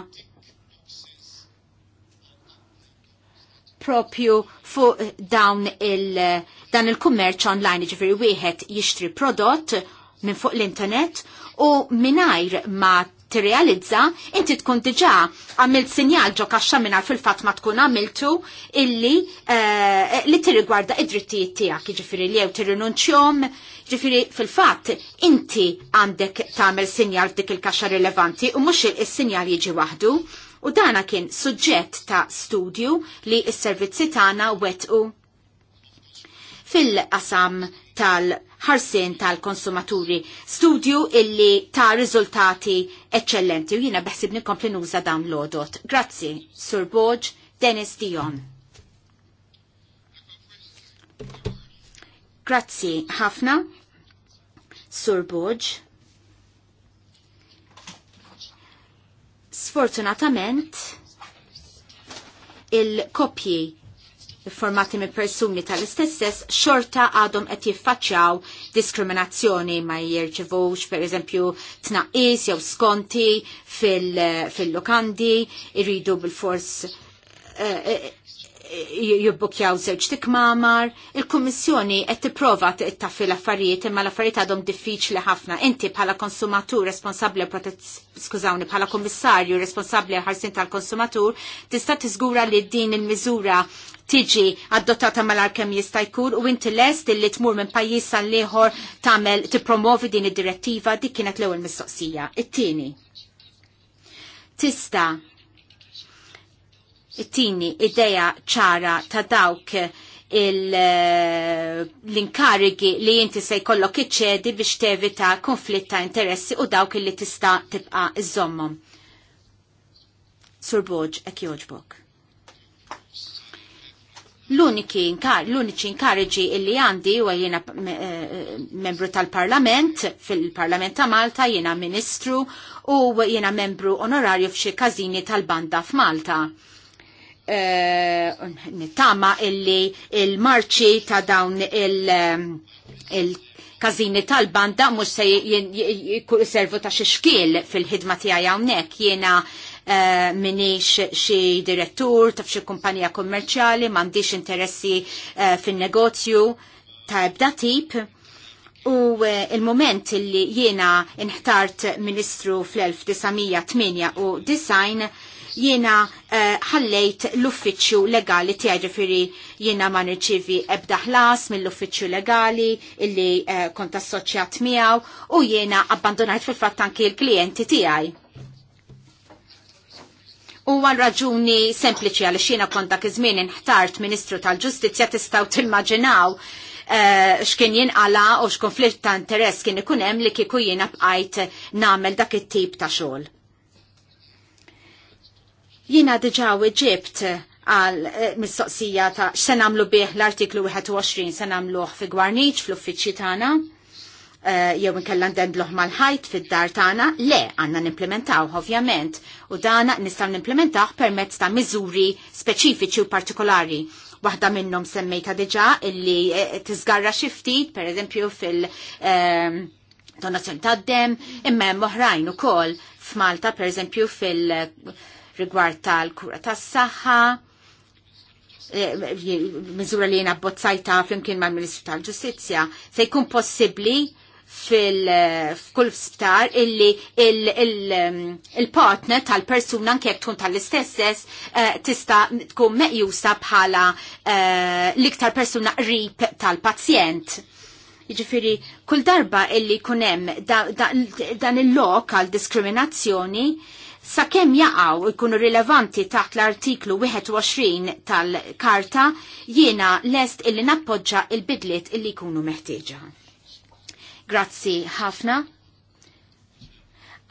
propju fuq dawn il, dan il-kummerċ online, ġifiri wieħed jixtri prodott minn fuq l-internet u minajr ma tirrealizza inti tkun diġa għamilt sinjal ġo kaxxa minar fil-fat ma tkun għamiltu illi uh, li t-rigwarda id-drittijiet tiegħek, jiġifieri li jew tirrinunċjom, ġifiri fil-fat inti għandek tagħmel sinjal dik il-kaxxa rilevanti u mhux il sinjal jiġi waħdu. U dana kien suġġett ta' studju li s-servizzi tagħna wetqu fil-qasam tal-ħarsin tal-konsumaturi. Studju illi ta' riżultati eccellenti u jina beħsibni nikompli nuża dawn l-odot. Grazzi, Sur Boġ, Dennis Dion. Grazzi ħafna, Sur Boġ. Sfortunatament, il-kopji formati minn persuni tal-istess xorta għadhom qed jiffaċċjaw diskriminazzjoni ma jirċevux per eżempju tnaqqis jew skonti fil-lokandi, fil irridu bil-fors eh, eh, jibbukjaw żewġ tikmamar, il-Kummissjoni qed tipprova taffi l-affarijiet imma l-affarijiet għadhom diffiċli ħafna. Inti bħala konsumatur responsabbli skużawni bħala kummissarju responsabbli ħarsin tal-konsumatur tista' tiżgura li din il-miżura tiġi adottata mal-ar kemm jista' jkun u inti lest li tmur minn pajjiż sal ieħor tagħmel tippromovi din id-direttiva dik kienet l-ewwel mistoqsija. It-tieni. Tista' it tini ideja ċara ta' dawk eh, l-inkarigi li jinti se jkollok iċċedi biex tevita konflitt ta' interessi u dawk li tista' tibqa' iżommhom. Sur Boġ, ek joġbok. L-uniċi inkarigi illi għandi u jiena eh, membru tal-parlament, fil-parlament ta' Malta, jiena ministru u jiena membru onorarju f'xi kazini tal-banda f'Malta. Malta Eh, tama nittama illi il-marċi ta' dawn il- ehm, il kazini tal-banda mux se servu ta' xiexkil fil-ħidma tijaj għawnek jena uh, eh, minni xie direttur ta' xie kumpanija kommerċali mandiċ interessi eh, fil-negozju ta' ebda tip u il-moment li jena inħtart ministru fl-1998 u design jena Eh, ħallejt l-uffiċċju legali tiegħi ġifieri jiena ma nirċivi ebda ħlas mill-uffiċċju legali illi eh, kont assoċjat miegħu u jiena abbandonajt fil-fatt anki l-klijenti tiegħi. U għal raġuni sempliċi għal xina kont dak iż-żmien inħtart Ministru tal-Ġustizzja tistgħu timmaġinaw eh, x'kien jinqala u x'konflitt ta' interess kien ikun hemm li kieku jiena bqajt nagħmel dak it-tip ta' xogħol. Jina diġa ġibt għal eh, mistoqsija ta' x'se nagħmlu bih l-artiklu 21 se nagħmluh fi Gwarniċ fl-uffiċċji tagħna eh, jew inkella ndendluh mal-ħajt fid-dar tagħna, le għandna nimplementaw ovvjament u dana nistgħu nimplementawh permezz ta' miżuri speċifiċi u partikolari. Waħda minnhom semmejta diġà illi eh, tiżgarra xi ftit, pereżempju fil- ehm, donazzjoni tad-dem, imma hemm oħrajn ukoll f'Malta, pereżempju fil- rigward tal-kura tas-saħħa, eh, miżura li jena bozzajta flimkien mal ministru tal-ġustizja, se jkun possibli fil-kull eh, sptar illi mm, il-partner tal-persuna nkjek tkun tal-istess eh, tista tkun meqjusa bħala l-iktar persuna qrib tal-pazjent. Ġifiri, kull darba illi kunem dan il-lok għal diskriminazzjoni, Sakemm jaqgħu jkunu rilevanti taħt l-artiklu 21 tal-karta, jiena lest illi nappoġġa il-bidliet illi jkunu meħtieġa. Grazzi ħafna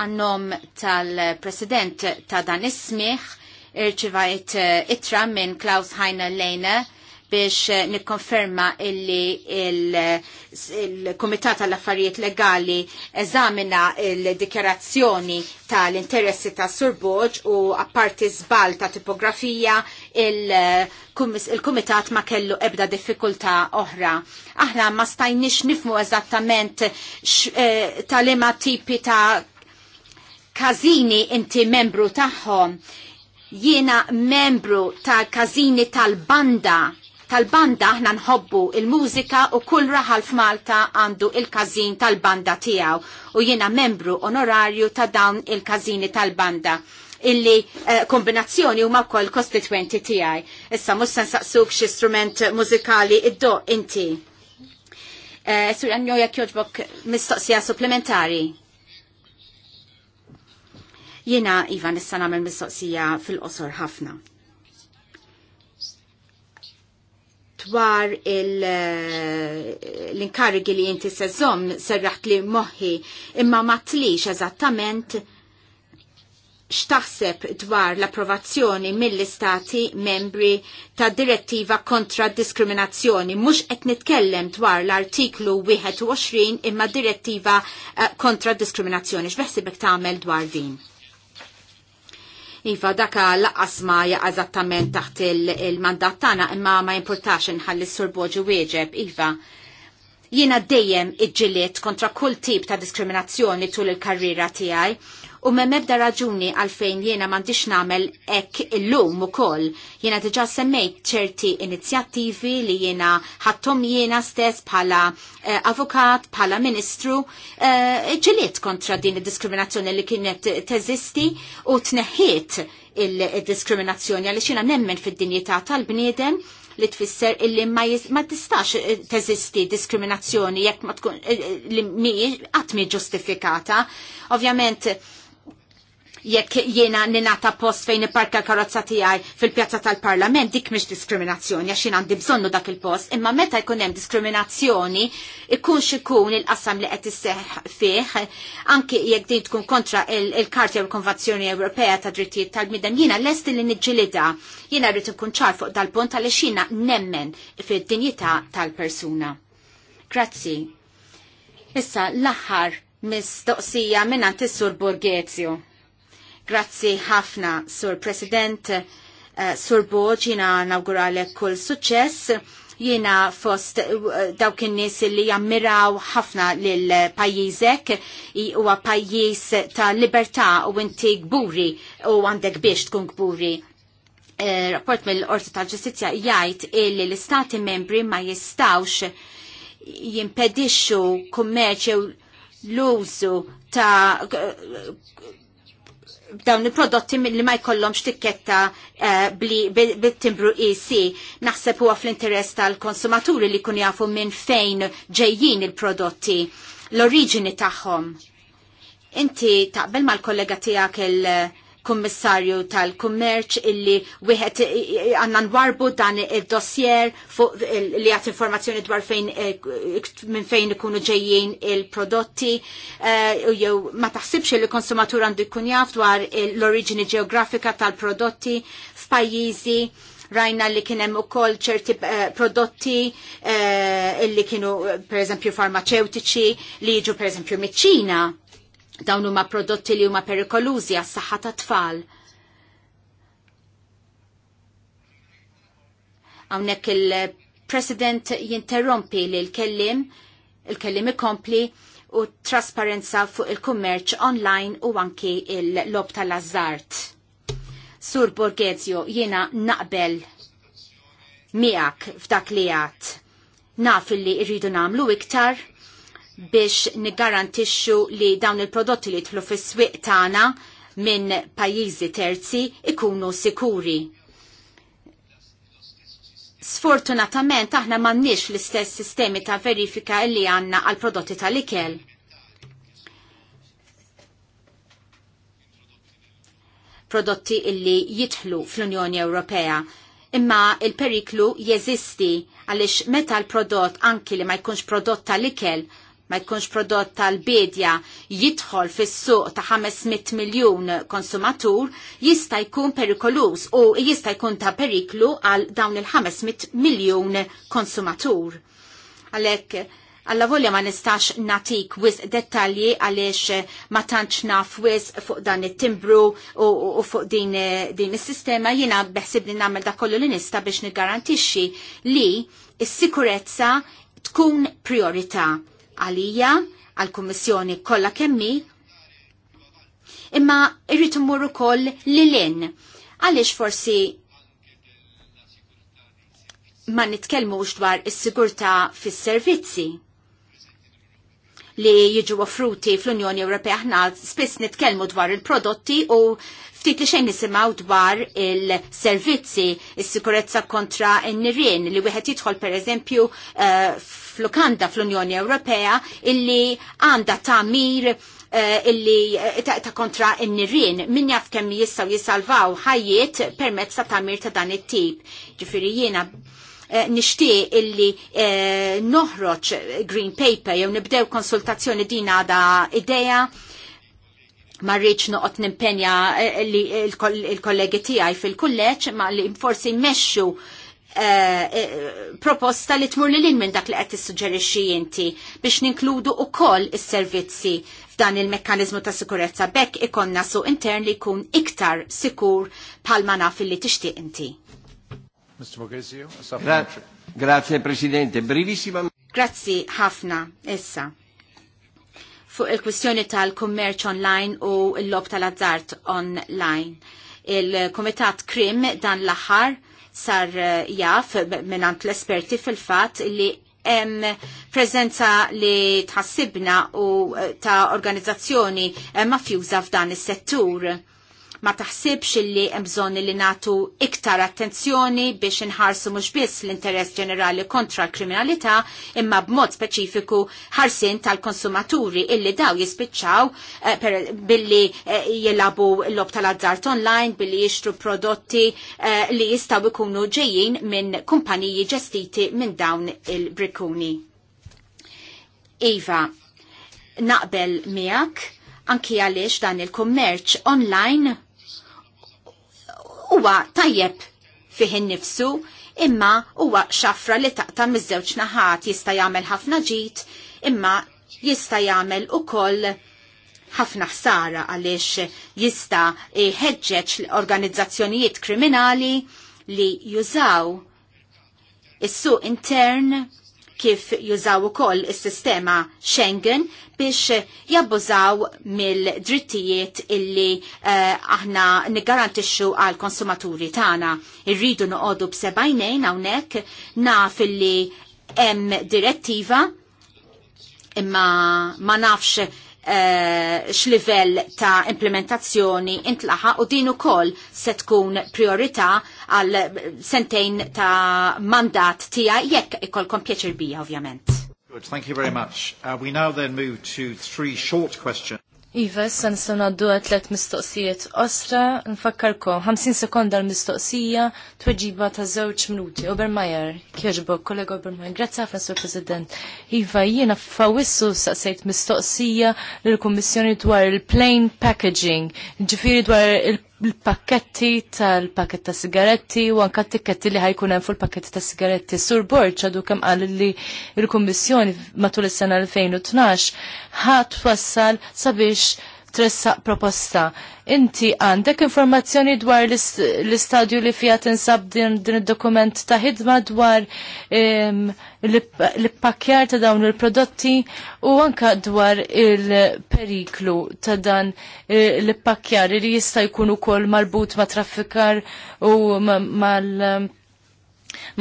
għannom tal-president ta' dan ismiħ irċivajt eh, itra minn Klaus Heiner Lejne biex eh, nikkonferma illi il-Komitat il tal-Affarijiet Legali eżamina il-dikjarazzjoni tal-interessi ta' Surboġ u apparti żball ta' tipografija il-Kumitat il ma kellu ebda diffikulta oħra. Aħna ma stajnix nifmu eżattament eh, tal-ema tipi ta' kazini inti membru tagħhom jiena membru tal-kazini tal-banda tal-banda aħna nħobbu il-mużika u kull raħal f'Malta għandu il-kazin tal-banda tiegħu u jiena membru onorarju ta' dawn il-kazini tal-banda illi uh, kombinazzjoni huma wkoll kostitwenti tiegħi. Issa mhux se nsaqsuk xi strument mużikali iddo inti. Uh, Sur jekk jogħġbok mistoqsija supplementari. Jiena Ivan issa nagħmel mistoqsija fil-qosor ħafna. dwar eh, l-inkarigi li jinti sezzom serraħt li moħi imma ma tlix eżattament xtaħseb dwar l-approvazzjoni mill-istati membri ta' direttiva kontra diskriminazzjoni. Mux qed nitkellem dwar l-artiklu 21 imma direttiva eh, kontra diskriminazzjoni. X'beħsibek tagħmel dwar din? Iva, daka laqqas ma jaqazattament taħt il-mandat tana imma ma importax nħalli s-surboġu wieġeb. Iva, jiena dejjem iġġiliet kontra kull tip ta' diskriminazzjoni tul il-karriera tiegħi u memmebda raġuni għalfejn jiena mandiċ namel ek illum u koll. Jena diġa semmejt ċerti inizjattivi li jiena ħattom jiena stess bħala eh, avukat, bħala ministru, eh, ġiliet kontra din il-diskriminazzjoni li kienet teżisti u tneħħiet il-diskriminazzjoni għalli xina nemmen fid-dinjità tal-bniedem li tfisser illi ma, ma tistax eh, teżisti diskriminazzjoni jekk ma tkun eh, li mi għatmi ġustifikata. Ovvjament, jekk jiena ninata post fejn iparka l-karozza tiegħi fil-pjazza tal-Parlament dik mhix diskriminazzjoni għax jien għandi bżonnu dak il-post, imma meta jkun hemm diskriminazzjoni ikunx ikun il-qasam li qed isseħħ fih anke jekk din tkun kontra il-Karti il konvazzjoni Ewropea ta' drittijiet tal-midem jiena lest li niġġilida jiena rrid inkun ċar fuq dal-punt għaliex jiena nemmen fid-dinjità tal-persuna. Grazzi. Issa l-aħħar mistoqsija minn is-Sur Borghezio. Grazzi ħafna, Sur President, uh, Sur Boġ, jina nawguralek kull suċess jiena fost eh, eh, dawk in-nies li jammiraw ħafna lil pajjiżek huwa pajjiż ta' libertà u inti gburi u għandek biex tkun gburi. rapport mill-Qorti tal-Ġustizzja jgħid illi l-Istati membri ma jistawx jimpedixxu kummerċ l-użu ta' dawn il-prodotti li ma jkollhomx tikketta eh, bit-timbru EC. Naħseb huwa fl-interess tal-konsumaturi li kun jafu minn fejn ġejjin il-prodotti, l-oriġini tagħhom. Inti taqbel mal-kollega tiegħek il- kummissarju tal-kummerċ illi wieħed għandna nwarbu dan id-dossier fuq li għat informazzjoni dwar fejn eh, minn fejn ikunu ġejjin il-prodotti eh, u jew ma taħsibx li konsumatur għandu jkun jaf dwar l-oriġini ġeografika tal-prodotti f'pajjiżi rajna li kienem u koll ċerti eh, prodotti illi kienu per eżempju farmaceutiċi li jiġu per eżempju miċċina Dawn huma prodotti li huma perikolużi għas-saħħa ta' tfal. Hawnhekk il-President jinterrompi li l-kellim, il-kellim ikompli u trasparenza fuq il-kummerċ online u anki il-lob tal-azzart. Sur Borgezio, jiena naqbel miegħek f'dak li għat. Naf li rridu namlu iktar biex nigarantixxu li dawn il-prodotti li tlu fis-swieq tagħna minn pajjiżi terzi ikunu sikuri. Sfortunatament aħna m'għandniex l-istess sistemi ta' verifika li għandna għal prodotti tal-ikel. prodotti illi jitħlu fl-Unjoni Ewropea. Imma il-periklu jeżisti għaliex meta l-prodott anki li ma jkunx prodott tal-ikel ma jkunx prodott tal-bedja jidħol fis-suq ta' 500 miljun konsumatur jista' jkun perikolus u jista' jkun ta' periklu għal dawn il-500 miljun konsumatur. Għalhekk Alla volja ma nistax natik wis dettalji għaliex ma tantx naf wis fuq dan it-timbru u, u fuq din, din is-sistema jiena beħsib li nagħmel da kollu li nista biex niggarantixxi li s-sikurezza tkun priorità għalija, għal-Kummissjoni kollha kemmi, imma irrid immur ukoll lilin. Għaliex forsi ma nitkellmux dwar is-sigurtà fis-servizzi li jiġu offruti fl-Unjoni Ewropea aħna spiss nitkellmu dwar il-prodotti u ftit li xejn nisimgħu dwar il-servizzi, is-sikurezza kontra n-nirien li wieħed jidħol pereżempju uh, flukanda fl-Unjoni Ewropea illi għanda tamir Uh, eh, illi eh, ta, kontra n-nirien, min jaf kemm jissaw jissalvaw ħajiet permezz ta' tamir ta' dan it-tip. Ġifiri jiena uh, illi noħroċ Green Paper jew nibdew konsultazzjoni din għada ideja ma rridx noqgħod nimpenja il-kollegi tiegħi fil-kulleġġ ma li forsi mmexxu Eh, eh, proposta li tmur lil minn dak li qed tissuġġerixxi inti biex ninkludu ukoll is-servizzi f'dan il-mekkaniżmu ta' sikurezza bekk ikonna su intern li jkun iktar sikur bħalma naf li tixtieq inti. Mr. Borghesio, Grazie Presidente, brevissima. Grazzi ħafna issa. Fuq il-kwistjoni tal-kummerċ online u l-lob tal-azzart online. Il-Komitat Krim dan l-aħħar sar eh, jaf minnant l-esperti fil-fat li em, prezenza li tħassibna u eh, ta' organizzazzjoni eh, mafjuża f'dan is-settur ma taħsibx illi hemm li nagħtu iktar attenzjoni biex inħarsu mhux biss l-interess ġenerali kontra l-kriminalità imma b'mod speċifiku ħarsin tal-konsumaturi illi daw jispiċċaw eh, billi eh, jilabu l-lob tal-azzart online billi jixtru prodotti eh, li jistgħu jkunu ġejjin minn kumpaniji ġestiti minn dawn il-brikuni. Iva, naqbel miegħek anki għaliex dan il-kummerċ online huwa tajjeb fih innifsu, imma huwa xafra li taqta' miż-żewġ naħat jista' jagħmel ħafna ġid, imma jista' jagħmel ukoll ħafna ħsara għaliex jista' jħeġġeġ l-organizzazzjonijiet kriminali li jużaw is-suq intern kif jużaw ukoll is-sistema Schengen biex jabbużaw mill-drittijiet illi uh, aħna niggarantixxu għal konsumaturi tagħna. Irridu noqogħdu b'sebajnejn hawnhekk naf illi hemm direttiva imma ma nafx uh, x'livell ta' implementazzjoni intlaħa u din ukoll se tkun priorità għal sentejn ta' mandat tija jekk ikolkom pjaċir bija ovvjament. Good, thank you very much. Uh, we now then move to three short questions. Iva, san sanna għaddu għatlet mistoqsijiet osra, nfakkarkom, 50 sekonda l-mistoqsija, tweġiba ta' zewċ minuti. Obermajer, kieġbo, kollega Obermajer, grazzi għafna, Sur President. Iva, jiena fawissu saqsejt mistoqsija l komissjoni dwar il-plain packaging, ġifiri dwar il il-pakketti tal-pakket ta' sigaretti u anka t-tikketti li ħajkun hemm fuq il pakket ta' sigaretti. Sur bord ċadu kemm qal li l-Kummissjoni matul is-sena 2012 ħadd wassal sabiex tressaq proposta. Inti għandek informazzjoni dwar l-istadju li fija tinsab din id-dokument ta' ħidma dwar l pakjar ta' dawn il-prodotti u anka dwar il-periklu ta' dan e, l pakjar li jista' jkun ukoll marbut ma' traffikar u mal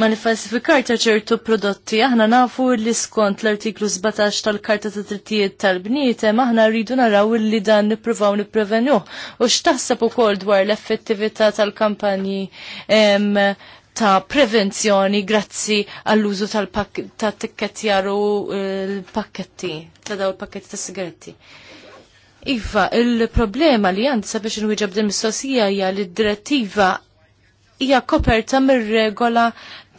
Manifestifikar ta' ċertu prodotti, aħna nafu li skont l-artiklu 17 tal-Karta ta' Trittijiet tal-Bnietem, aħna rridu naraw li dan nippruvaw nipprevenu. U x'taħseb ukoll dwar l-effettività tal-kampanji ta' prevenzjoni grazzi għall-użu tal tikketti għaru eh, l-pakketti, ta' daw l-pakketti ta' sigaretti. Iva, il-problema li għandi sabiex nwiġab din mistoqsija hija li d-direttiva hija koperta mir-regola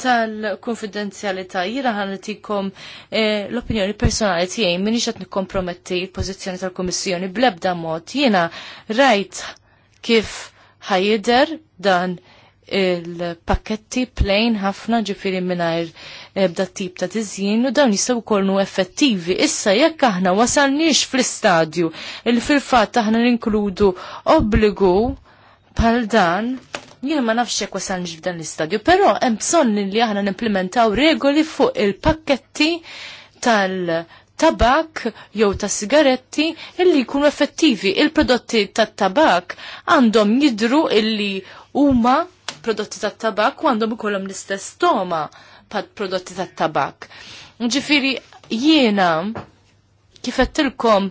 tal-konfidenzjalità. Jiena ħanetikom eh, l-opinjoni personali tiegħi minix qed nikkomprometti l-pożizzjoni tal-Kummissjoni bl-ebda mod. Jiena rajt kif ħajider dan il-pakketti plain ħafna ġifiri minnajr ebda eh, tip ta' tizjien u dawn jistaw kolnu effettivi. Issa jekk aħna wasalniex fl-istadju il fil-fat aħna ninkludu obbligu bħal dan Jien ma nafx xek wasalniex f'dan l-istadju, però hemm bżonn li aħna nimplementaw regoli fuq il-pakketti tal- tabak jew ta' sigaretti illi jkunu effettivi. Il-prodotti tat tabak għandhom jidru illi huma prodotti tat tabak u għandhom ikollhom l-istess toma pad prodotti tat tabak. Ġifiri jiena kifettilkom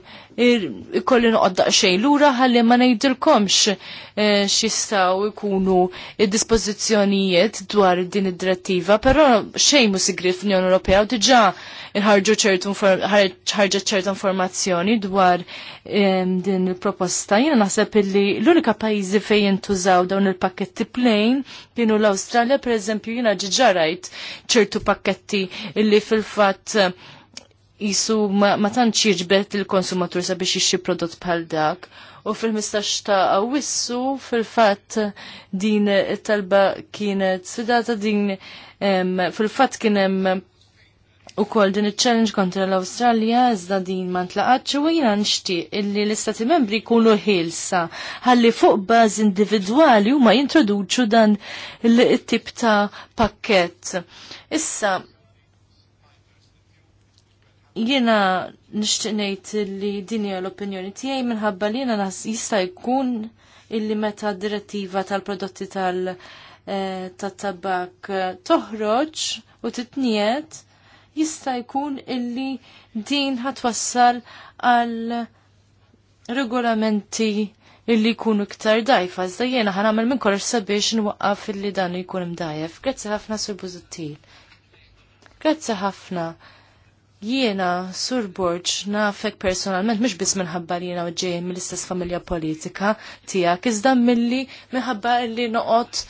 ikolli noqodda xej lura ħalli ma ngħidilkomx eh, xistaw ikunu id-dispożizzjonijiet dwar din id-direttiva, però xejn mhu sigrid fl-Unjoni Ewropea u diġa' ħarġu ċertu ħarġet ċerta informazzjoni dwar ehm, din il-proposta. Jiena naħseb illi l-unika pajjiżi fejn jintużaw dawn il-pakketti plejn kienu l-Awstralja, pereżempju jena ġiġarajt ċertu pakketti illi fil-fatt jisu ma tantx jiġbet il-konsumatur sabiex jixxi prodott bħal dak. U fil-15 ta' awissu fil-fatt din it-talba kienet sidata din fil-fatt kien hemm U kol din il-challenge kontra l-Australia iżda din ma ntlaqatx u jina nixtieq illi l-istati membri jkunu ħilsa ħalli fuq baż individwali huma jintroduċu dan l tip ta' pakkett. Issa Jiena nixtieq ngħid li din hija l-opinjoni tiegħi minħabba li jiena jista' jkun illi meta d-direttiva tal-prodotti tal- eh, tat-tabak toħroġ u titniet jista' jkun illi din ħatwassal għal regolamenti illi jkunu iktar dajfa. Iżda jiena ħanamel minn kollox sabiex nwaqqaf illi dan jkun imdajef. Grazzi ħafna sur Buzuttil. Grazzi ħafna. Jiena, Sur Borġ, nafek personalment, mux bis minħabba li jiena uġej mill-istess familja politika tija, iżda mill-li minħabba li noqot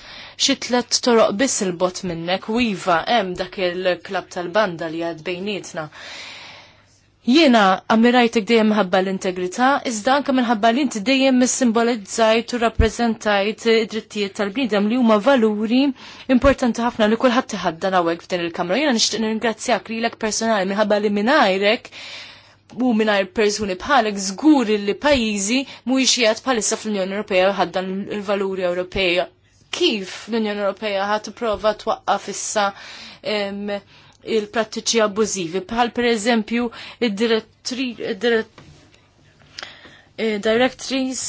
xitlet toroq bis il-bot minnek, u iva, em dak il-klab tal-banda li għad bejnietna. Jiena ammirajtek dejjem minħabba l-integrità, iżda anke minħabba li inti dejjem missimbolizzajt u rappreżentajt id-drittijiet tal-bniedem li huma valuri importanti ħafna li kulħadd iħaddan nawek f'din il-kamra. Jiena nixtieq nirringrazzjak lilek personali minħabba li mingħajrek u mingħajr persuni bħalek żgur li pajjiżi mhuwiex jgħid bħalissa fl-Unjoni Ewropea ħaddan il-valuri Ewropea. Kif l-Unjoni Ewropea ħad tipprova twaqqaf issa il-prattiċi abbużivi, bħal per eżempju il eh, directris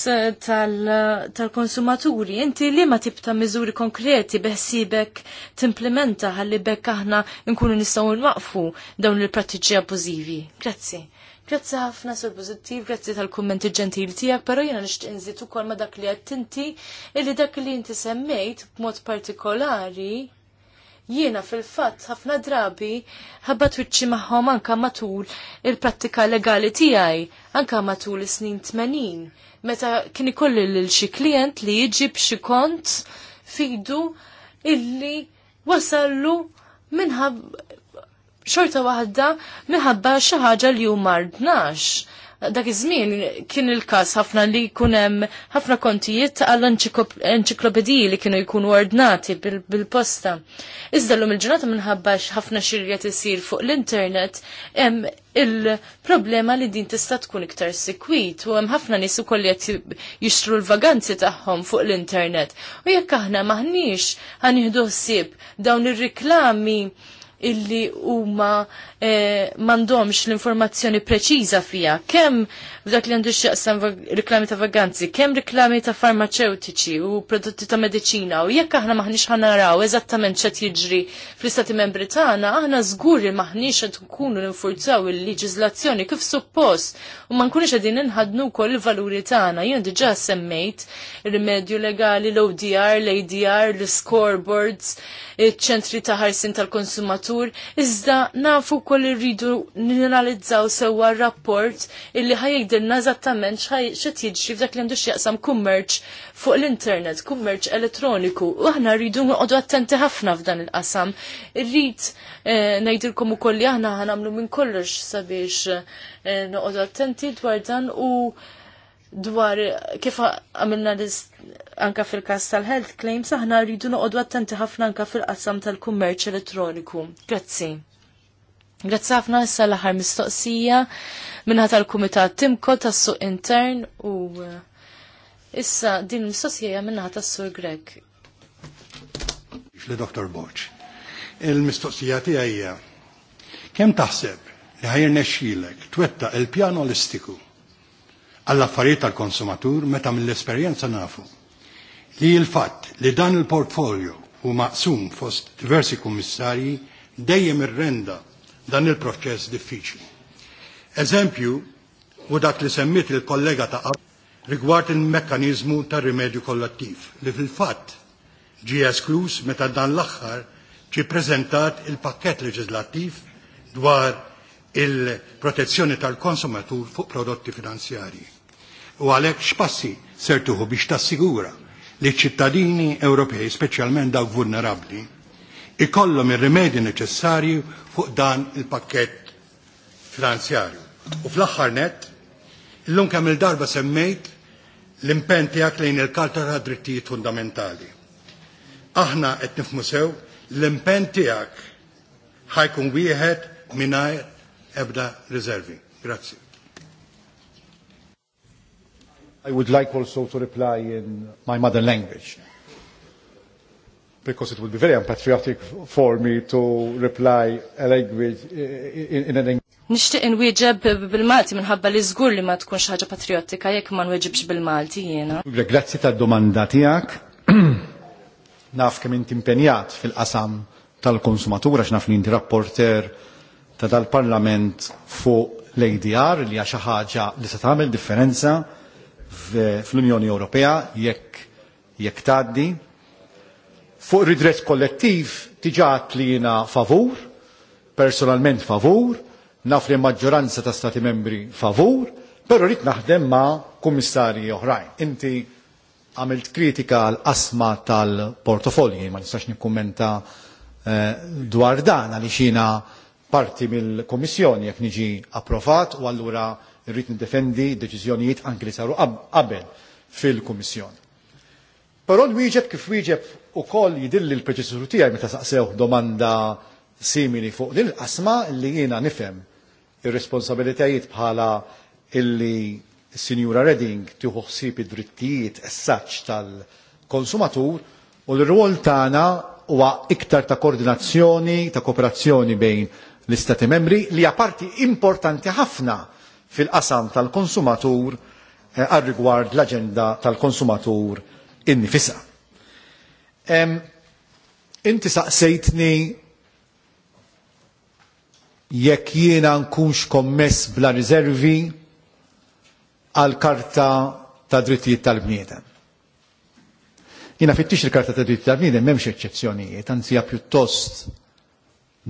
tal-konsumaturi. Inti li ma tip ta' miżuri konkreti beħsibek timplementa ħalli bekk aħna nkunu nistgħu nwaqfu dawn il-prattiċi abbużivi. Grazzi. Grazzi ħafna sur pozittiv, grazzi tal-kummenti ġentili tijak, pero jena nishtiq nżid ukoll ma dak li għattinti, illi dak li inti semmejt b'mod partikolari Jiena fil-fatt ħafna drabi ħabba twitċi magħhom anka matul il-prattika legali tiegħi, anka matul is-snin 80, meta kien ikolli lil xi klient li jiġi b'xi kont fidu illi wasallu minħab xorta waħda minħabba xi ħaġa li hu mardnax dak iż-żmien kien il-każ ħafna li jkun hemm ħafna kontijiet għall enċiklopediji li kienu jkunu ordnati bil-posta. Iżda l-lum il-ġurnata minħabba ħafna xirjet isir fuq l-internet hemm il-problema li din tista' tkun iktar sikwit u hemm ħafna nies ukoll qed jixtru l-vaganzi tagħhom fuq l-internet. U jekk aħna maħniex ħanieħdu ħsieb dawn ir-riklami illi huma eh, mandomx l-informazzjoni preċiża fija. Kemm f'dak li għandu x'jaqsam riklami ta' vaganzi, kemm riklami ta' farmaceutiċi u prodotti ta' mediċina u jekk aħna maħniex ħanaraw eżattament x'qed jiġri fl-Istati Membri tagħna, aħna żgur li maħniex qed nkunu ninfurzaw il-leġiżlazzjoni kif suppost u ma nkunux qegħdin inħadnu wkoll il-valuri tagħna. Jien diġà semmejt il-rimedju legali, l-ODR, l-ADR, l-scoreboards, iċ-ċentri ta' ħarsin tal-konsumatur fil iżda nafu kol irridu ninalizzaw sewa rapport illi ħajdilna eżattament xed jiġri f'dak li għandu x'jaqsam kummerċ fuq l-internet, kummerċ elettroniku. U aħna rridu noqogħdu attenti ħafna f'dan il-qasam. Irrid eh, ngħidilkom ukoll li aħna ħanamlu minn kollox sabiex eh, noqogħdu attenti dwar dan u dwar kif għamilna anka fil-kas tal-health claims aħna rridu noqogħdu attenti ħafna anka fil-qassam tal-kummerċ elettroniku. Grazzi. Grazzi ħafna issa l-aħħar mistoqsija minnha tal-Kumitat Timko tas-Suq Intern u uh, issa din mistoqsija minnha tas-Sur Greg. Li Dr. Boċ. Il-mistoqsija tiegħi kemm taħseb li ħajr nexxilek twetta il-pjan olistiku għall-affarijiet tal-konsumatur meta mill-esperjenza nafu li il-fatt li dan il-portfolio u maqsum fost diversi kummissarji dejjem irrenda dan il-proċess diffiċli. Eżempju, u dak li semmit il-kollega ta' rigward il-mekkanizmu ta' rimedju kollattiv li fil-fatt ġi esklus meta dan l aħħar ġi prezentat il-pakket leġislattiv dwar il-protezzjoni tal-konsumatur fuq prodotti finanzjari. U għalek xpassi sertuħu biex tassigura li ċittadini Ewropej, speċjalment dawk vulnerabbli, ikollhom ir-rimedji neċessarji fuq dan il-pakkett finanzjarju. U fl-aħħar net, illum kemm il-darba semmejt l-impenn tiegħek lejn il-Karta ta' Drittijiet Fundamentali. Aħna qed nifhmu sew l-impenn tiegħek ħajkun wieħed mingħajr ebda riservi. Grazzi. I would like also to reply in my mother language because it would be very unpatriotic for me to reply a language eh, eh, in, in an English. Nishtiq inwieġeb bil-Malti minħabba li żgur li ma tkunx ħaġa patriottika jekk ma nwieġibx bil-Malti jiena. Grazzi tad-domanda tiegħek. <clears throat> Naf kemm inti impenjat fil-qasam tal-konsumatur għax naf inti rapporter ta' dal-Parlament fuq l-ADR li għaxa xi ħaġa li se tagħmel differenza fl-Unjoni Ewropea jekk jekk tgħaddi. Fuq ridress kollettiv tiġat li jiena favur, personalment favur, naf li maġġoranza ta' stati membri favur, però rrid naħdem ma' kummissarji oħrajn. Inti għamilt kritika l-asma tal-portofolji, ma nistax nikkummenta eh, dwar dan għaliex jiena parti mill-Komissjoni jekk niġi approvat u allura irrid nidefendi deċiżjonijiet anki li saru qabel fil-Kummissjoni. Però l-wieġeb kif wieġeb ukoll jidilli l-preċessuru tiegħi meta saqsew domanda simili fuq din qasma li jiena nifhem ir-responsabilitajiet bħala illi Sinjura Redding tieħu ħsieb id-drittijiet essaċ tal-konsumatur u l-rwol tagħna huwa iktar ta' koordinazzjoni, ta' kooperazzjoni bejn l-Istati membri li hija parti importanti ħafna fil-qasam tal-konsumatur eh, għal rigward l-agenda tal-konsumatur innifisa. Inti saqsejtni jekk jiena nkunx kommess bla riservi għal karta ta' drittijiet tal-bniedem. Jiena fittix il-karta ta' drittijiet tal-bniedem m'hemmx eċċezzjonijiet, anzi hija pjuttost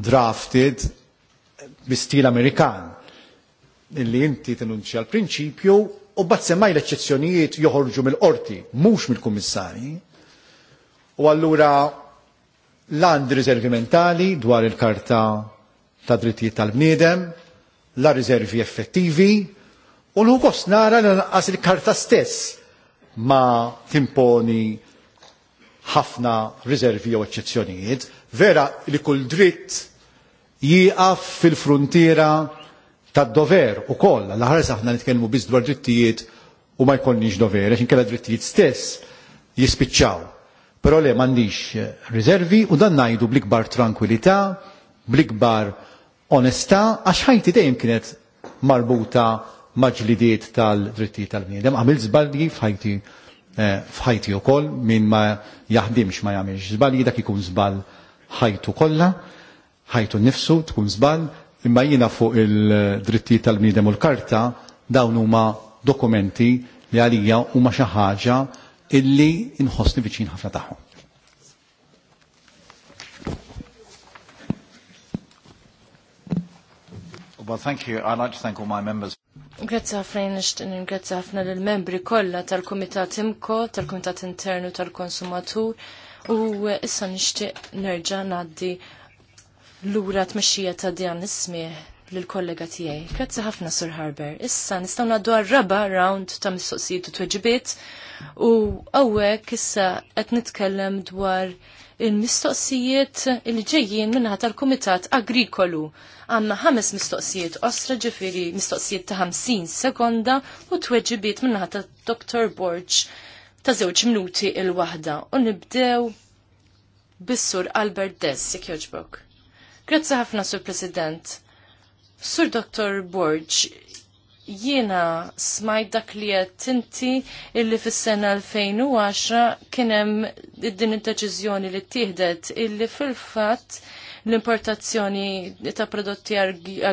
drafted bi stil Amerikan li inti tinunċi għal prinċipju u bat semmaj l-eċċezzjonijiet joħorġu mill-qorti, mhux mill-kummissarji. U allura l-għand riservi mentali dwar il-karta ta' drittijiet tal-bniedem, la riservi effettivi, u l kost nara l-anqas il-karta stess ma timponi ħafna riservi u eċċezzjonijiet. Vera li kull dritt jieqaf fil-frontiera tad dover u koll, l-ħares aħna nitkellmu biz dwar drittijiet u ma jkollniex dover, għax kella drittijiet stess jispiċċaw. Però le m'għandix eh, riservi u dan ngħidu bl-ikbar blikbar bl-ikbar onestà, għax ħajti dejjem kienet marbuta maġlidiet tal-drittijiet tal-bniedem. Għamil żbalji f'ħajti eh, f'ħajti wkoll min ma jaħdimx ma jagħmilx żbalji dak ikun żball ħajtu kollha, ħajtu nnifsu tkun żball, imma jina fuq il-dritti tal-bniedem u l-karta dawn huma dokumenti li għalija huma xi ħaġa illi inħossni viċin ħafna tagħhom. Well, thank you. I'd like to thank all my members. Grazie ħafna nixtin ringrazzja ħafna lill membri kollha tal-Kumitat Imko, tal-Kumitat Internu tal-Konsumatur u issa nixtieq nerġa' naddi lura tmexxija ta' dan ismih lill-kollega tiegħi. Grazzi ħafna Sur Harber. Issa nistgħu naddu raba round ta' mistoqsijiet u tweġibiet u hawnhekk issa qed nitkellem dwar il-mistoqsijiet il-ġejjien minnaħat tal-Kumitat Agrikolu. Għamma ħames mistoqsijiet osra ġifiri mistoqsijiet ta' 50 sekonda u tweġibiet minnaħat ta' Dr. Borġ ta' żewġ minuti il-wahda. U nibdew bissur Albert Dess, jek joġbok. Grazzi ħafna, Sur President. Sur Dr. Borg, jiena smajt dak li qed illi fis-sena 2010 kien hemm din id-deċiżjoni li ttieħdet illi fil-fatt l-importazzjoni ta' prodotti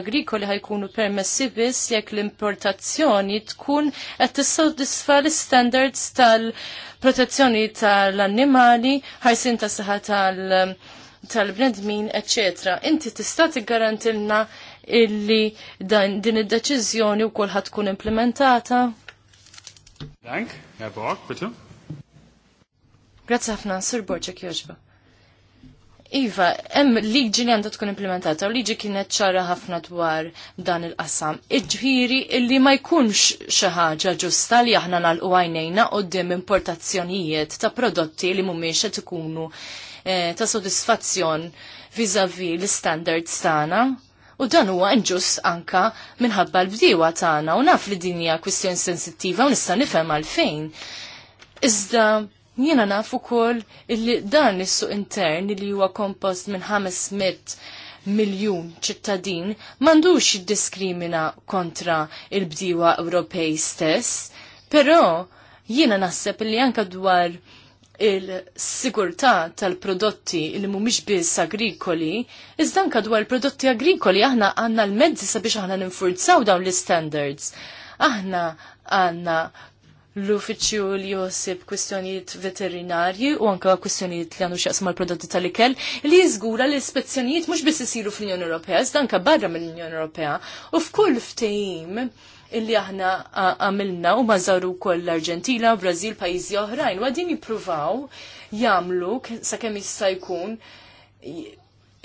agrikoli ħajkunu permessi biss jekk l-importazzjoni tkun qed tissodisfa l-standards tal-protezzjoni tal-annimali, ħarsin ta' saħħa tal-annimali tal-bnedmin, etc. Inti tista' t-garantilna illi dan din id-deċiżjoni wkoll kolħat tkun implementata? Dank, Herr Borg, bitte. Grazzi ħafna, Sir Borġek joġba. Iva, hemm liġi li għandha tkun implementata u liġi kienet ċara ħafna dwar dan il-qasam. Iġviri illi ma jkunx xi ħaġa ġusta li aħna nagħlqu għajnejna qudiem importazzjonijiet ta' prodotti li mhumiex qed ikunu Eh, ta' sodisfazzjon vizavi l-standards tagħna. U dan huwa inġus anka minħabba l-bdiewa tagħna u naf li din hija kwistjoni sensittiva u nista' nifhem għalfejn. Iżda jiena naf ukoll li dan is-suq intern li huwa kompost minn 500 miljun ċittadin m'għandux jiddiskrimina kontra il-bdiewa Ewropej stess, però jiena naħseb li anka dwar il-sigurtà tal-prodotti li mhumiex biss agrikoli, iżda anke dwar il-prodotti agrikoli aħna għandna l-mezzi sabiex aħna ninfurzaw dawn l-standards. Aħna għandna l-uffiċju li josib kwistjonijiet veterinarji u anka kwistjonijiet li għandu xaqsma mal-prodotti tal-ikel li jizgura li ispezzjonijiet mhux biss isiru fl-Unjoni Ewropea, iżda anke barra mill-Unjoni Ewropea u f'kull ftehim illi aħna għamilna u mażaru koll l-Arġentina, Brazil, pajizi oħrajn, u għadin jipruvaw jamlu sakemm jista' jkun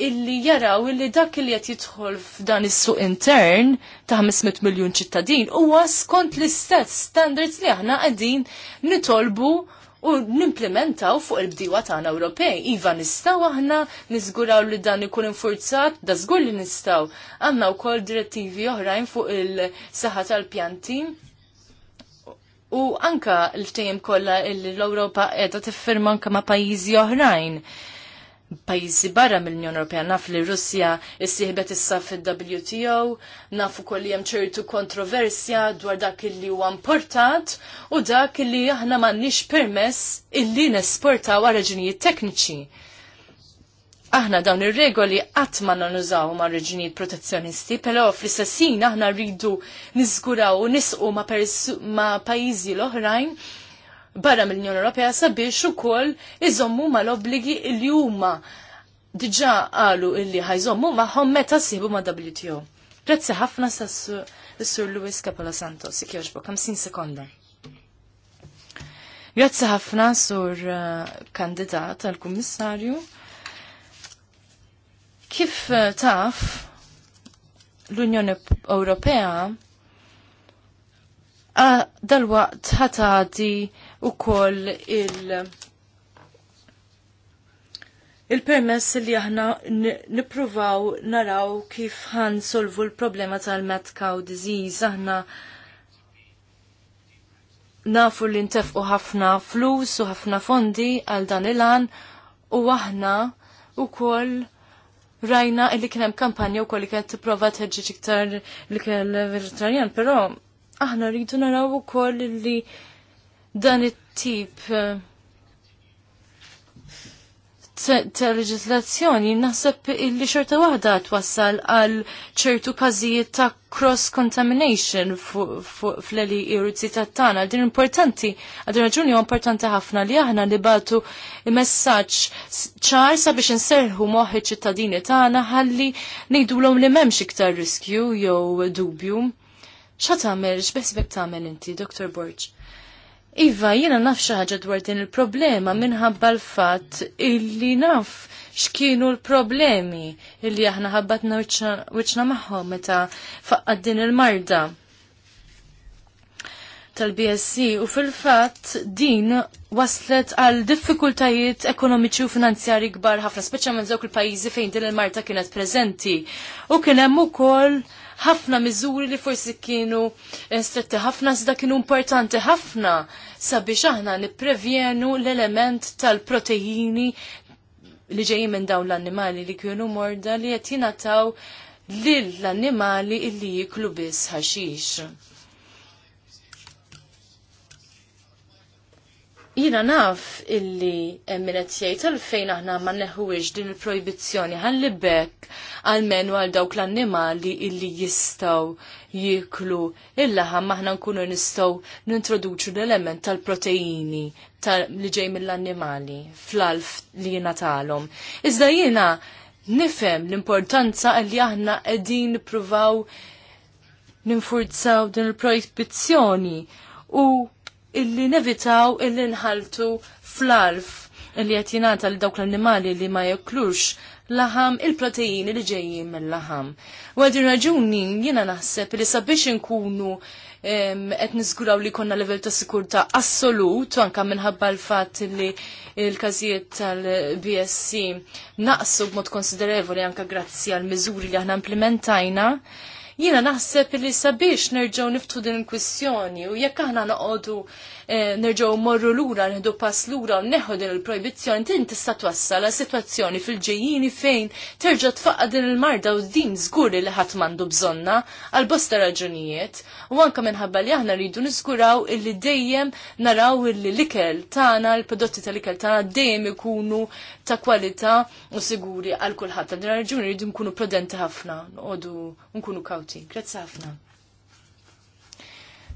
illi jaraw illi dak li qed jidħol f'dan is-suq intern ta' 500 miljun ċittadin huwa skont l-istess standards li aħna qegħdin nitolbu u nimplementaw fuq il-bdiwa tagħna Ewropej. Iva nistgħu aħna niżguraw li dan ikun infurzat, da żgur li nistgħu. Għandna wkoll direttivi oħrajn fuq il-saħħa tal-pjanti. U anka l-ftejjem kollha l-Ewropa qiegħda tiffirma anke ma' pajjiżi oħrajn pajjiżi barra mill-Unjoni Ewropea. Naf li Russja issieħbet issa fil-WTO, naf ukoll li hemm ċertu kontroversja dwar dak illi huwa importat u dak illi aħna m'għandniex permess illi nesportaw għal raġunijiet tekniċi aħna dawn ir-regoli qatt ma nużaw ma' reġinijiet protezzjonisti, però fl-istessin aħna rridu niżguraw u nisqu ma pajjiżi l-oħrajn barra mill-Unjoni Ewropea sabiex ukoll iżommu mal-obbligi li huma diġà qalu illi ħajżommu magħhom meta sibu ma' WTO. Grazzi ħafna s-sur Luis Capola Santos, ikjoġbo, sin sekonda. Grazzi ħafna sur eh, kandidat għal kummissarju Kif eh, taf l-Unjoni Ewropea dal-waqt ħatadi koll il- Il-permess li aħna nipruvaw naraw kif ħan solvu l-problema tal-mad cow disease, aħna nafu li ntefqu ħafna flus u ħafna fondi għal dan il-għan u aħna u koll rajna li kienem kampanja u koll li kienet t-prova t-ħedġi iktar li kien vegetarian, pero aħna rridu naraw u koll li dan it-tip eh, ta' leġislazzjoni naħseb illi xorta waħda twassal għal ċertu każijiet ta' cross contamination fl-eli irruzzi ta' tana. Din importanti, għad raġuni u importanti ħafna li aħna li batu messaġġ ċar sabiex nserħu moħi ċittadini tagħna ħalli ngħidulhom li m'hemmx iktar riskju jew dubju. Xa tagħmel, besbek tagħmel inti, Dr. Borġ? Iva, jiena naf xaħġa ħaġa dwar din il-problema minħabba l-fatt illi naf x'kienu l-problemi illi aħna ħabbatna wiċċna magħhom meta faqqad din il-marda tal-BSC u fil-fatt din waslet għal diffikultajiet ekonomiċi u finanzjari kbar ħafna, minn dawk il-pajjiżi fejn din il-marta kienet preżenti. U kien hemm ukoll ħafna miżuri li forsi kienu eh, stretti ħafna iżda kienu importanti ħafna sabiex aħna niprevjenu l-element tal-proteini li ġejjin minn dawn l-annimali li kienu morda li qed jingħataw lill-annimali li jiklu biss ħaxix. Jina naf illi minnet jgħid għalfejn aħna ma neħuġ din il-projbizzjoni ħalli bekk għalmen għal dawk l-annimali illi jistaw jiklu il maħna nkunu nistaw nintroduċu l-element tal-proteini tal li ġej mill-annimali fl-alf li jina talom. Iżda jina nifem l-importanza li aħna edin pruvaw ninfurzaw din il-projbizzjoni u illi nevitaw illi nħaltu fl-alf illi qed jingħata li dawk l-annimali li ma jeklux laħam il-proteini li ġejjin mill-laħam. U għadin raġuni jiena naħseb li sabiex inkunu qed niżguraw li konna level ta' sikurta assolut anka minħabba l-fatt li l-każijiet tal-BSC naqsu b'mod konsiderevoli anka grazzi għal miżuri li aħna implementajna. Jiena naħseb li sabiex nerġgħu niftu din il-kwistjoni u jekk aħna noqogħdu Eh, nerġgħu morru lura nħdu pass lura u neħu din il-projbizzjoni din tista' twassal għal sitwazzjoni fil-ġejjini fejn terġa' tfaqqa din il-marda u din żgur li ħadd m'għandu bżonna għal bosta raġunijiet u anke minħabba li aħna rridu nizguraw illi dejjem naraw illi l-ikel tagħna l-prodotti tal-ikel tagħna dejjem ikunu ta' kwalità u siguri għal kulħadd. Għandna raġuni rridu nkunu prudenti ħafna, noqogħdu nkunu kawti. Grazzi ħafna.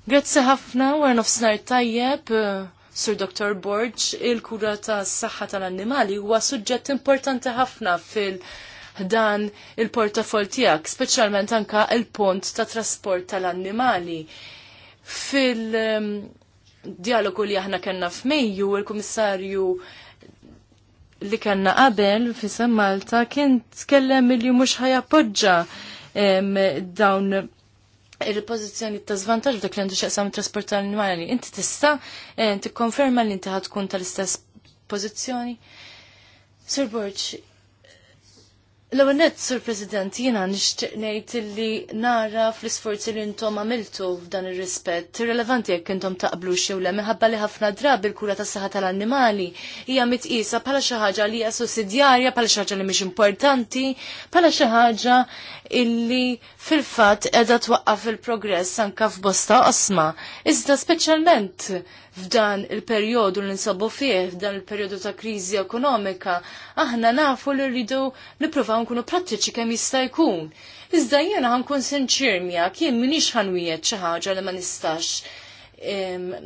Grazzi ħafna, għar nofsnar tajjeb, eh, Sur Dr. Borg, il-kura ta' s-saxħa tal-annimali huwa suġġett importanti ħafna fil- dan il-portafol tijak, specialment anka il-pont ta' trasport tal-annimali. Fil-dialogu ehm, li aħna kanna f'Mejju, il-Komissarju li kena qabel fi Malta kien tkellem li mhux ħajappoġġa ehm, dawn il-pozizjoni ta' zvantaġ f'dak li għandu xaqsam trasport tal-animali. Inti tista' eh, tikkonferma li inti tkun tal-istess pozizjoni? Sir Borċ, L-għonet, Sur President, jina nishtiqnejt li nara fl-sforzi li intom għamiltu f'dan il-rispet. Relevanti jek intom taqblu xew le meħabba li ħafna drabi il-kura tas saħat tal-annimali hija mitqisa bħala xi ħaġa li hija sussidjarja, bħala xi ħaġa li mhix importanti, bħala xi ħaġa illi fil-fatt qiegħda twaqqaf il-progress anke f'bosta qosma. Iżda speċjalment f'dan il-perjodu li nsabu fih, f'dan il-perjodu ta' kriżi ekonomika, aħna nafu li rridu nippruvaw għan nkunu prattiċi kemm jista' jkun. Iżda jiena kun senċir mija, kien minix għan xi ħaġa li ma nistax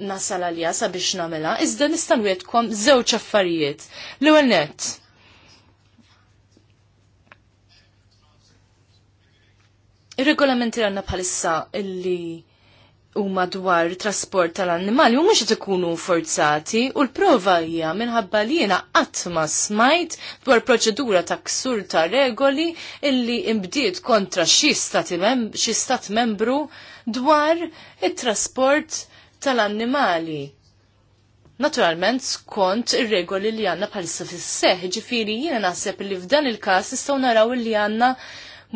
nasal għalija sabiex nagħmilha, iżda nista' nwietkom żewġ affarijiet. L-ewwel il Ir-regolamenti għanna bħalissa illi u madwar trasport tal-annimali u mux ikunu forzati u l-prova hija minħabba li jena għatma smajt dwar proċedura ta' ksur ta' regoli illi imbdiet kontra xi stat membru dwar it-trasport tal-annimali. Naturalment skont ir-regoli li għanna bħalissa fis-seħ, ġifiri jiena naħseb li f'dan il-każ nistgħu naraw li għanna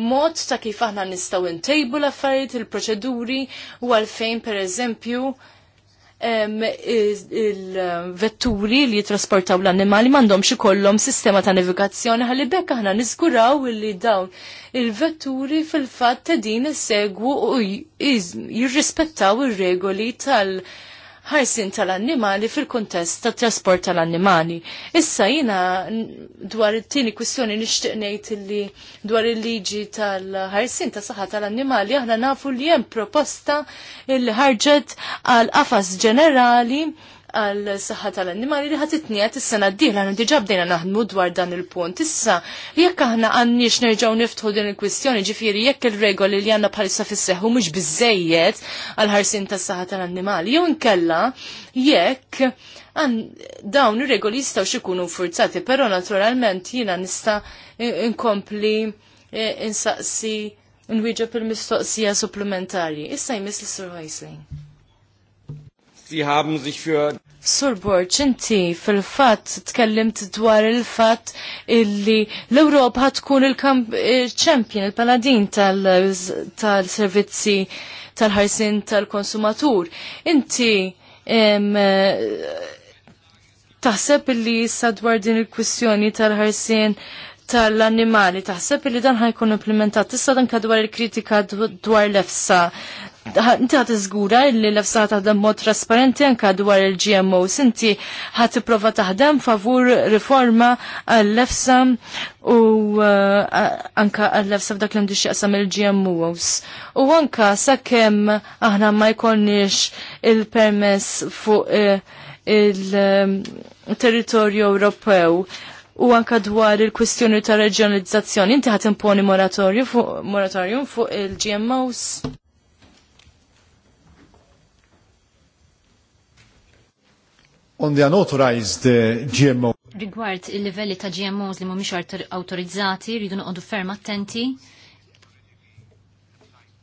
mod ta' kif aħna nistgħu ntejbu l-affarijiet il-proċeduri u għalfejn pereżempju il-vetturi li jitrasportaw l-annimali m'għandhomx ikollhom sistema ta' navigazzjoni ħalli bekk aħna niżguraw li dawn il-vetturi fil-fatt din segwu u jirrispettaw ir-regoli tal- ħajsin tal-annimali fil-kontest tat trasport tal-annimali. Issa jina dwar it-tieni kwistjoni nixtieq ngħid li dwar il-liġi tal ħajsin ta' saħħa tal-annimali aħna nafu li hemm proposta li ħarġet għal qafas ġenerali għal saħħa tal-annimali li ħatitniet is-sena d-dieħla għandi diġà bdejna naħdmu dwar dan il-punt. Issa, jekk aħna għandniex nerġgħu niftħu din il-kwistjoni, ġifieri jekk il-regoli li għandna bħalissa fisseħħu mhux biżejjed għal ħarsin tas-saħħa tal-annimali, jew nkella jekk dawn ir-regoli jistgħu ikunu forzati, però naturalment jiena nista' inkompli insaqsi nwieġeb il-mistoqsija supplementari. Issa jmiss l-Sur Sie haben sich für Sur Borg, inti fil-fatt tkellimt dwar il-fatt illi l-Ewropa tkun il-champion, il-paladin tal-servizzi tal-ħarsin tal-konsumatur. Inti taħseb illi issa dwar din il-kwistjoni tal-ħarsin tal-annimali, taħseb illi dan ħajkun implementat. Issa dan dwar il-kritika dwar l-efsa inti ħat iżgura li l-efsa taħdem mod trasparenti anka dwar il-GMOs, inti għat prova taħdem favur riforma għall-efsa u uh, anka għall-efsa f'dak li għandu xieqsam il-GMOs. U anka sakemm aħna ma jkollniex il-permess fuq eh, il-territorju Ewropew u anka dwar il-kwistjoni ta' reġjonalizzazzjoni, inti ħat imponi moratorju moratorium fuq il-GMOs? on the unauthorized uh, GMO. Rigward il-livelli ta' GMOs li mhumiex autorizzati, rridu noqogħdu ferm attenti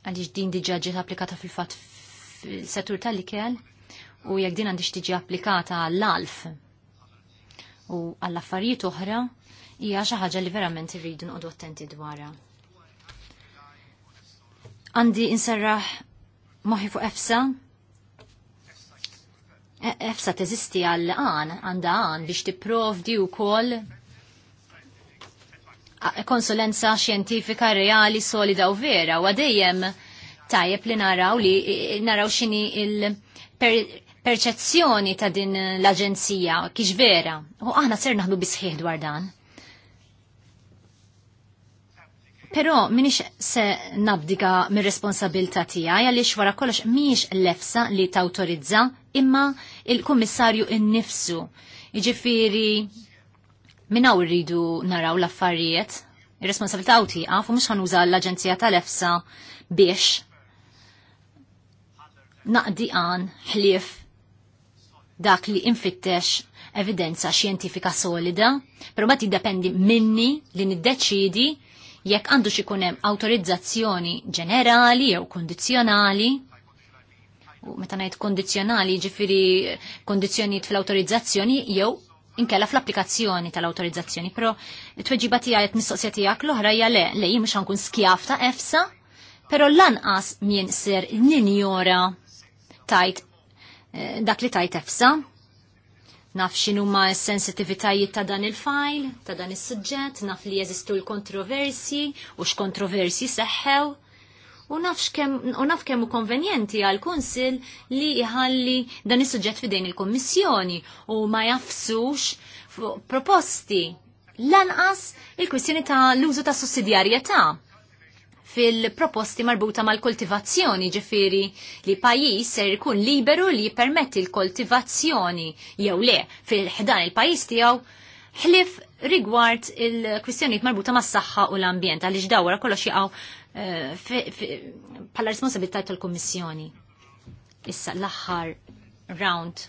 għaliex din diġà ġiet applikata fil-fatt fil-settur tal-ikel u jekk din għandix tiġi applikata għall-alf u għall-affarijiet oħra hija xi ħaġa li verament irridu noqogħdu attenti dwarha. Għandi inserraħ moħi fuq EFSA EFSA teżisti għal għan, għanda għan biex tipprovdi u kol konsulenza xjentifika reali solida u vera u għadejjem tajjeb li naraw li naraw xini il-perċezzjoni ta' din l-aġenzija kiex vera u aħna ser naħdu bisħieħ dwar dan. Pero minix se nabdiga mir responsabilta tiegħi għaliex wara kollox miex lefsa li tawtorizza imma il-Kummissarju innifsu. Jiġifieri minn hawn rridu naraw l-affarijiet, ir-responsabilità u tieqa u mhux ħanuża l-Aġenzija tal-EFSA biex naqdi għan ħlief dak li infittex evidenza xjentifika solida, pero ma tiddependi minni li niddeċidi jekk għandu xikunem autorizzazzjoni ġenerali jew kondizjonali u meta ngħid kondizzjonali ġifiri kondizzjonijiet fl-awtorizzazzjoni jew inkella fl-applikazzjoni tal awtorizzazzjoni Però it-tweġiba tiegħi qed mistoqsija tiegħek l-oħra hija le li jien mhux nkun skjaf ta' EFSA, però lanqas min ser ninjora tajt eh, dak li tajt EFSA. Naf xinu ma sensitivitajiet ta' dan il-fajl, ta' dan is-suġġett, naf li jeżistu l kontroversi u x'kontroversji seħħew u naf kemm u konvenjenti għal konsil li jħalli dan is-suġġett fidejn il-Kommissjoni u ma jafsux proposti lanqas il kwissjoni ta' l-użu ta' sussidjarjetà fil-proposti marbuta mal-koltivazzjoni ġifiri li pajis ser ikun liberu li permetti l-koltivazzjoni jew le fil-ħdan il-pajis tijaw ħlif rigward il-kwistjoniet marbuta mas saħħa u l-ambjent għaliex dawra kollox jaqgħu bħala eh, responsabilità tal-Kummissjoni. Issa l-aħħar round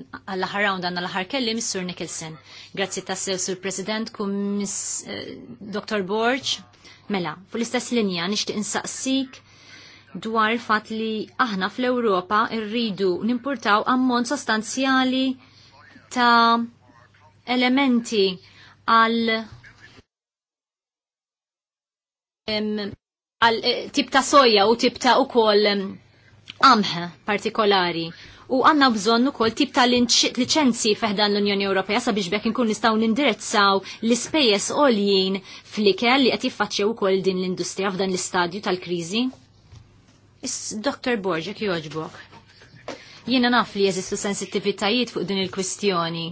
għall-aħħar round għanna l-aħħar kelli Mr. Nicholson. Grazzi tassew sur President Kummiss eh, Dr. Borg. Mela, fl-istess linja nixtieq insaqsik dwar il-fatt li aħna fl-Ewropa rridu nimpurtaw ammont sostanzjali ta' elementi għal għal eh, tip ta' soja u tip ta' kol għamħa partikolari. U għanna bżonn ukoll tip ta' licenzi feħdan l-Unjoni Ewropea sabiex bekk inkun nistgħu nindirezzaw l-ispejjeż għoljien fl-ikel li qed jiffaċċja wkoll din l-industrija f'dan l-istadju tal-kriżi. Is-Dr. Borġek jogħġbok. Jiena naf li jeżistu sensittivitajiet fuq din il-kwistjoni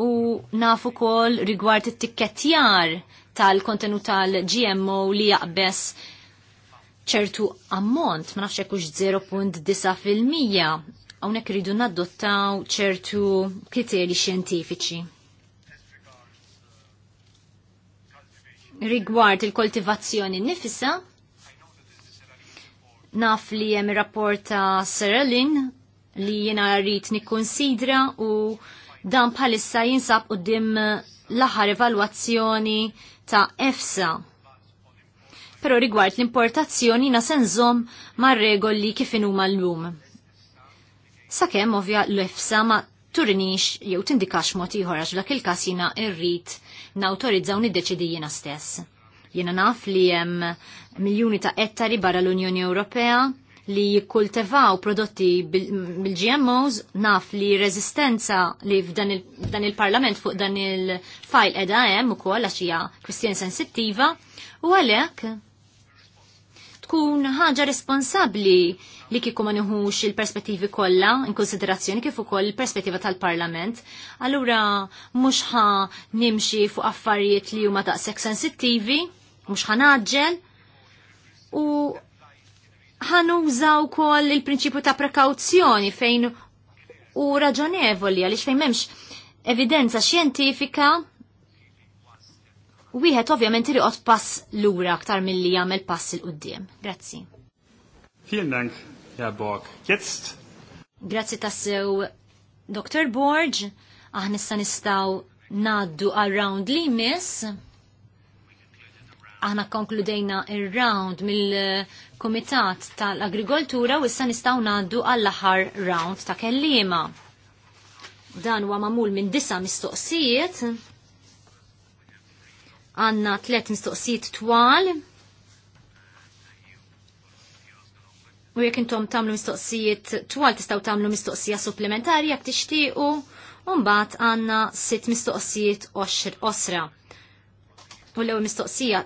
u nafu kol rigward it-tikketjar tal-kontenut tal-GMO li jaqbess ċertu ammont, ma nafx hekk 0.9 fil-mija, hawnhekk iridu nadottaw ċertu kriteri xjentifiċi. Rigward il-koltivazzjoni nifisa, naf li hemm rapporta rapport ta' Serelin li jena rrid nikkonsidra u dan bħalissa jinsab u l-aħħar evalwazzjoni ta' EFSA. Pero rigward l-importazzjoni na senżom ma' regoli kif huma l-lum. Sakemm ovvja l-EFSA ma' turinix jew tindikax mod ieħor għax dak il-każ jiena rrid nawtorizzaw niddeċidi jiena stess. Jiena naf li hemm miljuni ta' ettari barra l-Unjoni Ewropea li jikkultivaw prodotti bil-GMOs naf li rezistenza li f'dan il-parlament fuq dan il-fajl edha hemm ukoll għax hija kwistjoni sensittiva u għalhekk tkun ħaġa responsabbli li kieku ma nieħux il-perspettivi kollha in konsiderazzjoni kif ukoll il-perspettiva tal-Parlament, allura mhux ħa nimxi fuq affarijiet li huma daqshekk sensittivi, mhux ħa naġġel u ħanuża wkoll il-prinċipju ta' prekawzjoni fejn u raġonevoli għaliex fejn m'hemmx evidenza xjentifika wieħed ovvjament iriqgħod pass lura aktar milli jagħmel pass il qudiem Grazzi. Vielen Dank, Herr Borg. Jetzt. Grazzi tassew, Dr. Borg. Aħna issa nistgħu ngħaddu għal round li miss aħna konkludejna il-round mill-Komitat tal-Agrikoltura u issa nistgħu ngħaddu għall-aħħar round ta' kellima. Dan huwa magħmul minn disa' mistoqsijiet. Għandna tliet mistoqsijiet twal. U jekk intom tagħmlu mistoqsijiet twal tistgħu tagħmlu mistoqsija supplementari jekk tixtiequ. Umbat għanna sitt mistoqsijiet osra. U l-ewwel mistoqsija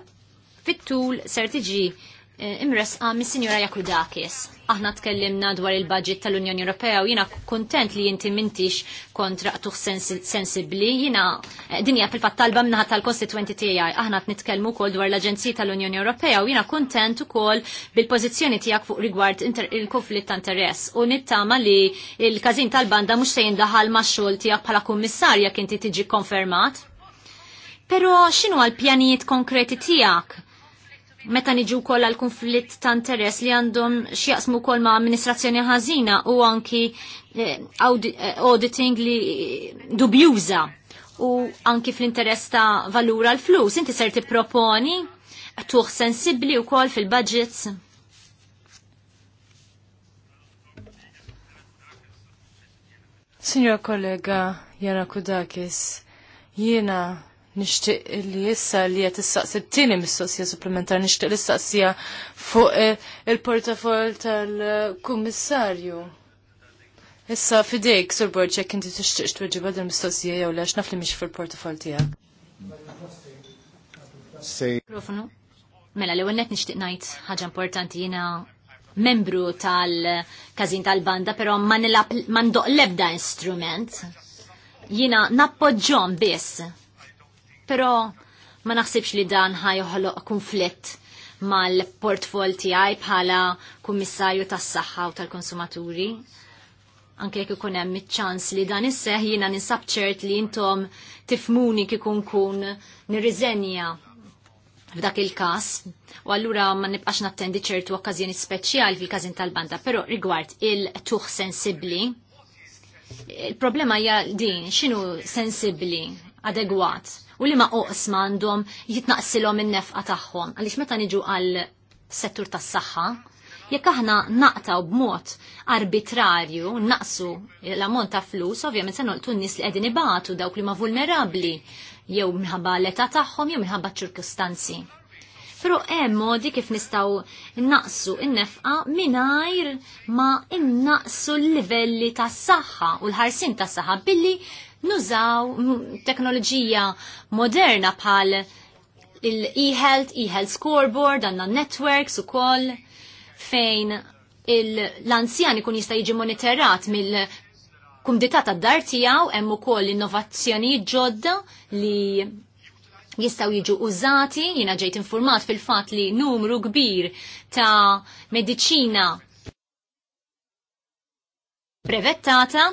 fit-tul ser tiġi eh, imresqa mis-Sinjora Jakudakis. Aħna tkellimna dwar il-budget tal-Unjoni Ewropea u jiena kontent li jinti mintix kontra tuħ sensibli. Jiena eh, dinja fil-fat talba minnaħat tal-konstituenti tiegħi. Aħna t-nitkellmu kol dwar l-Aġenzija tal-Unjoni Ewropea u jiena kontent ukoll bil-pożizzjoni tiegħek fuq rigward il-konflitt ta' interess. U nittama li il-każin tal-banda mhux se jindaħal max xogħol tiegħek bħala kummissarja kien tiġi konfermat. Pero x'inhu għal pjanijiet konkreti tiegħek? meta niġu wkoll għal konflitt ta' interess li għandhom x'jaqsmu wkoll ma' amministrazzjoni ħażina u anki eh, eh, auditing li dubjuża u anki fl-interess ta' valur għal flus. Inti ser tipproponi tuħ sensibli wkoll fil-budgets. Signor kollega Jana Kudakis, jiena nixtieq li issa li qed issaqsi t mis mistoqsija supplementar nixtieq li issaqsija fuq eh, il-portafol tal-kummissarju. Issa fidejk sur bord jekk inti tixtieq tweġiba din mistoqsija jew lex naf li mhix fil-portafol tiegħek. Mikrofonu. Mela li għennet nixtieq ngħid ħaġa importanti jina membru tal-kazin tal-banda, però man doq lebda instrument. Jiena nappoġġom biss però ma naħsibx li dan ħaj ħajoħloq konflitt mal-portfol tiegħi bħala kummissarju tas-saħħa u tal-konsumaturi. Anke jekk ikun hemm iċ-ċans li dan isseħ jiena ninsab ċert li intom tifmuni kif kun nirriżenja f'dak il-każ. U allura ma nibqax nattendi ċertu okkażjoni speċjali fil-każin tal-banda, però rigward il-tuħ sensibbli. Il-problema hija din, x'inhu sensibbli, adegwat u li ma oqsma għandhom jitnaqsilhom in-nefqa tagħhom. Għaliex meta niġu għal settur tas-saħħa, jekk aħna naqtaw b'mod arbitrarju, naqsu l-ammont ta' flus, ovvjament se noqtu n-nies li qegħdin ibatu dawk li ma vulnerabbli jew minħabba l-età tagħhom jew minħabba ċirkustanzi. Però hemm modi kif nistgħu naqsu n-nefqa mingħajr ma innaqsu l-livelli tas-saħħa u l-ħarsin tas-saħħa billi nużaw teknoloġija moderna bħal il-e-health, e-health scoreboard, għanna networks u koll fejn l-anzjan ikun jista' jiġi monitorat mill kumdita ta' dar tiegħu hemm ukoll innovazzjoni ġodda li jistgħu jiġu użati, jina ġejt informat fil-fat li numru kbir ta' medicina brevettata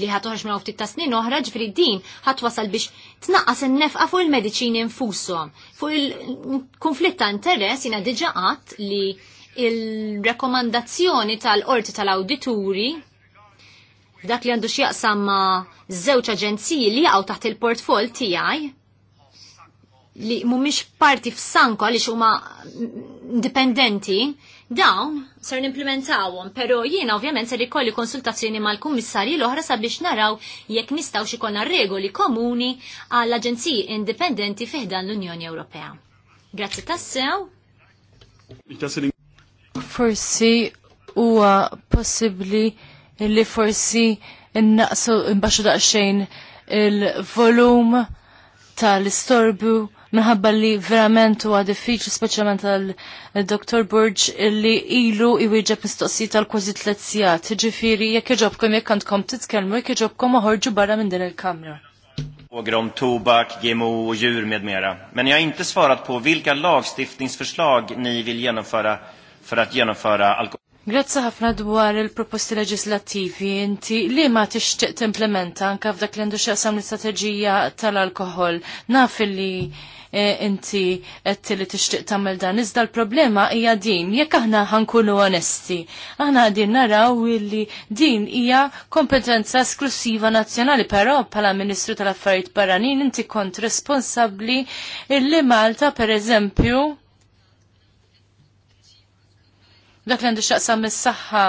li ħatoħroġ minn ftit ta' snin oħra ġifri din ħatwasal biex tnaqqas in fuq il-mediċini infushom. Fuq il-konflitt ta' interess jiena diġa qatt li il-rekomandazzjoni tal-qorti tal-awdituri dak li għandu x'jaqsam ma' żewġ aġenziji li jaqgħu taħt il-portfol tiegħi li mhumiex parti f'sanko għaliex huma indipendenti Dawn ser nimplementawhom, però jiena ovvjament se ikolli konsultazzjoni mal-kummissarji l-oħra sabiex naraw jekk nistgħu konna regoli komuni għall aġenziji indipendenti fiħdan l-Unjoni Ewropea. Grazzi tassew. Forsi huwa possibbli li forsi innaqsu mbaxxu daqsxejn il-volum tal-istorbu minħabba li verament huwa diffiċli speċjalment għal Dr. Burge illi ilu iwieġeb mistoqsijiet tal kważi tliet sigħat. Ġifieri jekk iġobkom jekk għandkom titkellmu jekk iġobkom oħorġu barra minn din il-kamra. Frågor om tobak, GMO och djur med mera. Men jag har inte svarat på vilka lagstiftningsförslag ni vill genomföra för att genomföra alkohol. Grazzi ħafna dwar il-proposti leġislattivi inti li ma tixtieq implementa anke f'dak li għandu x'jaqsam l-istrateġija tal-alkohol. Naf li eh, inti qed li tixtieq tagħmel dan. Iżda l-problema hija din, jekk aħna ħankunu onesti. Aħna qegħdin naraw li din hija kompetenza esklusiva nazzjonali, però bħala Ministru tal-Affarijiet Barranin inti kont responsabbli illi Malta pereżempju dak li għandu xaqsam mis-saħħa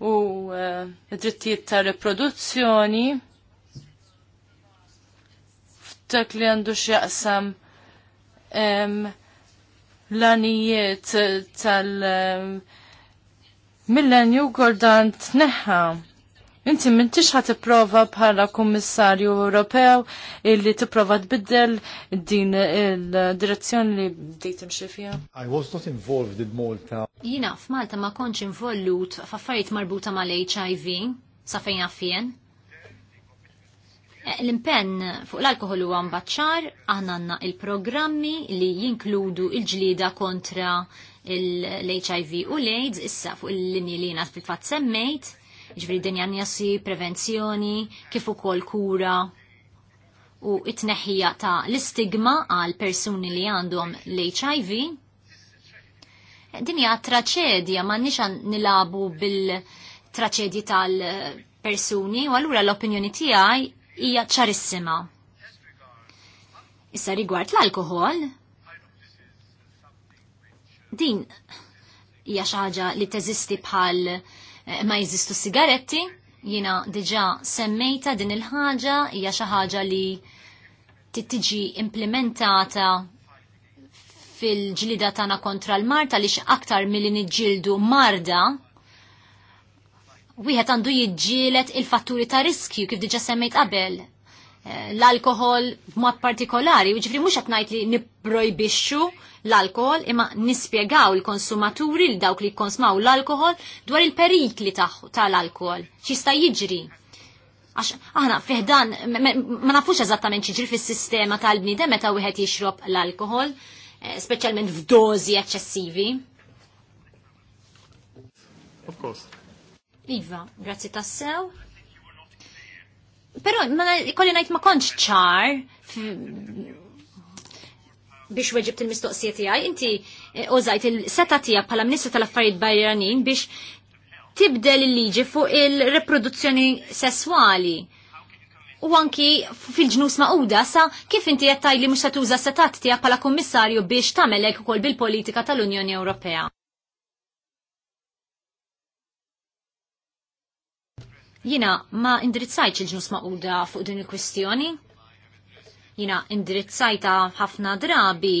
u eh, id-drittijiet ta' riproduzzjoni dak li għandu x'jaqsam l-anijiet tal- Millenju Gordan tneħħa Inti mintix ħat prova bħala kummissarju Ewropew illi tipprova tbiddel din il-direzzjoni li bdejt imxi fija? I was not involved in Malta. Jina f'Malta ma kontx involut f'affarijiet marbuta mal-HIV sa fejn għaffien. Eh, l-impenn fuq l-alkohol huwa mbaċċar, aħna għandna il-programmi li jinkludu il-ġlida kontra l-HIV u l-AIDS, issa fuq il-linji li jina fil fat semmejt, ġviri dinjanjasi, prevenzjoni, kif ukoll kura u it-neħija ta' l-istigma għal persuni li għandhom l-HIV. Dinja traċedja, ma' nixan nilabu bil-traċedji tal-persuni, u għallura l-opinjoni tijaj hija ċarissima. Issa rigward l-alkohol, din hija xi ħaġa li teżisti bħal Eh, ma jizistu sigaretti, jina diġa semmejta din il-ħaġa hija xi ħaġa li tittiġi implementata fil-ġlida tagħna kontra l-marta li aktar milli niġġieldu marda wieħed għandu jiġġielet il-fatturi ta' riskju kif diġa semmejt qabel l-alkohol mod partikolari, ġifri mhux qed ngħid li nipprojbixxu l-alkohol imma nispjegaw il-konsumaturi li dawk li jkonsmaw l-alkohol dwar il-perikli tal-alkohol. X'jista' jiġri? Għax aħna fiħdan ma nafux eżattament xiġri fis-sistema tal-bniedem meta wieħed jixrob l-alkohol, eh, speċjalment f'dożi eċċessivi. Of course. Iva, grazzi tassew. Pero, kolli najt ma konċ ċar biex weġibt il-mistoqsija tijaj, inti użajt eh, il-seta tijaj pala ministra tal-affarijiet Bajranin biex tibdel il-liġi fuq il-reproduzzjoni sessuali. U anki fil-ġnus uda, sa kif inti jattaj li mux tatuża setat tijaj pala kommissarju biex tamelek u kol bil-politika tal-Unjoni Ewropea. Jina ma indirizzajt il-ġnus maquda fuq din il-kwistjoni. Jina indirizzajta ħafna drabi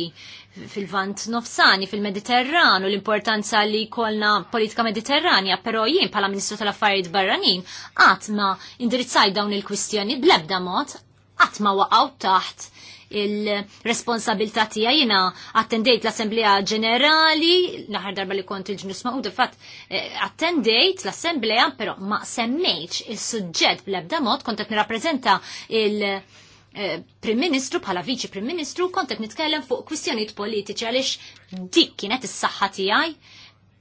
fil-vant nofsani, fil-Mediterranu, l-importanza li kolna politika mediterranja, pero jien pala ministru tal-affarijiet barranin, għatma indirizzajt dawn il-kwistjoni blebda mod, għatma waqaw taħt il-responsabilta tija jina attendejt l-Assemblea Ġenerali, naħar darba li kont il-ġnus ma' u fatt eh, attendejt l-Assemblea, pero ma' semmejċ il-sujġet bl-ebda mod kontet nirrapprezenta il- eh, Prim Ministru bħala Viċi Prim Ministru kontet nitkellem fuq kwistjonijiet politiċi għaliex dik kienet is-saħħa tiegħi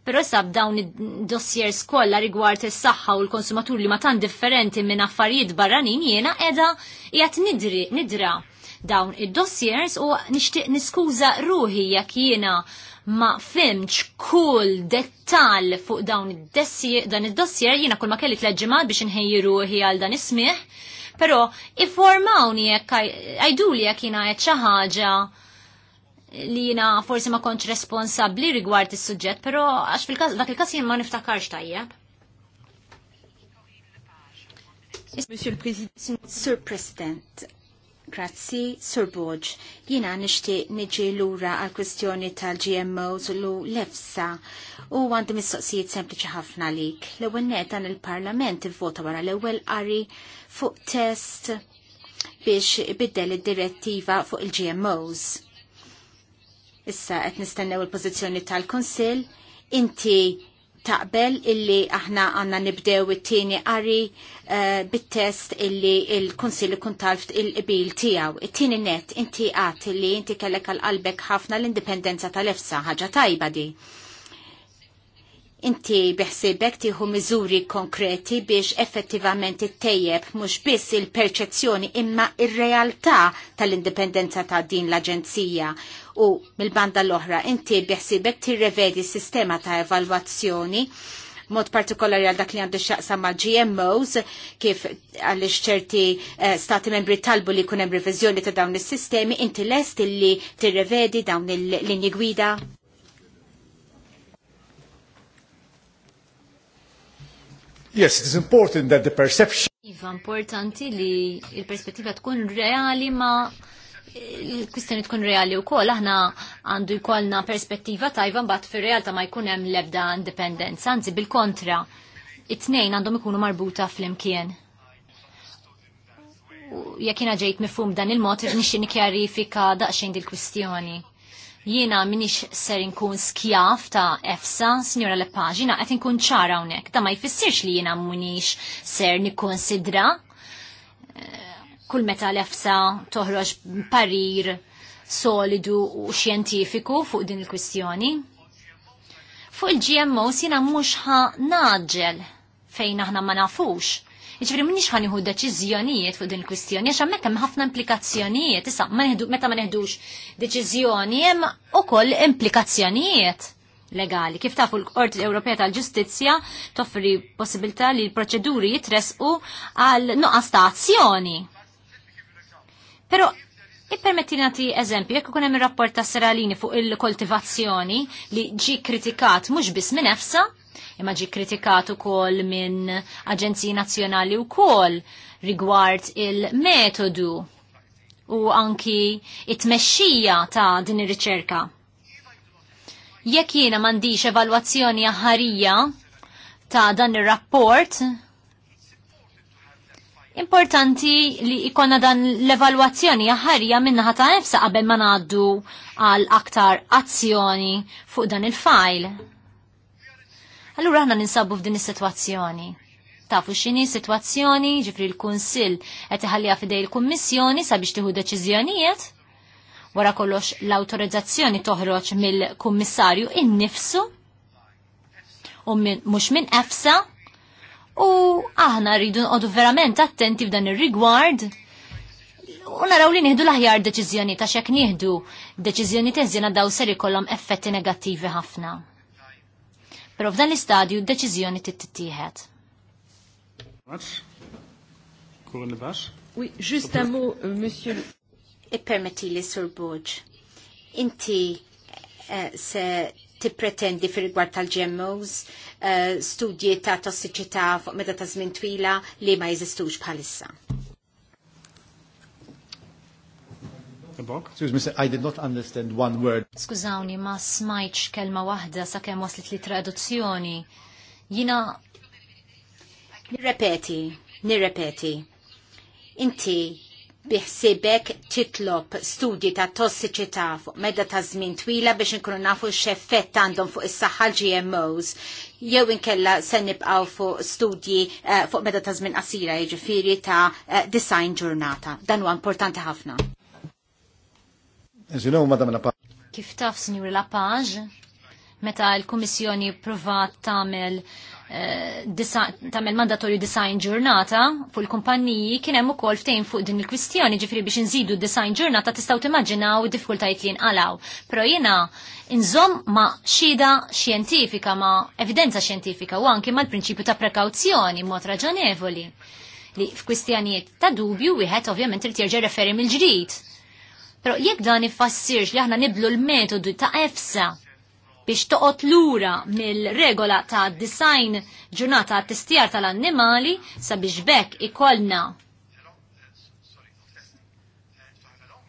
però issa b'dawn id-dossiers kollha rigward is-saħħa u l-konsumatur li ma tan differenti minn affarijiet barranin jiena qiegħda qiegħed nidri nidra dawn id-dossiers u nixtieq niskuża ruħi jekk jiena ma fimx kull dettal fuq dawn dan id-dossier jiena kull ma kelli tleġġimat biex inħejji ruħi għal dan ismih, pero iffurmawni jekk għajduli jekk jiena qed xi ħaġa li jiena forsi ma kontx responsabbli rigward is-suġġett, però għax fil-każ dak il-każ jien ma niftakarx tajjeb. Monsieur le Président, Sir President, Grazzi, Sur Borg. Jina nishti niġi lura għal kwestjoni tal-GMOs u l-EFSA u għandi mistoqsijiet sempliċi ħafna lik. L-ewwel net dan il-Parlament ivvota wara l-ewwel qari fuq test biex biddel id-direttiva fuq il-GMOs. Issa qed nistennew il-pożizzjoni tal-Kunsill, inti taqbel illi aħna għanna nibdew it-tieni qari eh, bit-test illi il-Kunsilli kun talf il-qbil tiegħu. It-tieni net inti għat illi inti kellek għal qalbek ħafna l-indipendenza tal-efsa ħaġa tajba di inti biħsibek tieħu miżuri konkreti biex effettivament it-tejjeb mhux biss il-perċezzjoni imma ir-realtà il perċezzjoni imma ir realtà tal indipendenza ta' din l-Aġenzija u mill-banda l-oħra inti biħsibek tirrevedi s-sistema ta' evalwazzjoni mod partikolari għal dak li għandu xaqsa ma' GMOs, kif għal ċerti eh, stati membri talbu li kunem revizjoni ta' dawn is-sistemi, inti lest illi tirrevedi dawn il-linji gwida? Yes, it is important that the perception. Iva, importanti li il-perspettiva tkun reali ma il-kwistjoni tkun reali u kol, aħna għandu jkollna perspettiva tajva mbagħad fir-realtà ma jkun hemm l-ebda indipendenza, anzi bil-kontra, it-tnejn għandhom ikunu marbuta fl-imkien. Jekk ġejt mifhum dan il-mod, nixxi nikkjarifika daqsxejn dil-kwistjoni. Jiena minix ser inkun skjaf ta' EFSA, Signora Lepagina, qed inkun ċara hawnhekk. Da ma jfissirx li jiena minix ser nikkonsidra eh, kull meta l-EFSA toħroġ parir solidu u xjentifiku fuq din il-kwistjoni. Fuq il-GMOs jiena mhux ħa naġġel fejn aħna ma nafux Jiġifieri m'iniex ħanieħu deċiżjonijiet fuq din il-kwistjoni għax hemmhekk hemm ħafna implikazzjonijiet. Issa meta ma neħdux deċiżjoni hemm ukoll implikazzjonijiet legali. Kif tafu l-Qorti Ewropea tal-Ġustizzja toffri possibilità li l-proċeduri jitresqu għal nuqqas ta' azzjoni. Pero Ippermetti nati eżempju, jekk ikun hemm ir-rapport ta' Seralini fuq il-koltivazzjoni li ġi kritikat mhux biss minn efsa, Imma ġi kritikat ukoll minn Aġenziji Nazzjonali wkoll rigward il-metodu u anki it-tmexxija ta' din ir-riċerka. Jekk jiena m'għandix evalwazzjoni aħħarija ta' dan ir-rapport, importanti li ikonna dan l-evalwazzjoni aħarja minnaħa ta' nefsa qabel ma ngħaddu għal aktar azzjoni fuq dan il file Allura aħna ninsabu f'din is-sitwazzjoni. Tafu x'inhi sitwazzjoni, ġifri l-Kunsill qed iħallija f'idej il-Kummissjoni sabiex tieħu deċiżjonijiet. Wara kollox l-awtorizzazzjoni toħroġ mill-Kummissarju innifsu u mhux minn EFSA u aħna rridu noqogħdu verament attenti f'dan ir-rigward u naraw li nieħdu l-aħjar deċiżjoni ta' xek nieħdu deċiżjoni teżjena daw ser ikollhom effetti negattivi ħafna pero f'dan l-istadju d-deċiżjoni tittieħed. Oui, juste un mot, euh, monsieur. Ippermetti e li sur Boġ. Inti eh, se tippretendi fil rigward tal-GMOs, eh, studji ta' tossiċità fuq meta ta' żmien twila li ma jeżistux bħalissa. Falkenbog. Excuse me, I did not understand one word. Skużawni, ma smajċ kelma wahda sa' kem waslet li traduzzjoni. Jina... Nirrepeti, nirrepeti. Inti biħsibek titlob studji ta' tossiċità fuq medda ta' żmien twila biex inkunu nafu x'effett għandhom fuq is-saħħa GMOs jew inkella se nibqgħu fuq studji eh, fuq medda ta' żmien qasira jiġifieri ta' eh, design ġurnata. Dan huwa importanti ħafna. As you know, Madam Lapage. Kif taf, Signor Lapage, meta l-Kummissjoni provat tamel eh, tamel mandatorju design ġurnata fuq il-kumpanniji kien hemm ukoll ftehim fuq din il-kwistjoni ġifieri biex inżidu design ġurnata tistgħu timmaġinaw id-diffikultajiet li nqalaw. Però jiena inżomm ma' xhieda xjentifika ma' evidenza xjentifika u anke mal-prinċipju ta' prekawzjoni mod raġonevoli li f'kwistjonijiet ta' dubju wieħed ovvjament irid jerġa' referi mill-ġdid Pero jekk dan ifassirx li aħna niblu l-metodu ta' EFSA biex toqgħod lura mill-regola ta' design ġurnata t testjar tal-annimali sabiex bekk ikollna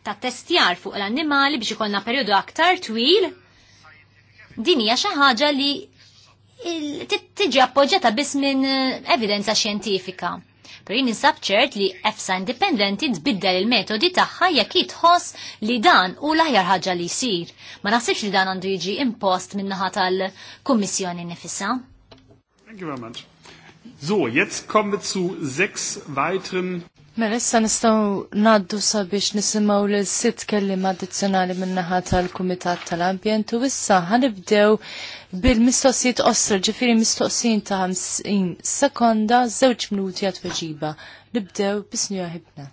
ta' testjar fuq l-annimali biex ikollna perjodu aktar twil, din hija xi ħaġa li tiġi appoġġjata biss minn evidenza xjentifika. Per jini sabċert ċert li EFSA indipendenti tbiddel il-metodi tagħha jekk jitħoss li dan u l-aħjar ħaġa li jsir. Ma nasibx li dan għandu jiġi impost min-naħa tal-Kummissjoni nifissa. Thank you very much. So, jetzt kommen wir zu sechs weiteren Mela issa nistgħu ngħaddu sabiex nisimgħu lil sitt kelliem addizzjonali min-naħa tal-Kumitat tal-Ambjent u issa ħanibdew bil-mistoqsijiet qosra ġifiri mistoqsijin ta' 50 sekonda, żewġ minuti għat weġiba. Nibdew bisnija ħibna.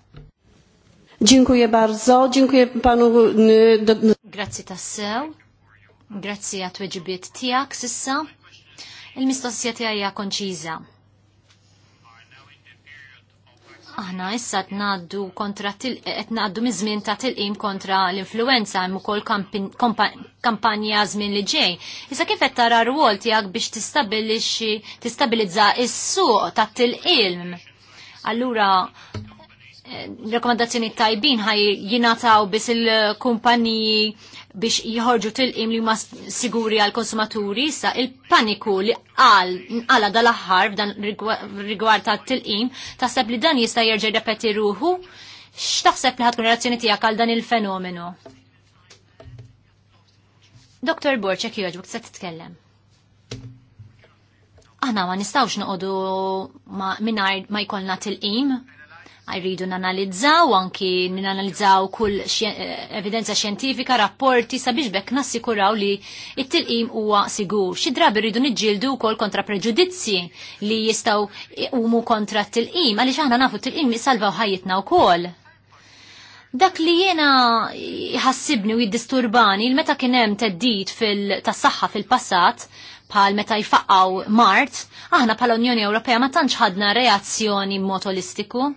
Dziękuję bardzo, dziękuję panu. Grazzi tassew, grazzi għat weġibiet tijak sissa. Il-mistoqsija tijak konċiza aħna issa t-naddu kontra t-naddu mizmin ta' tilqim kontra l-influenza hemm ukoll kampanja żmien li ġej. Issa kif qed tara rwol tiegħek biex tistabilixxi tistabilizza s-suq ta' tilqim. Allura eh, rekomendazzjoni tajbin ħaj jingħataw biss il-kumpaniji biex jħorġu tilqim li ma siguri għal konsumaturi sa il-paniku li għal għala dal-aħħar f'dan rigward ta' tilqim taħseb li dan jista' jerġa' repeti ruħu x'taħseb li ħatkun relazzjoni tiegħek għal dan il-fenomenu. Dr. Borċek jogħġbuk se titkellem. Aħna ma nistawx noqogħdu ma mingħajr ma jkollna tilqim Rridu nanalizzaw anki nanalizzaw kull eh, evidenza xjentifika, rapporti sabiex bekk nassikuraw li it-tilqim huwa sigur. Xi drabi rridu niġġieldu wkoll kontra preġudizzi li jistgħu umu kontra t-tilqim għaliex aħna nafu t-tilqim jisalvaw ħajjitna wkoll dak li jena jħassibni u jiddisturbani il-meta kienem teddit fil-tassaxħa fil-passat, pal meta jfaqqaw Mart, aħna pal Unjoni Ewropea ma tantx ħadna reazzjoni motolistiku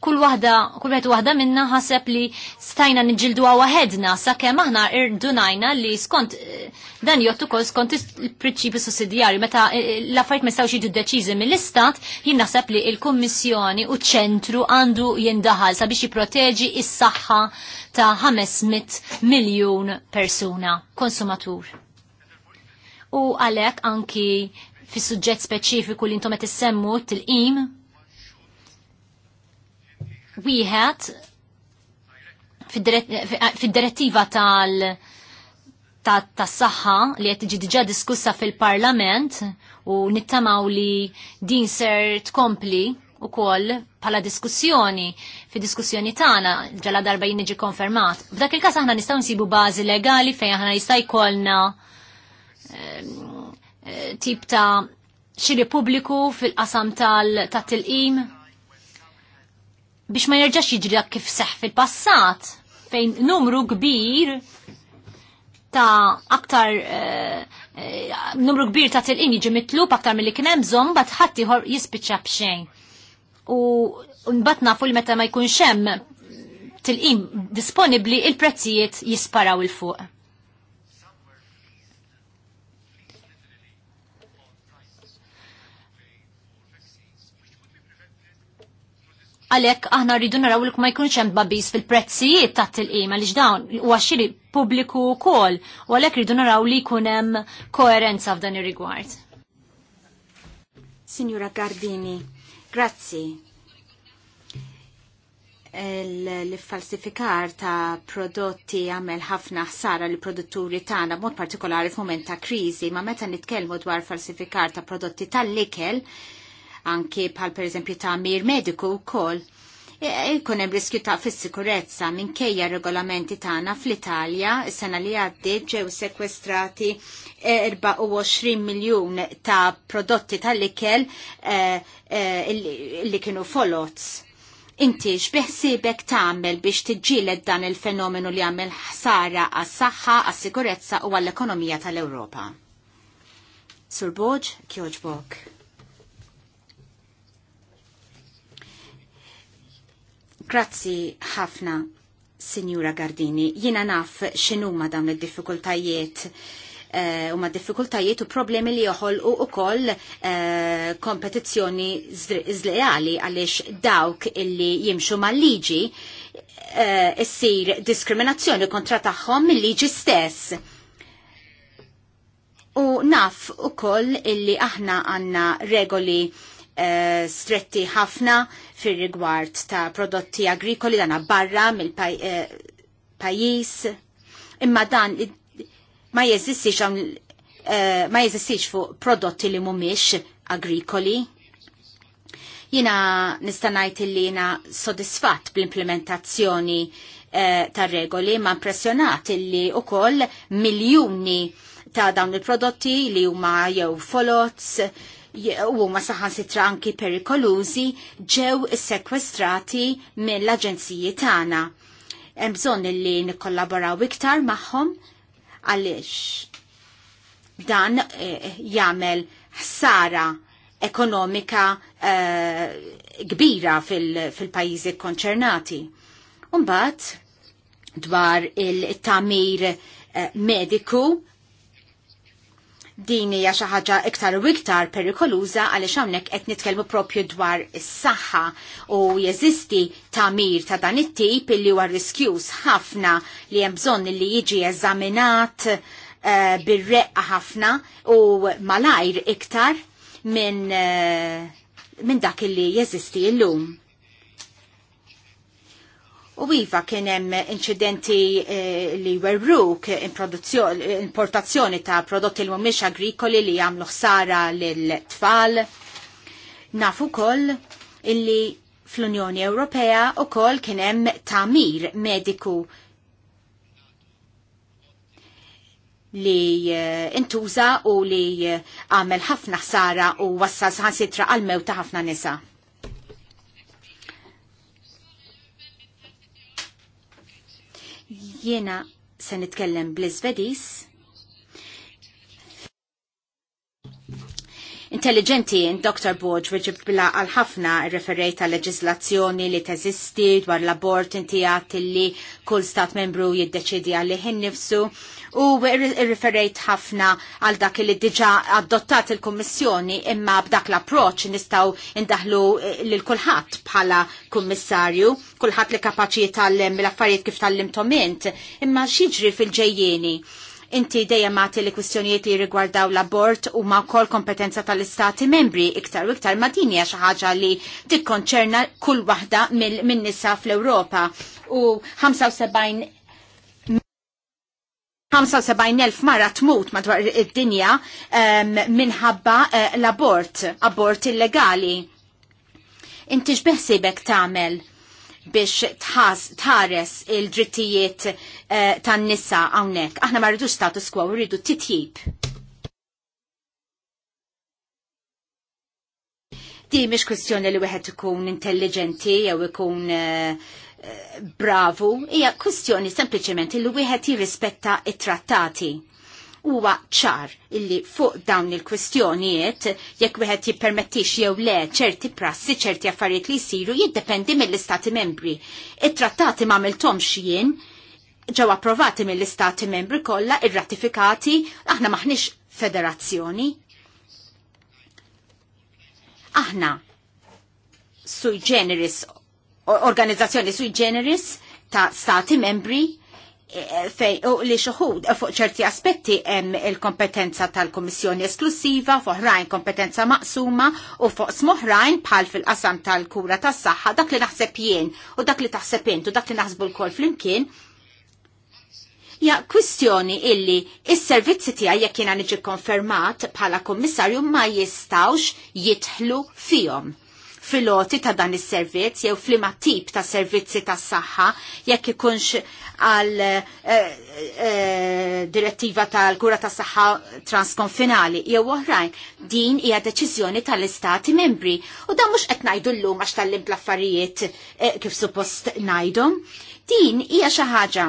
kull waħda, kull wahda waħda minna ħaseb li stajna niġildu waħedna sakemm aħna irdunajna li skont eh, dan jottu kol skont il-prinċipju sussidjarju meta eh, eh, l-affarijiet ma jistgħux jiġu deċizi mill-istat jien naħseb li l-Kummissjoni u ċentru għandu jindaħal sabiex jipproteġi is-saħħa ta' 500 miljun persuna konsumatur. U għalhekk anki fis suġġett speċifiku li intom qed issemmu til im wieħed fid-direttiva tal tas-saħħa li qed tiġi diġà diskussa fil-Parlament u nittamaw li din ser tkompli u koll pala diskussjoni, fi diskussjoni tana, ġala darba jinniġi konfermat. F'dak il każ aħna nistaw nsibu bazi legali fejn aħna jistaj kolna ehm, eh, tip ta' xiri publiku fil-qasam tal-tilqim biex ma jerġax jiġri dak kif seħ fil-passat fejn numru kbir ta' aktar uh, numru kbir ta' tilqin jiġi mitlub aktar mill-li kien hemm bżonn bad ħadd ieħor jispiċċa b'xejn. U mbagħad nafu li meta ma jkunx hemm tilqim disponibbli il-prezzijiet jisparaw il fuq. għalhekk aħna rridu naraw li ma jkunx hemm babis fil-prezzijiet ta' tilqim għaliex dawn huwa xiri pubbliku wkoll u għalhekk rridu naraw li jkun hemm koerenza f'dan ir-rigward. Signora Gardini, grazzi l-falsifikar ta' prodotti għamel ħafna ħsara li produtturi tagħna b'mod partikolari f'mument ta' kriżi, ma meta nitkellmu dwar falsifikar ta' prodotti tal-ikel, anki bħal pereżempju ta' mir mediku wkoll. Ikun e, e, hemm riskju ta' fis-sikurezza minkejja regolamenti tagħna fl-Italja s sena li għaddiet ġew sekwestrati 24 miljun ta' prodotti tal-ikel e, li kienu folots. Inti x'beħsibek tagħmel biex tiġġieled dan il-fenomenu li għamel ħsara għas-saħħa, għas-sikurezza u għall-ekonomija tal-Ewropa? Sur Boġ, kjoġbok. Grazzi ħafna, Signora Gardini. Jina naf x'inhuma dawn id-diffikultajiet eh, u ma diffikultajiet u problemi li joħol u ukoll eh, kompetizzjoni zleali għaliex dawk illi jimxu mal-liġi eh, issir diskriminazzjoni kontra tagħhom mill-liġi stess. U naf ukoll illi aħna għandna regoli Eh, stretti ħafna fir rigward ta' prodotti agrikoli dana barra mill-pajis. Eh, Imma dan ma jeżistix eh, ma jeżistix fuq prodotti li mumiex agrikoli. Jina nistanajt li jina sodisfatt bl-implementazzjoni ta' regoli ma' impressjonat li u koll miljoni ta' dawn il-prodotti li huma jew folots u ma saħan sitra anki perikolużi ġew sekwestrati mill-aġenziji tagħna. Hemm bżonn li nikkollaboraw iktar magħhom għaliex dan eh, jagħmel ħsara ekonomika eh, kbira fil-pajjiżi fil konċernati. Mbagħad dwar il-tamir eh, mediku din hija xi ħaġa iktar u iktar perikoluża għaliex hawnhekk qed nitkellmu propju dwar is-saħħa u jeżisti tamir ta' dan it-tip illi huwa riskjuż ħafna li hemm bżonn li jiġi eżaminat uh, bir-reqqa ħafna u malajr iktar minn uh, eh, min dak illi jeżisti llum. U iva kien hemm inċidenti eh, li werruk importazzjoni ta' prodotti li mhumiex agrikoli li jagħmlu ħsara lil tfal. Nafu wkoll illi fl-Unjoni Ewropea wkoll kien hemm tamir mediku li eh, intuża u li eh, għamel ħafna ħsara u wassal ħansitra għal ta' ħafna nisa. Jiena se nitkellem bl izvedis Intelligenti Dr. Borg weġib bila għal-ħafna referejt għal leġislazzjoni li teżisti dwar l-abort inti li kull stat membru jiddeċidi għalli ħin nifsu u referejt ħafna għal dak li diġa adottat il-Kommissjoni imma b'dak l-approċ nistaw indaħlu eh, lil kulħadd bħala kummissarju, kulħadd li kapaċi jitallem l-affarijiet kif tallim int, imma xieġri fil-ġejjieni inti dejjem għati li kwistjonijiet li rigwardaw l-abort u ma kol kompetenza tal-istati membri iktar u iktar ma hija xi ħaġa li tikkonċerna kull waħda minn nisa fl-Europa u 75 75.000 marra tmut madwar id-dinja um, minħabba uh, l-abort, abort illegali. Inti x'beħsibek tagħmel biex tħas tħares il-drittijiet uh, tan-nisa hawnhekk. Aħna ma status quo, rridu titjib. Di miex kwestjoni li wieħed ikun intelligenti jew ikun uh, bravu, hija kwistjoni sempliċement li wieħed jirrispetta it-trattati huwa ċar illi fuq dawn il-kwistjonijiet jekk wieħed jippermettix jew le ċerti prassi, ċerti affarijiet li jsiru jiddependi mill-istati membri. It-trattati ma jien ġew approvati mill-istati membri kollha irratifikati aħna maħniex federazzjoni. Aħna sui generis organizzazzjoni sui generis ta' stati membri eh, fej u li xoħud eh, fuq ċerti aspetti hemm il-kompetenza tal-Komissjoni esklusiva, fuħrajn kompetenza maqsuma u fuq smoħrajn bħal fil-qasam tal-kura tas-saħħa dak li naħseb jien u dak li taħseb int u dak li naħsbu l-kol flimkien. Ja kwistjoni illi is-servizzi tiegħi jekk jiena niġi konfermat bħala kummissarju ma jistawx jitħlu fihom filoti ta' dan is-servizz jew flima tip ta' servizzi tas saħħa jekk ikunx għal e, e, direttiva tal-kura tas saħħa transkonfinali jew oħrajn din hija deċiżjoni tal-istati membri u dan mhux qed ngħidu llum għax tal-lim affarijiet e, eh, kif suppost ngħidhom. Din hija xi ħaġa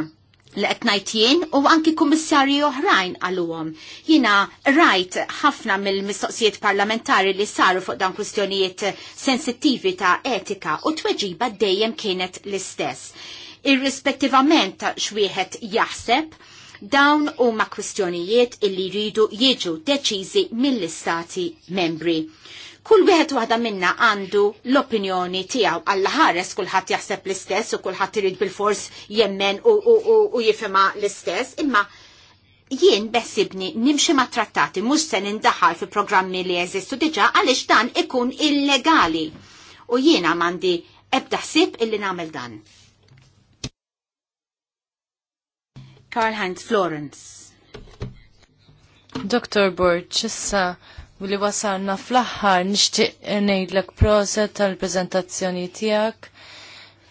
li qed jien u anki kummissarji oħrajn għal-għom. Jiena rajt ħafna mill-mistoqsijiet parlamentari li saru fuq dan kwistjonijiet sensittivi ta' etika u tweġiba dejjem kienet l-istess. Irrispettivament ta' xwieħet jaħseb, dawn huma kwistjonijiet illi jridu jiġu deċiżi mill-istati membri kull wieħed waħda minna għandu l-opinjoni tiegħu għalla ħares kulħadd jaħseb l-istess u kulħadd irid bil-fors jemmen u, u, u, u jifema l-istess, imma jien besibni nimxi ma' trattati mhux se nindaħal fi programmi li jeżistu diġà għaliex dan ikun illegali. U jiena m'għandi ebda ħsieb illi nagħmel dan. Karl Heinz Florence. Dr. Borg, issa li wasalna fl-aħħar nixtieq ngħidlek prosa tal-preżentazzjoni tiegħek.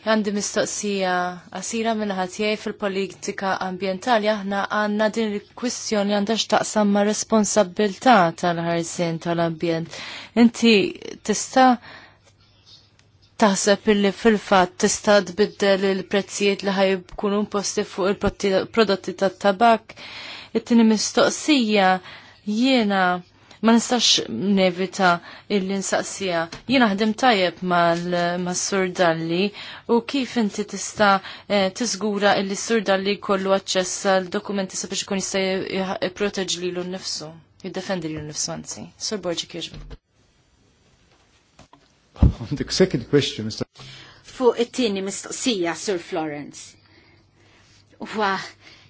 Għandi mistoqsija għasira minn tiegħi fil-politika ambjentali aħna għandna din il-kwistjoni għandha x'taqsam ma' responsabilità tal-ħarsien tal-ambjent. Inti tista' taħseb illi fil-fatt tista' tbiddel il-prezzijiet li ħajkunu imposti fuq il-prodotti tat-tabak. It-tieni mistoqsija jiena ma nistax nevita il-insaqsija. Jina ħdem tajjeb mal-sur Dalli u kif inti tista eh, tiżgura illi sur Dalli kollu aċċess għal dokumenti sabiex ikun jista' jipproteġ lilu nnifsu, jiddefendi lilu nnifsu anzi. Sur Borġi Kirġbu. <laughs> On the second question, Mr. Fuq it tini mistoqsija, Sir Florence. Wa,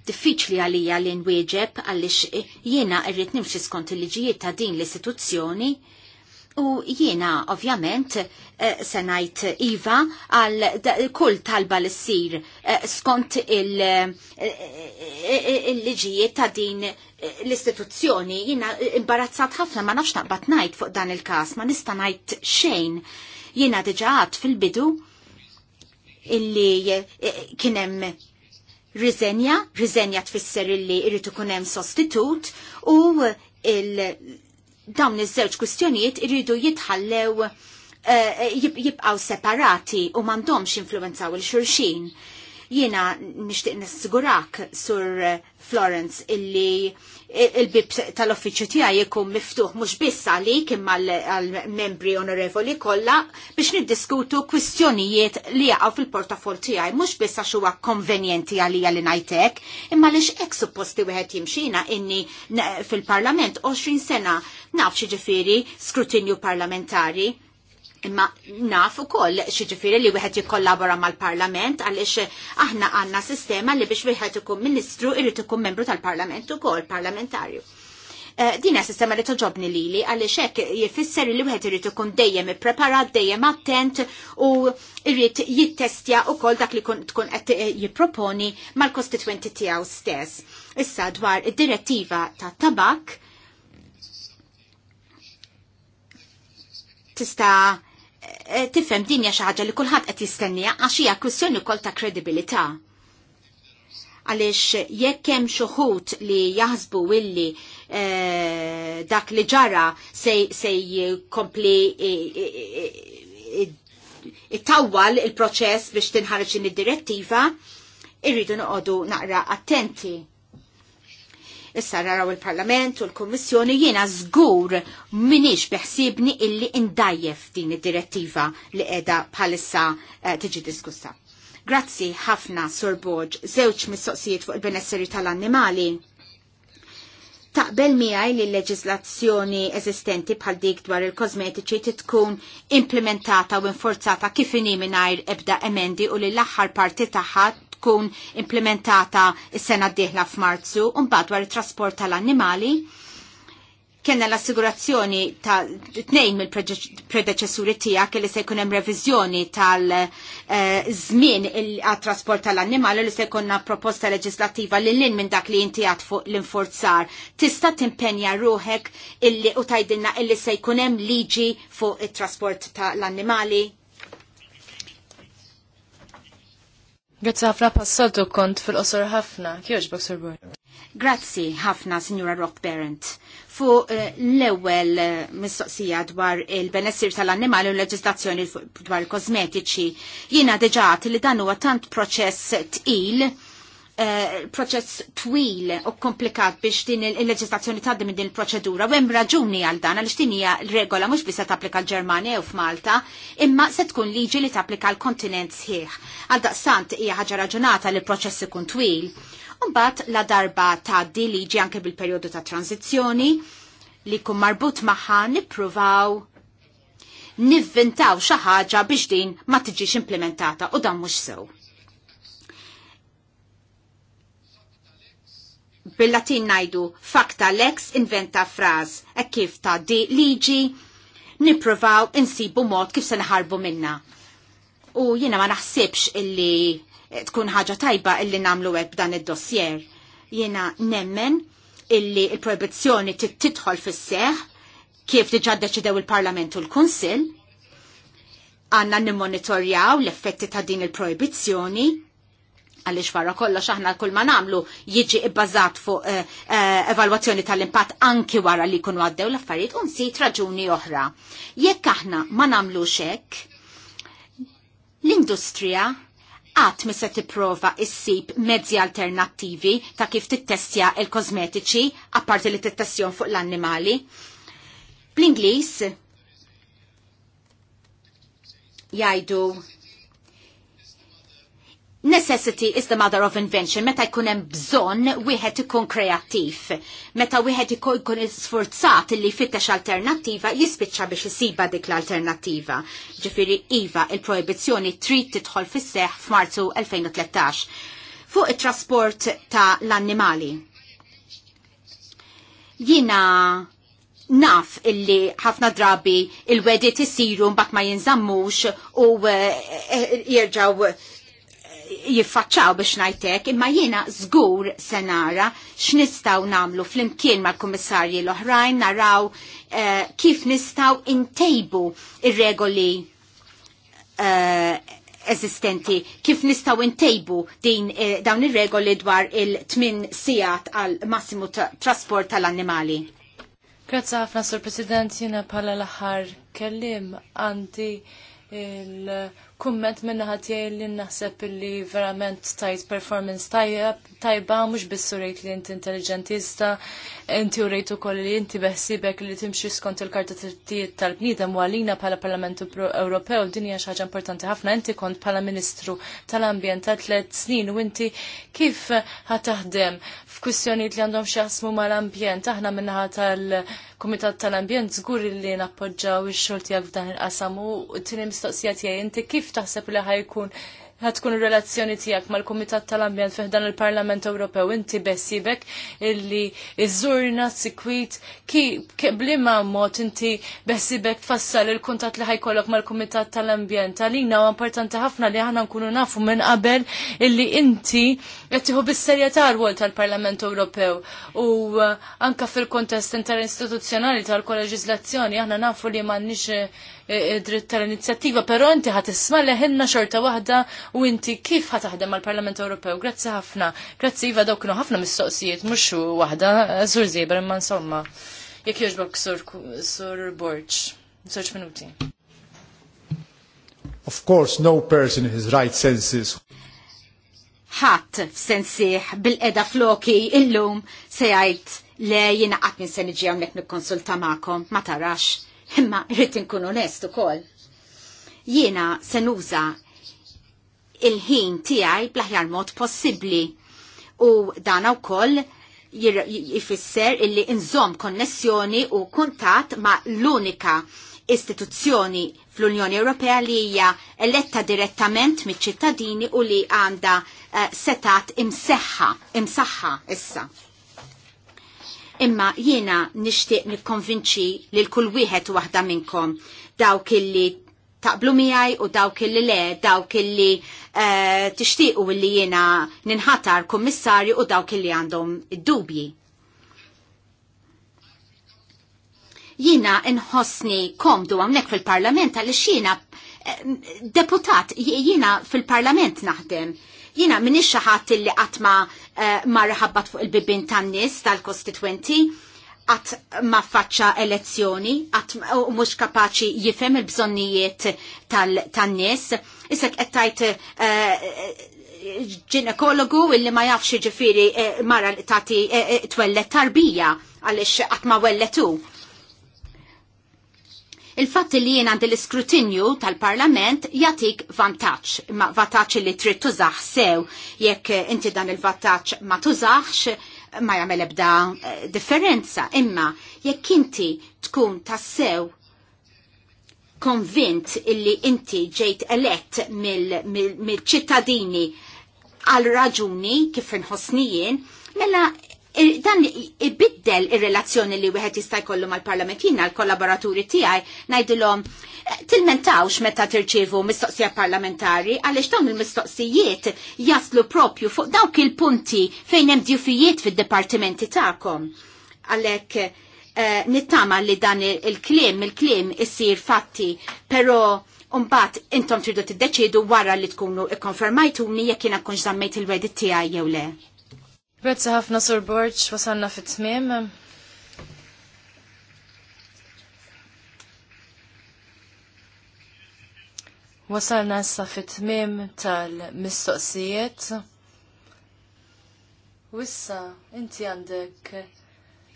diffiċli għalija li nwieġeb għaliex jiena rrid nimxi skont il-liġijiet ta' din l-istituzzjoni U jiena ovvjament eh, senajt Iva għal kull talba l sir eh, skont eh, il-liġijiet ta' din l-istituzzjoni jiena imbarazzat ħafna ma nafx naqbad najt fuq dan il-kas ma nista' najt xejn jiena diġa fil-bidu illi kienem riżenja, riżenja tfisser illi irrid ikun hemm sostitut u il dawn iż-żewġ kwistjonijiet irridu jitħallew eh, jibqaw separati u m'għandhomx influenzaw il-xurxin. Jiena nixtieq nissigurak sur Florence illi il-bib tal offiċu tiegħi jkun miftuħ mhux biss għalik kimma għall-membri onorevoli kollha biex niddiskutu kwistjonijiet li jaqgħu fil-portafol tiegħi mhux biss għax huwa konvenjenti għalija li najtek imma lix hekk supposti wieħed jimxina inni fil-Parlament 20 sena nafx ġifieri skrutinju parlamentari Imma naf u koll xieġifiri li wieħed jikkollabora mal-parlament għaliex aħna għanna sistema li biex wieħed ikun ministru irrid ikun membru tal-parlament ukoll parlamentarju. Eh, Dina sistema li toġobni lili għaliex hekk jifisser li wieħed irid ikun dejjem ippreparat, dejjem attent u irrid jittestja wkoll dak li tkun qed eh, jipproponi mal-kostitwenti tiegħu stess. Issa dwar id-direttiva ta' tabak tista' Eh, tifhem dinja xi ħaġa li kulħadd qed jistennija għax hija kwistjoni wkoll ta' kredibilità. Għaliex jekk hemm xi li jaħsbu illi eh, dak li ġara se jkompli it-tawwal il-proċess biex tinħarġ id-direttiva, irridu noqogħdu naqra attenti Issa naraw il-Parlament u l-Kommissjoni jiena żgur minix beħsibni illi indajjef din id-direttiva li qiegħda bħalissa eh, tiġi diskussa. Grazzi ħafna Sur Borg, żewġ mistoqsijiet fuq il-benesseri tal-annimali. Taqbel miħaj li l-leġislazzjoni eżistenti bħal dik dwar il-kosmetiċi tkun implementata u inforzata kif inhi mingħajr ebda emendi u li l-aħħar parti tagħha tkun implementata s-sena d-dieħla f'Marzu, un dwar it-trasport tal-annimali, Kenna l-assigurazzjoni ta' tnejn mill-predeċessuri tiegħek li se jkun hemm revizjoni tal-żmien għat-trasport tal-annimali li se jkunna proposta leġislativa li l-in minn dak li inti għat fuq l-inforzar. Tista' timpenja ruħek illi u tajdilna illi se jkun hemm liġi fuq it-trasport tal-annimali? Grazzi ħafna passaltu kont fil-qosor ħafna. Kjoġ Boxer Boy. Grazzi ħafna, Signora Rock Parent. Fu eh, l-ewel eh, mistoqsija dwar il-benessir tal-annimali u l-leġislazzjoni dwar il-kosmetiċi, jina deġat li dan huwa tant proċess tqil Eh, proċess twil u komplikat biex din il-leġislazzjoni tgħaddi minn din il-proċedura u hemm raġuni għal dan għaliex din hija regola mhux biss se tapplika l-Ġermanja u f'Malta, imma se tkun liġi li tapplika l-kontinent sħiħ. Għal daqsant hija ħaġa raġunata li l-proċess ikun twil. Mbagħad la darba tgħaddi liġi anke bil-perjodu ta' tranzizzjoni li jkun marbut magħha nippruvaw nivvintaw xi ħaġa biex din ma tiġix implementata u dan mhux sew. Bil-Latin najdu fakta lex inventa fraz, e kif ta' di liġi, niprovaw insibu mod kif se naħarbu minna. U jina ma naħsibx illi tkun ħaġa tajba illi namlu għed b'dan id-dossier. Jina nemmen illi il tit-tidħol fis seħ kif diġa deċidew il-Parlament u l-Kunsil, għanna nimmonitorjaw l-effetti ta' din il-proibizzjoni għalix barra kollox aħna kull ma namlu jiġi ibbażat fuq eh, eh, evalwazzjoni tal-impatt anki wara li kunu għaddew l-affarijiet u nsit raġuni oħra. Jekk aħna ma namlu xek, l-industrija għat mi se tipprova issib mezzi alternattivi ta' kif tittestja il-kosmetiċi, apparti li tittestjon fuq l-annimali. Bl-Inglis jajdu Necessity is the mother of invention. Meta jkun hemm bżonn wieħed ikun kreattiv. Meta wieħed ikun sforzat li jfittex alternattiva jispiċċa biex isiba dik l-alternattiva. Ġifieri iva il-proibizzjoni trid tidħol fis-seħ f'Marzu 2013 fuq it-trasport ta' l-annimali. Jina naf illi ħafna drabi il-wedi tisiru mbagħad ma jinżammux u eh, eh, jerġaw jiffaċċaw biex najtek, imma jiena żgur se nara x'nistgħu nagħmlu flimkien mal-kummissarji l-oħrajn naraw eh, kif nistgħu intejbu ir-regoli eh, eżistenti, kif nistgħu intejbu din eh, dawn ir-regoli dwar il-tmin sijat għal massimu trasport tal-annimali. Grazie ħafna, Sur President, jiena bħala l-aħħar kellim għandi il-kumment minna ħatijaj li naħseb li verament tajt performance tajba, mux bissurajt li inti intelligentista, inti u koll li inti beħsibek li timxi skont il-karta trittijiet tal-bnidem u għalina pala Parlamentu Ewropew, din hija xaġa importanti ħafna, inti kont pala Ministru tal-Ambjent ta' tlet snin u inti kif ħataħdem f'kwistjonijiet li għandhom xjaqsmu mal-ambjent. Aħna minnaħa tal-Kumitat tal-Ambjent żgur li nappoġġaw ix-xogħol tiegħek f'dan il-qasam u t-tieni mistoqsija tiegħi inti kif taħseb li ħajkun ħatkun relazzjoni tiegħek mal-Kumitat tal-Ambjent fih dan il-Parlament Ewropew inti bessibek illi iżurna sikwit ki blima mot inti bessibek fassal il-kuntat li ħajkollok mal komitat tal-Ambjent għalina u importanti ħafna li ħana nkunu nafu minn qabel illi inti qed tieħu bis-serjetà rwol tal-Parlament Ewropew u uh, anka fil-kontest interistituzzjonali tal kolleġizlazzjoni aħna nafu li m'għandniex dritt tal-inizjattiva, però inti ħat isma' leħenna xorta waħda u inti kif ħat taħdem mal-Parlament Ewropew. Grazzi ħafna. Grazzi iva dawk kienu ħafna mistoqsijiet mhux waħda żur żieber imma insomma. Jekk jogħġbok sur sur Borġ. Żewġ minuti. Of course, no person in his right senses ħadd sensiħ bil-qeda floki illum se jgħid le jina qatt minn se niġi hawnhekk nikkonsulta magħkom ma tarax imma rrit inkun onest ukoll. Jiena se nuża il-ħin tiegħi bl-aħjar mod possibbli u dan wkoll jifisser illi nżomm konnessjoni u kuntat ma l-unika istituzzjoni fl-Unjoni Ewropea li hija eletta direttament miċ-ċittadini u li għandha eh, setat imseħħa, imsaħħa issa imma jiena nixtieq nikkonvinċi l kull wieħed waħda minnkom dawk illi taqblu miegħi u dawk illi le, dawk illi uh, eh, tixtiqu illi jiena ninħatar kummissarju u dawk illi għandhom id-dubji. Jiena nħossni komdu għamnek fil-parlament għaliex xina eh, deputat jiena fil-parlament naħdem Jina minni xaħat illi għatma ma eh, marraħabbat fuq il-bibin tan-nis tal-kostituenti, għat ma faċċa elezzjoni, għat u mux kapaċi jifem il-bżonnijiet tal-nis. Issek għettajt eh, ġinekologu illi ma jafx ġifiri eh, mara tati twellet tarbija għalix għat ma welletu. Il-fatt li jien għandi l-iskrutinju tal-Parlament jatik vantaġġ, ma vantaċ li trid tużax sew jekk eh, inti dan il-vantaġġ ma tużax ma jagħmel ebda eh, differenza, imma jekk inti tkun tassew konvint illi inti ġejt elett mill-ċittadini mil, mil għal raġuni kif inħossnijin, mela dan ibiddel ir-relazzjoni li wieħed jista' jkollu mal-Parlament jiena l-kollaboraturi tiegħi ngħidilhom eh, tilmentawx meta tirċievu mistoqsija parlamentari għaliex dawn il-mistoqsijiet jaslu propju fuq dawk il-punti fejn hemm djufijiet fid-dipartimenti tagħkom. Għalhekk eh, nittama li dan il-kliem il-kliem issir fatti, però mbagħad intom tridu tiddeċidu wara li tkunu ikkonfermajtuni jekk jiena kunx żammejt il-wedit tiegħi jew le. Grazzi ħafna Sur Borġ, wasalna fit-tmiem. Wasalna issa fit-tmiem tal-mistoqsijiet. Wissa, inti għandek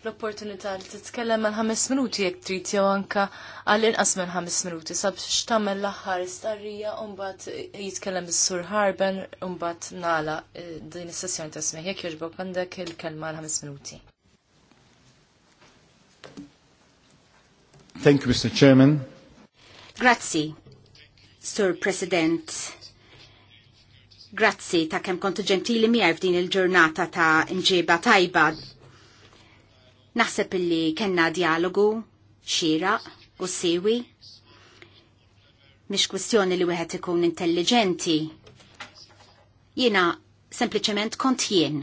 l-opportunità li titkellem għal ħames minuti jekk trid jew anke għal inqas minn ħames minuti sabiex tagħmel l-aħħar istarrija u mbagħad jitkellem is-Sur Harben u mbagħad nagħla eh, din is-sessjoni ta' smih jekk jogħġbok għandek il-kelma għal ħames minuti. Thank you, Mr. Chairman. Grazzi, Sur President. Grazzi ta' kem kontu ġentili mi f'din il-ġurnata ta' imġiba tajba Naħseb illi kellna dialogu xira u siwi. Mhix kwistjoni li wieħed ikun intelligenti. Jiena sempliċement kont jien.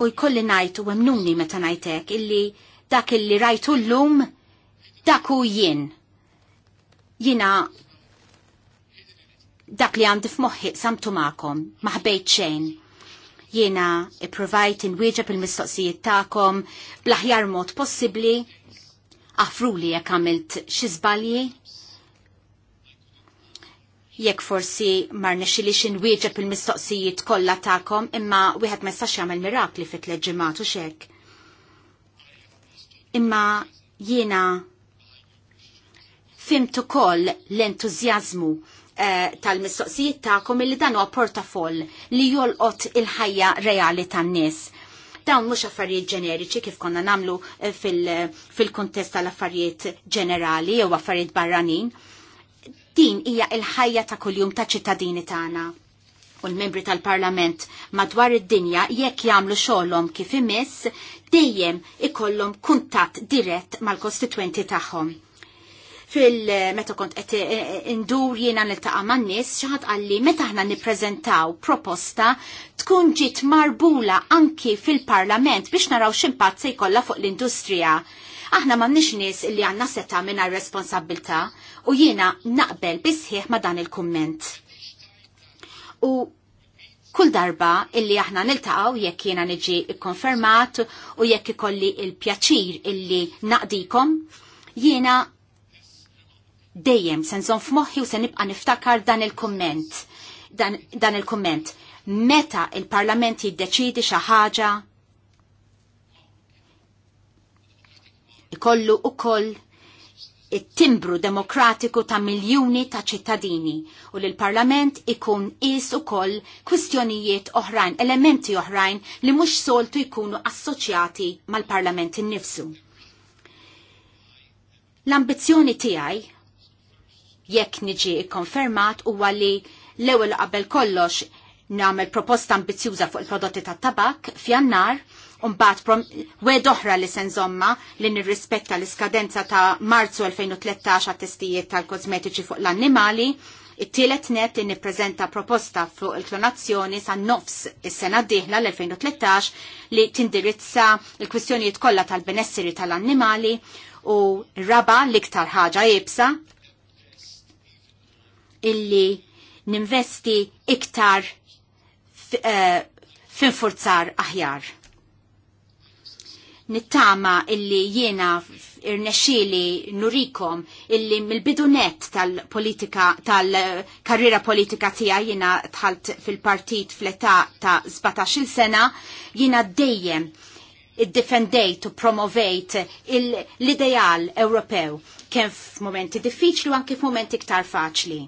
U jkolli ngħid u għemnuni meta ngħidlek illi dak illi rajtu llum dak u jien. Jiena dak li għandi f'moħħi samtu ma maħbejt xejn Jiena provajt inwieġeb il-mistoqsijiet tagħkom bl-aħjar mod possibbli. li jekk għamilt xi żbalji. Jekk forsi mar nexxilix inwieġeb il-mistoqsijiet kollha tagħkom, imma wieħed ma jistax jagħmel mirakli fit tliet u xek. Imma jiena fimtu kol l-entużjażmu Eh, tal-mistoqsijiet tagħkom illi dan huwa portafoll li jolqot il-ħajja reali tan-nies. Dawn mhux affarijiet ġeneriċi kif konna nagħmlu eh, fil-kuntest tal-affarijiet ġenerali jew affarijiet barranin. Din hija il-ħajja ta' kuljum ta' ċittadini tagħna u l-membri tal-parlament madwar id-dinja jekk jagħmlu xogħolhom kif imiss dejjem ikollhom kuntatt dirett mal kostitwenti tagħhom fil-meta kont qed indur jiena niltaqa' man-nies xi ħadd li meta aħna nippreżentaw proposta tkun ġiet marbula anki fil-Parlament biex naraw x'impatt se jkollha fuq l-industrija. Aħna m'għandniex nies li għandna seta' mingħajr responsabbiltà u jiena naqbel bisħieħ ma' dan il-kumment. U kull darba illi aħna niltaqaw jekk jiena niġi ikkonfermat u jekk ikolli il-pjaċir illi naqdikom, jiena dejjem se nżomm f'moħħi u se nibqa' niftakar dan il-kumment. Dan, dan il-kumment. Meta il-Parlament jiddeċidi xi ħaġa ikollu ukoll it-timbru demokratiku ta' miljuni ta' ċittadini u li l-Parlament ikun is ukoll kwistjonijiet oħrajn, elementi oħrajn li mhux soltu jkunu assoċjati mal-Parlament innifsu. L-ambizzjoni tiegħi jekk niġi ikkonfermat huwa li l-ewwel qabel kollox nagħmel proposta ambizjuża fuq il-prodotti tat-tabak f'jannar bat prom wed oħra li senżomma li nirrispetta l-iskadenza ta' Marzu 2013 għat testijiet tal-kosmetiċi fuq l-annimali, it-tielet net li nippreżenta proposta fuq il-klonazzjoni sa' nofs is-sena diħla l-2013 li tindirizza l-kwistjonijiet kollha tal-benessiri tal-annimali u raba l-iktar ħaġa jibsa illi ninvesti iktar eh, finfurzar aħjar. Nittama illi jiena irnexili nurikom illi mill-bidunet tal-politika, tal-karriera politika tija jiena tħalt fil-partit fl-età ta' 17 sena jiena dejjem id-defendejt u promovejt l-ideal Ewropew kien f'momenti diffiċli u anke f'momenti iktar faċli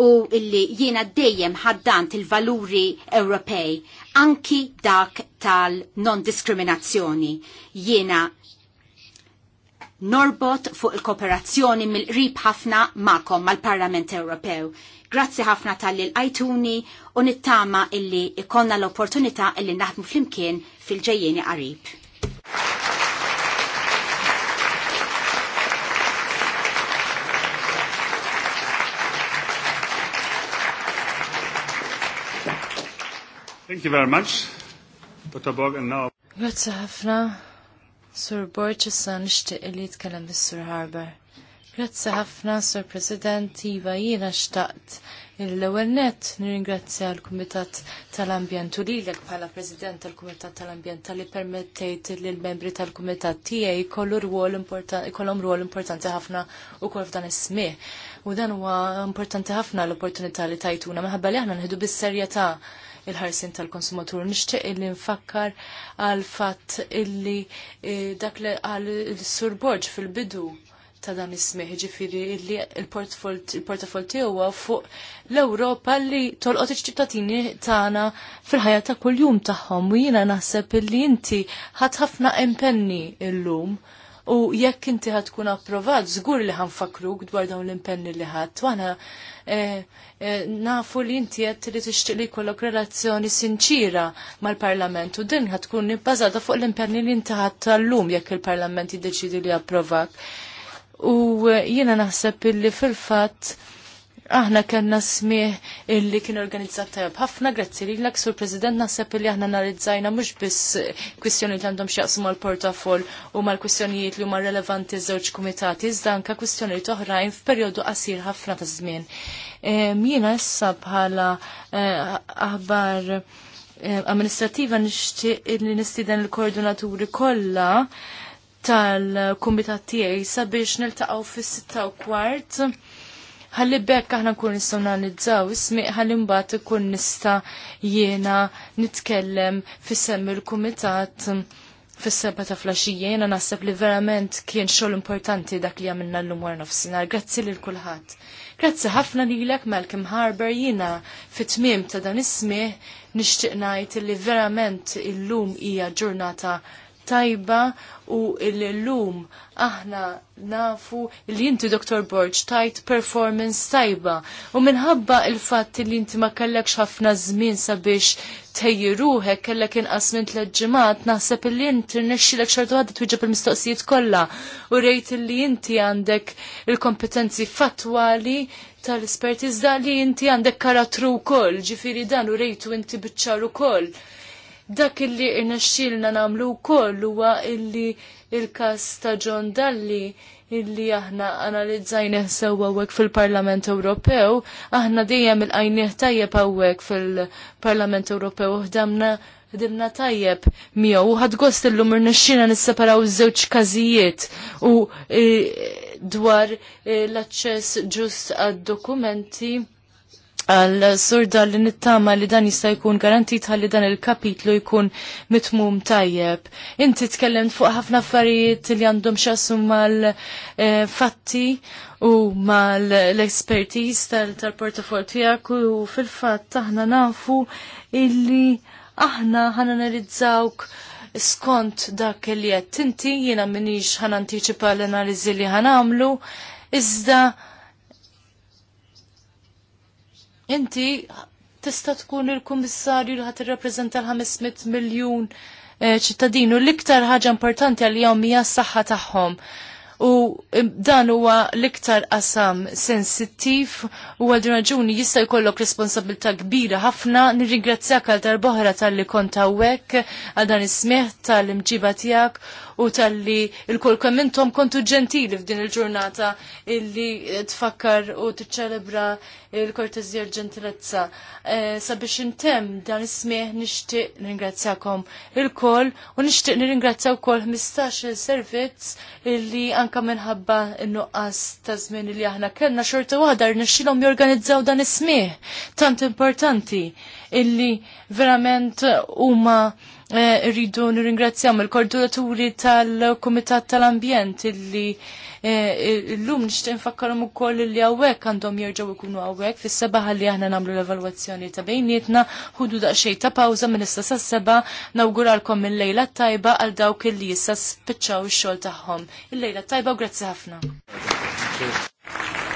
u illi jiena dejjem ħaddant il-valuri Ewropej, anki dak tal-non-diskriminazzjoni. Jiena norbot fuq il-kooperazzjoni mill-qrib ħafna ma'kom mal-Parlament Ewropew. Grazzi ħafna tal ajtuni u nittama illi ikonna l-opportunità illi naħdmu flimkien fil-ġejjeni qarib. Thank you very much, Dr. Borg, and now... Grazie ħafna, Sur Borg, issa nishtiq li jitkellem bis-Sur Harbour. Grazzi ħafna, Sur President, Iva, jiena xtaqt l-ewwel net. nirringrazzja l-Kumitat tal-Ambjent u lilek bħala President tal-Kumitat tal-Ambjent tal-li permettejt lill-membri tal-Kumitat tiegħi jkollu rwol importanti jkollhom rwol importanti ħafna ukoll f'dan is U dan huwa importanti ħafna l-opportunità li tajtuna minħabba li aħna nħidu bis-serjetà il-ħarsin tal-konsumatur. Nixtieq illi nfakkar għal fatt illi eh, dak li għal surborġ fil-bidu ta' dan ismiħ, ġifiri illi il-portafol tiegħu fuq l-Ewropa li tolqot iċ-ċittadini tagħna fil-ħajja ta' kuljum tagħhom u jiena naħseb illi inti ħadd ħafna impenni illum. lum U jekk inti ħad tkun approvat, żgur li ħanfakruk dwar dawn l-impenni li ħadd. Wana eh, eh, nafu li inti qed li tixtieq li jkollok relazzjoni sinċira mal-Parlament u din ħad tkun ibbażata fuq l-impenni li inti ħadd tal-lum jekk il-Parlament jiddeċidi li approvak. U eh, jiena naħseb illi fil-fatt aħna kellna smieħ illi kien organizzat tajab. Ħafna grazzi li l-ak sur President naħseb illi aħna narizzajna mhux biss kwistjoni li għandhom xjaqsmu mal portafol u mal-kwistjonijiet li huma relevanti żewġ kumitati, iżda anke kwistjonijiet oħrajn f'perjodu qasir ħafna ta' żmien. E, jiena issa bħala e, aħbar e, amministrativa nixtieq illi nistieden il-koordinaturi kollha tal-kumitat tiegħi sabiex niltaqgħu fis-sitta u kwart ħalli bekk aħna nkun nistgħu nanizzaw ismi ħalli mbagħad ikun nista' jiena nitkellem fis-semm il-kumitat fis-seba ta' flaxija jiena naħseb li verament kien xogħol importanti dak li għamilna llum wara nofsinhar. Grazzi lil kulħadd. Grazzi ħafna lilek Malcolm Harbour jiena fit-tmiem ta' dan ismih nixtieq ngħid li verament illum hija ġurnata tajba u l-lum aħna nafu li inti Dr. Borg tajt performance tajba u minħabba il fat li inti ma kellekx ħafna żmien sabiex tejjiruħek kellek inqas minn tliet naħseb li inti nexxilek xorta waħda twieġeb mistoqsijiet kollha u rejt li inti għandek il-kompetenzi fatwali tal-espertiż da li inti għandek karattru wkoll ġifieri dan u rejtu inti biċċar ukoll. Dak illi irnexxielna nagħmlu wkoll huwa illi il-każ ta' John Dalli illi aħna analizzajne sewa hawnhekk fil-Parlament Ewropew, aħna dejjem il-qajnieh tajjeb hawnhekk fil-Parlament Ewropew uħdamna ħdimna tajjeb miegħu u ħad gost illum irnexxina nisseparaw żewġ każijiet u eh, dwar eh, l-aċċess ġust għad-dokumenti għal surda li nittama li dan jista' jkun garantit li dan il-kapitlu jkun mitmum tajjeb. Inti tkellem fuq ħafna affarijiet li għandhom xassu mal-fatti eh, u mal-expertiz tal-portafol tijak u fil-fat taħna nafu illi aħna ħananalizzawk skont dak li qed inti jiena minix ħanantiċipa l-analiżi li għamlu iżda inti tista' tkun il-kummissarju li ħadd irrappreżenta l-500 miljun eh, ċittadinu l-iktar ħaġa importanti għal-jom hija s-saħħa tagħhom. U eh, dan huwa l-iktar qasam sensittiv u għal raġuni jista' jkollok responsabilità kbira ħafna. Nirringrazzjak għal darbohra tal-li konta għal dan is-smieħ tal-imġiba tiegħek u tal-li il-kol kemmintom kontu ġentili f'din il-ġurnata illi eh, tfakkar u tiċċelebra il-kortezija l-ġentilezza. Eh, sabiex intem dan ismieħ nishtiq nirringrazzjakom il-kol u nishtiq nirringrazzjaw kol 15 servizz illi anka minħabba n-nuqqas ta' żmien li aħna kellna xorta waħda rnexxilhom jorganizzaw dan ismieħ tant importanti illi verament huma Eh, rridu nirringrazzjam il-koordinaturi tal-Kumitat tal-Ambjent illi eh, l-lum nishtiq nfakkarhom ukoll li hawnhekk għandhom jerġgħu jkunu hawnhekk fis seba ħalli aħna nagħmlu l-evalwazzjoni ta' bejnietna ħudu daqsxejn ta' pawża minn issa sas-seba' nawguralkom il-lejla tajba għal dawk illi issa spiċċaw ix-xogħol tagħhom. Il-lejla tajba u grazzi ħafna.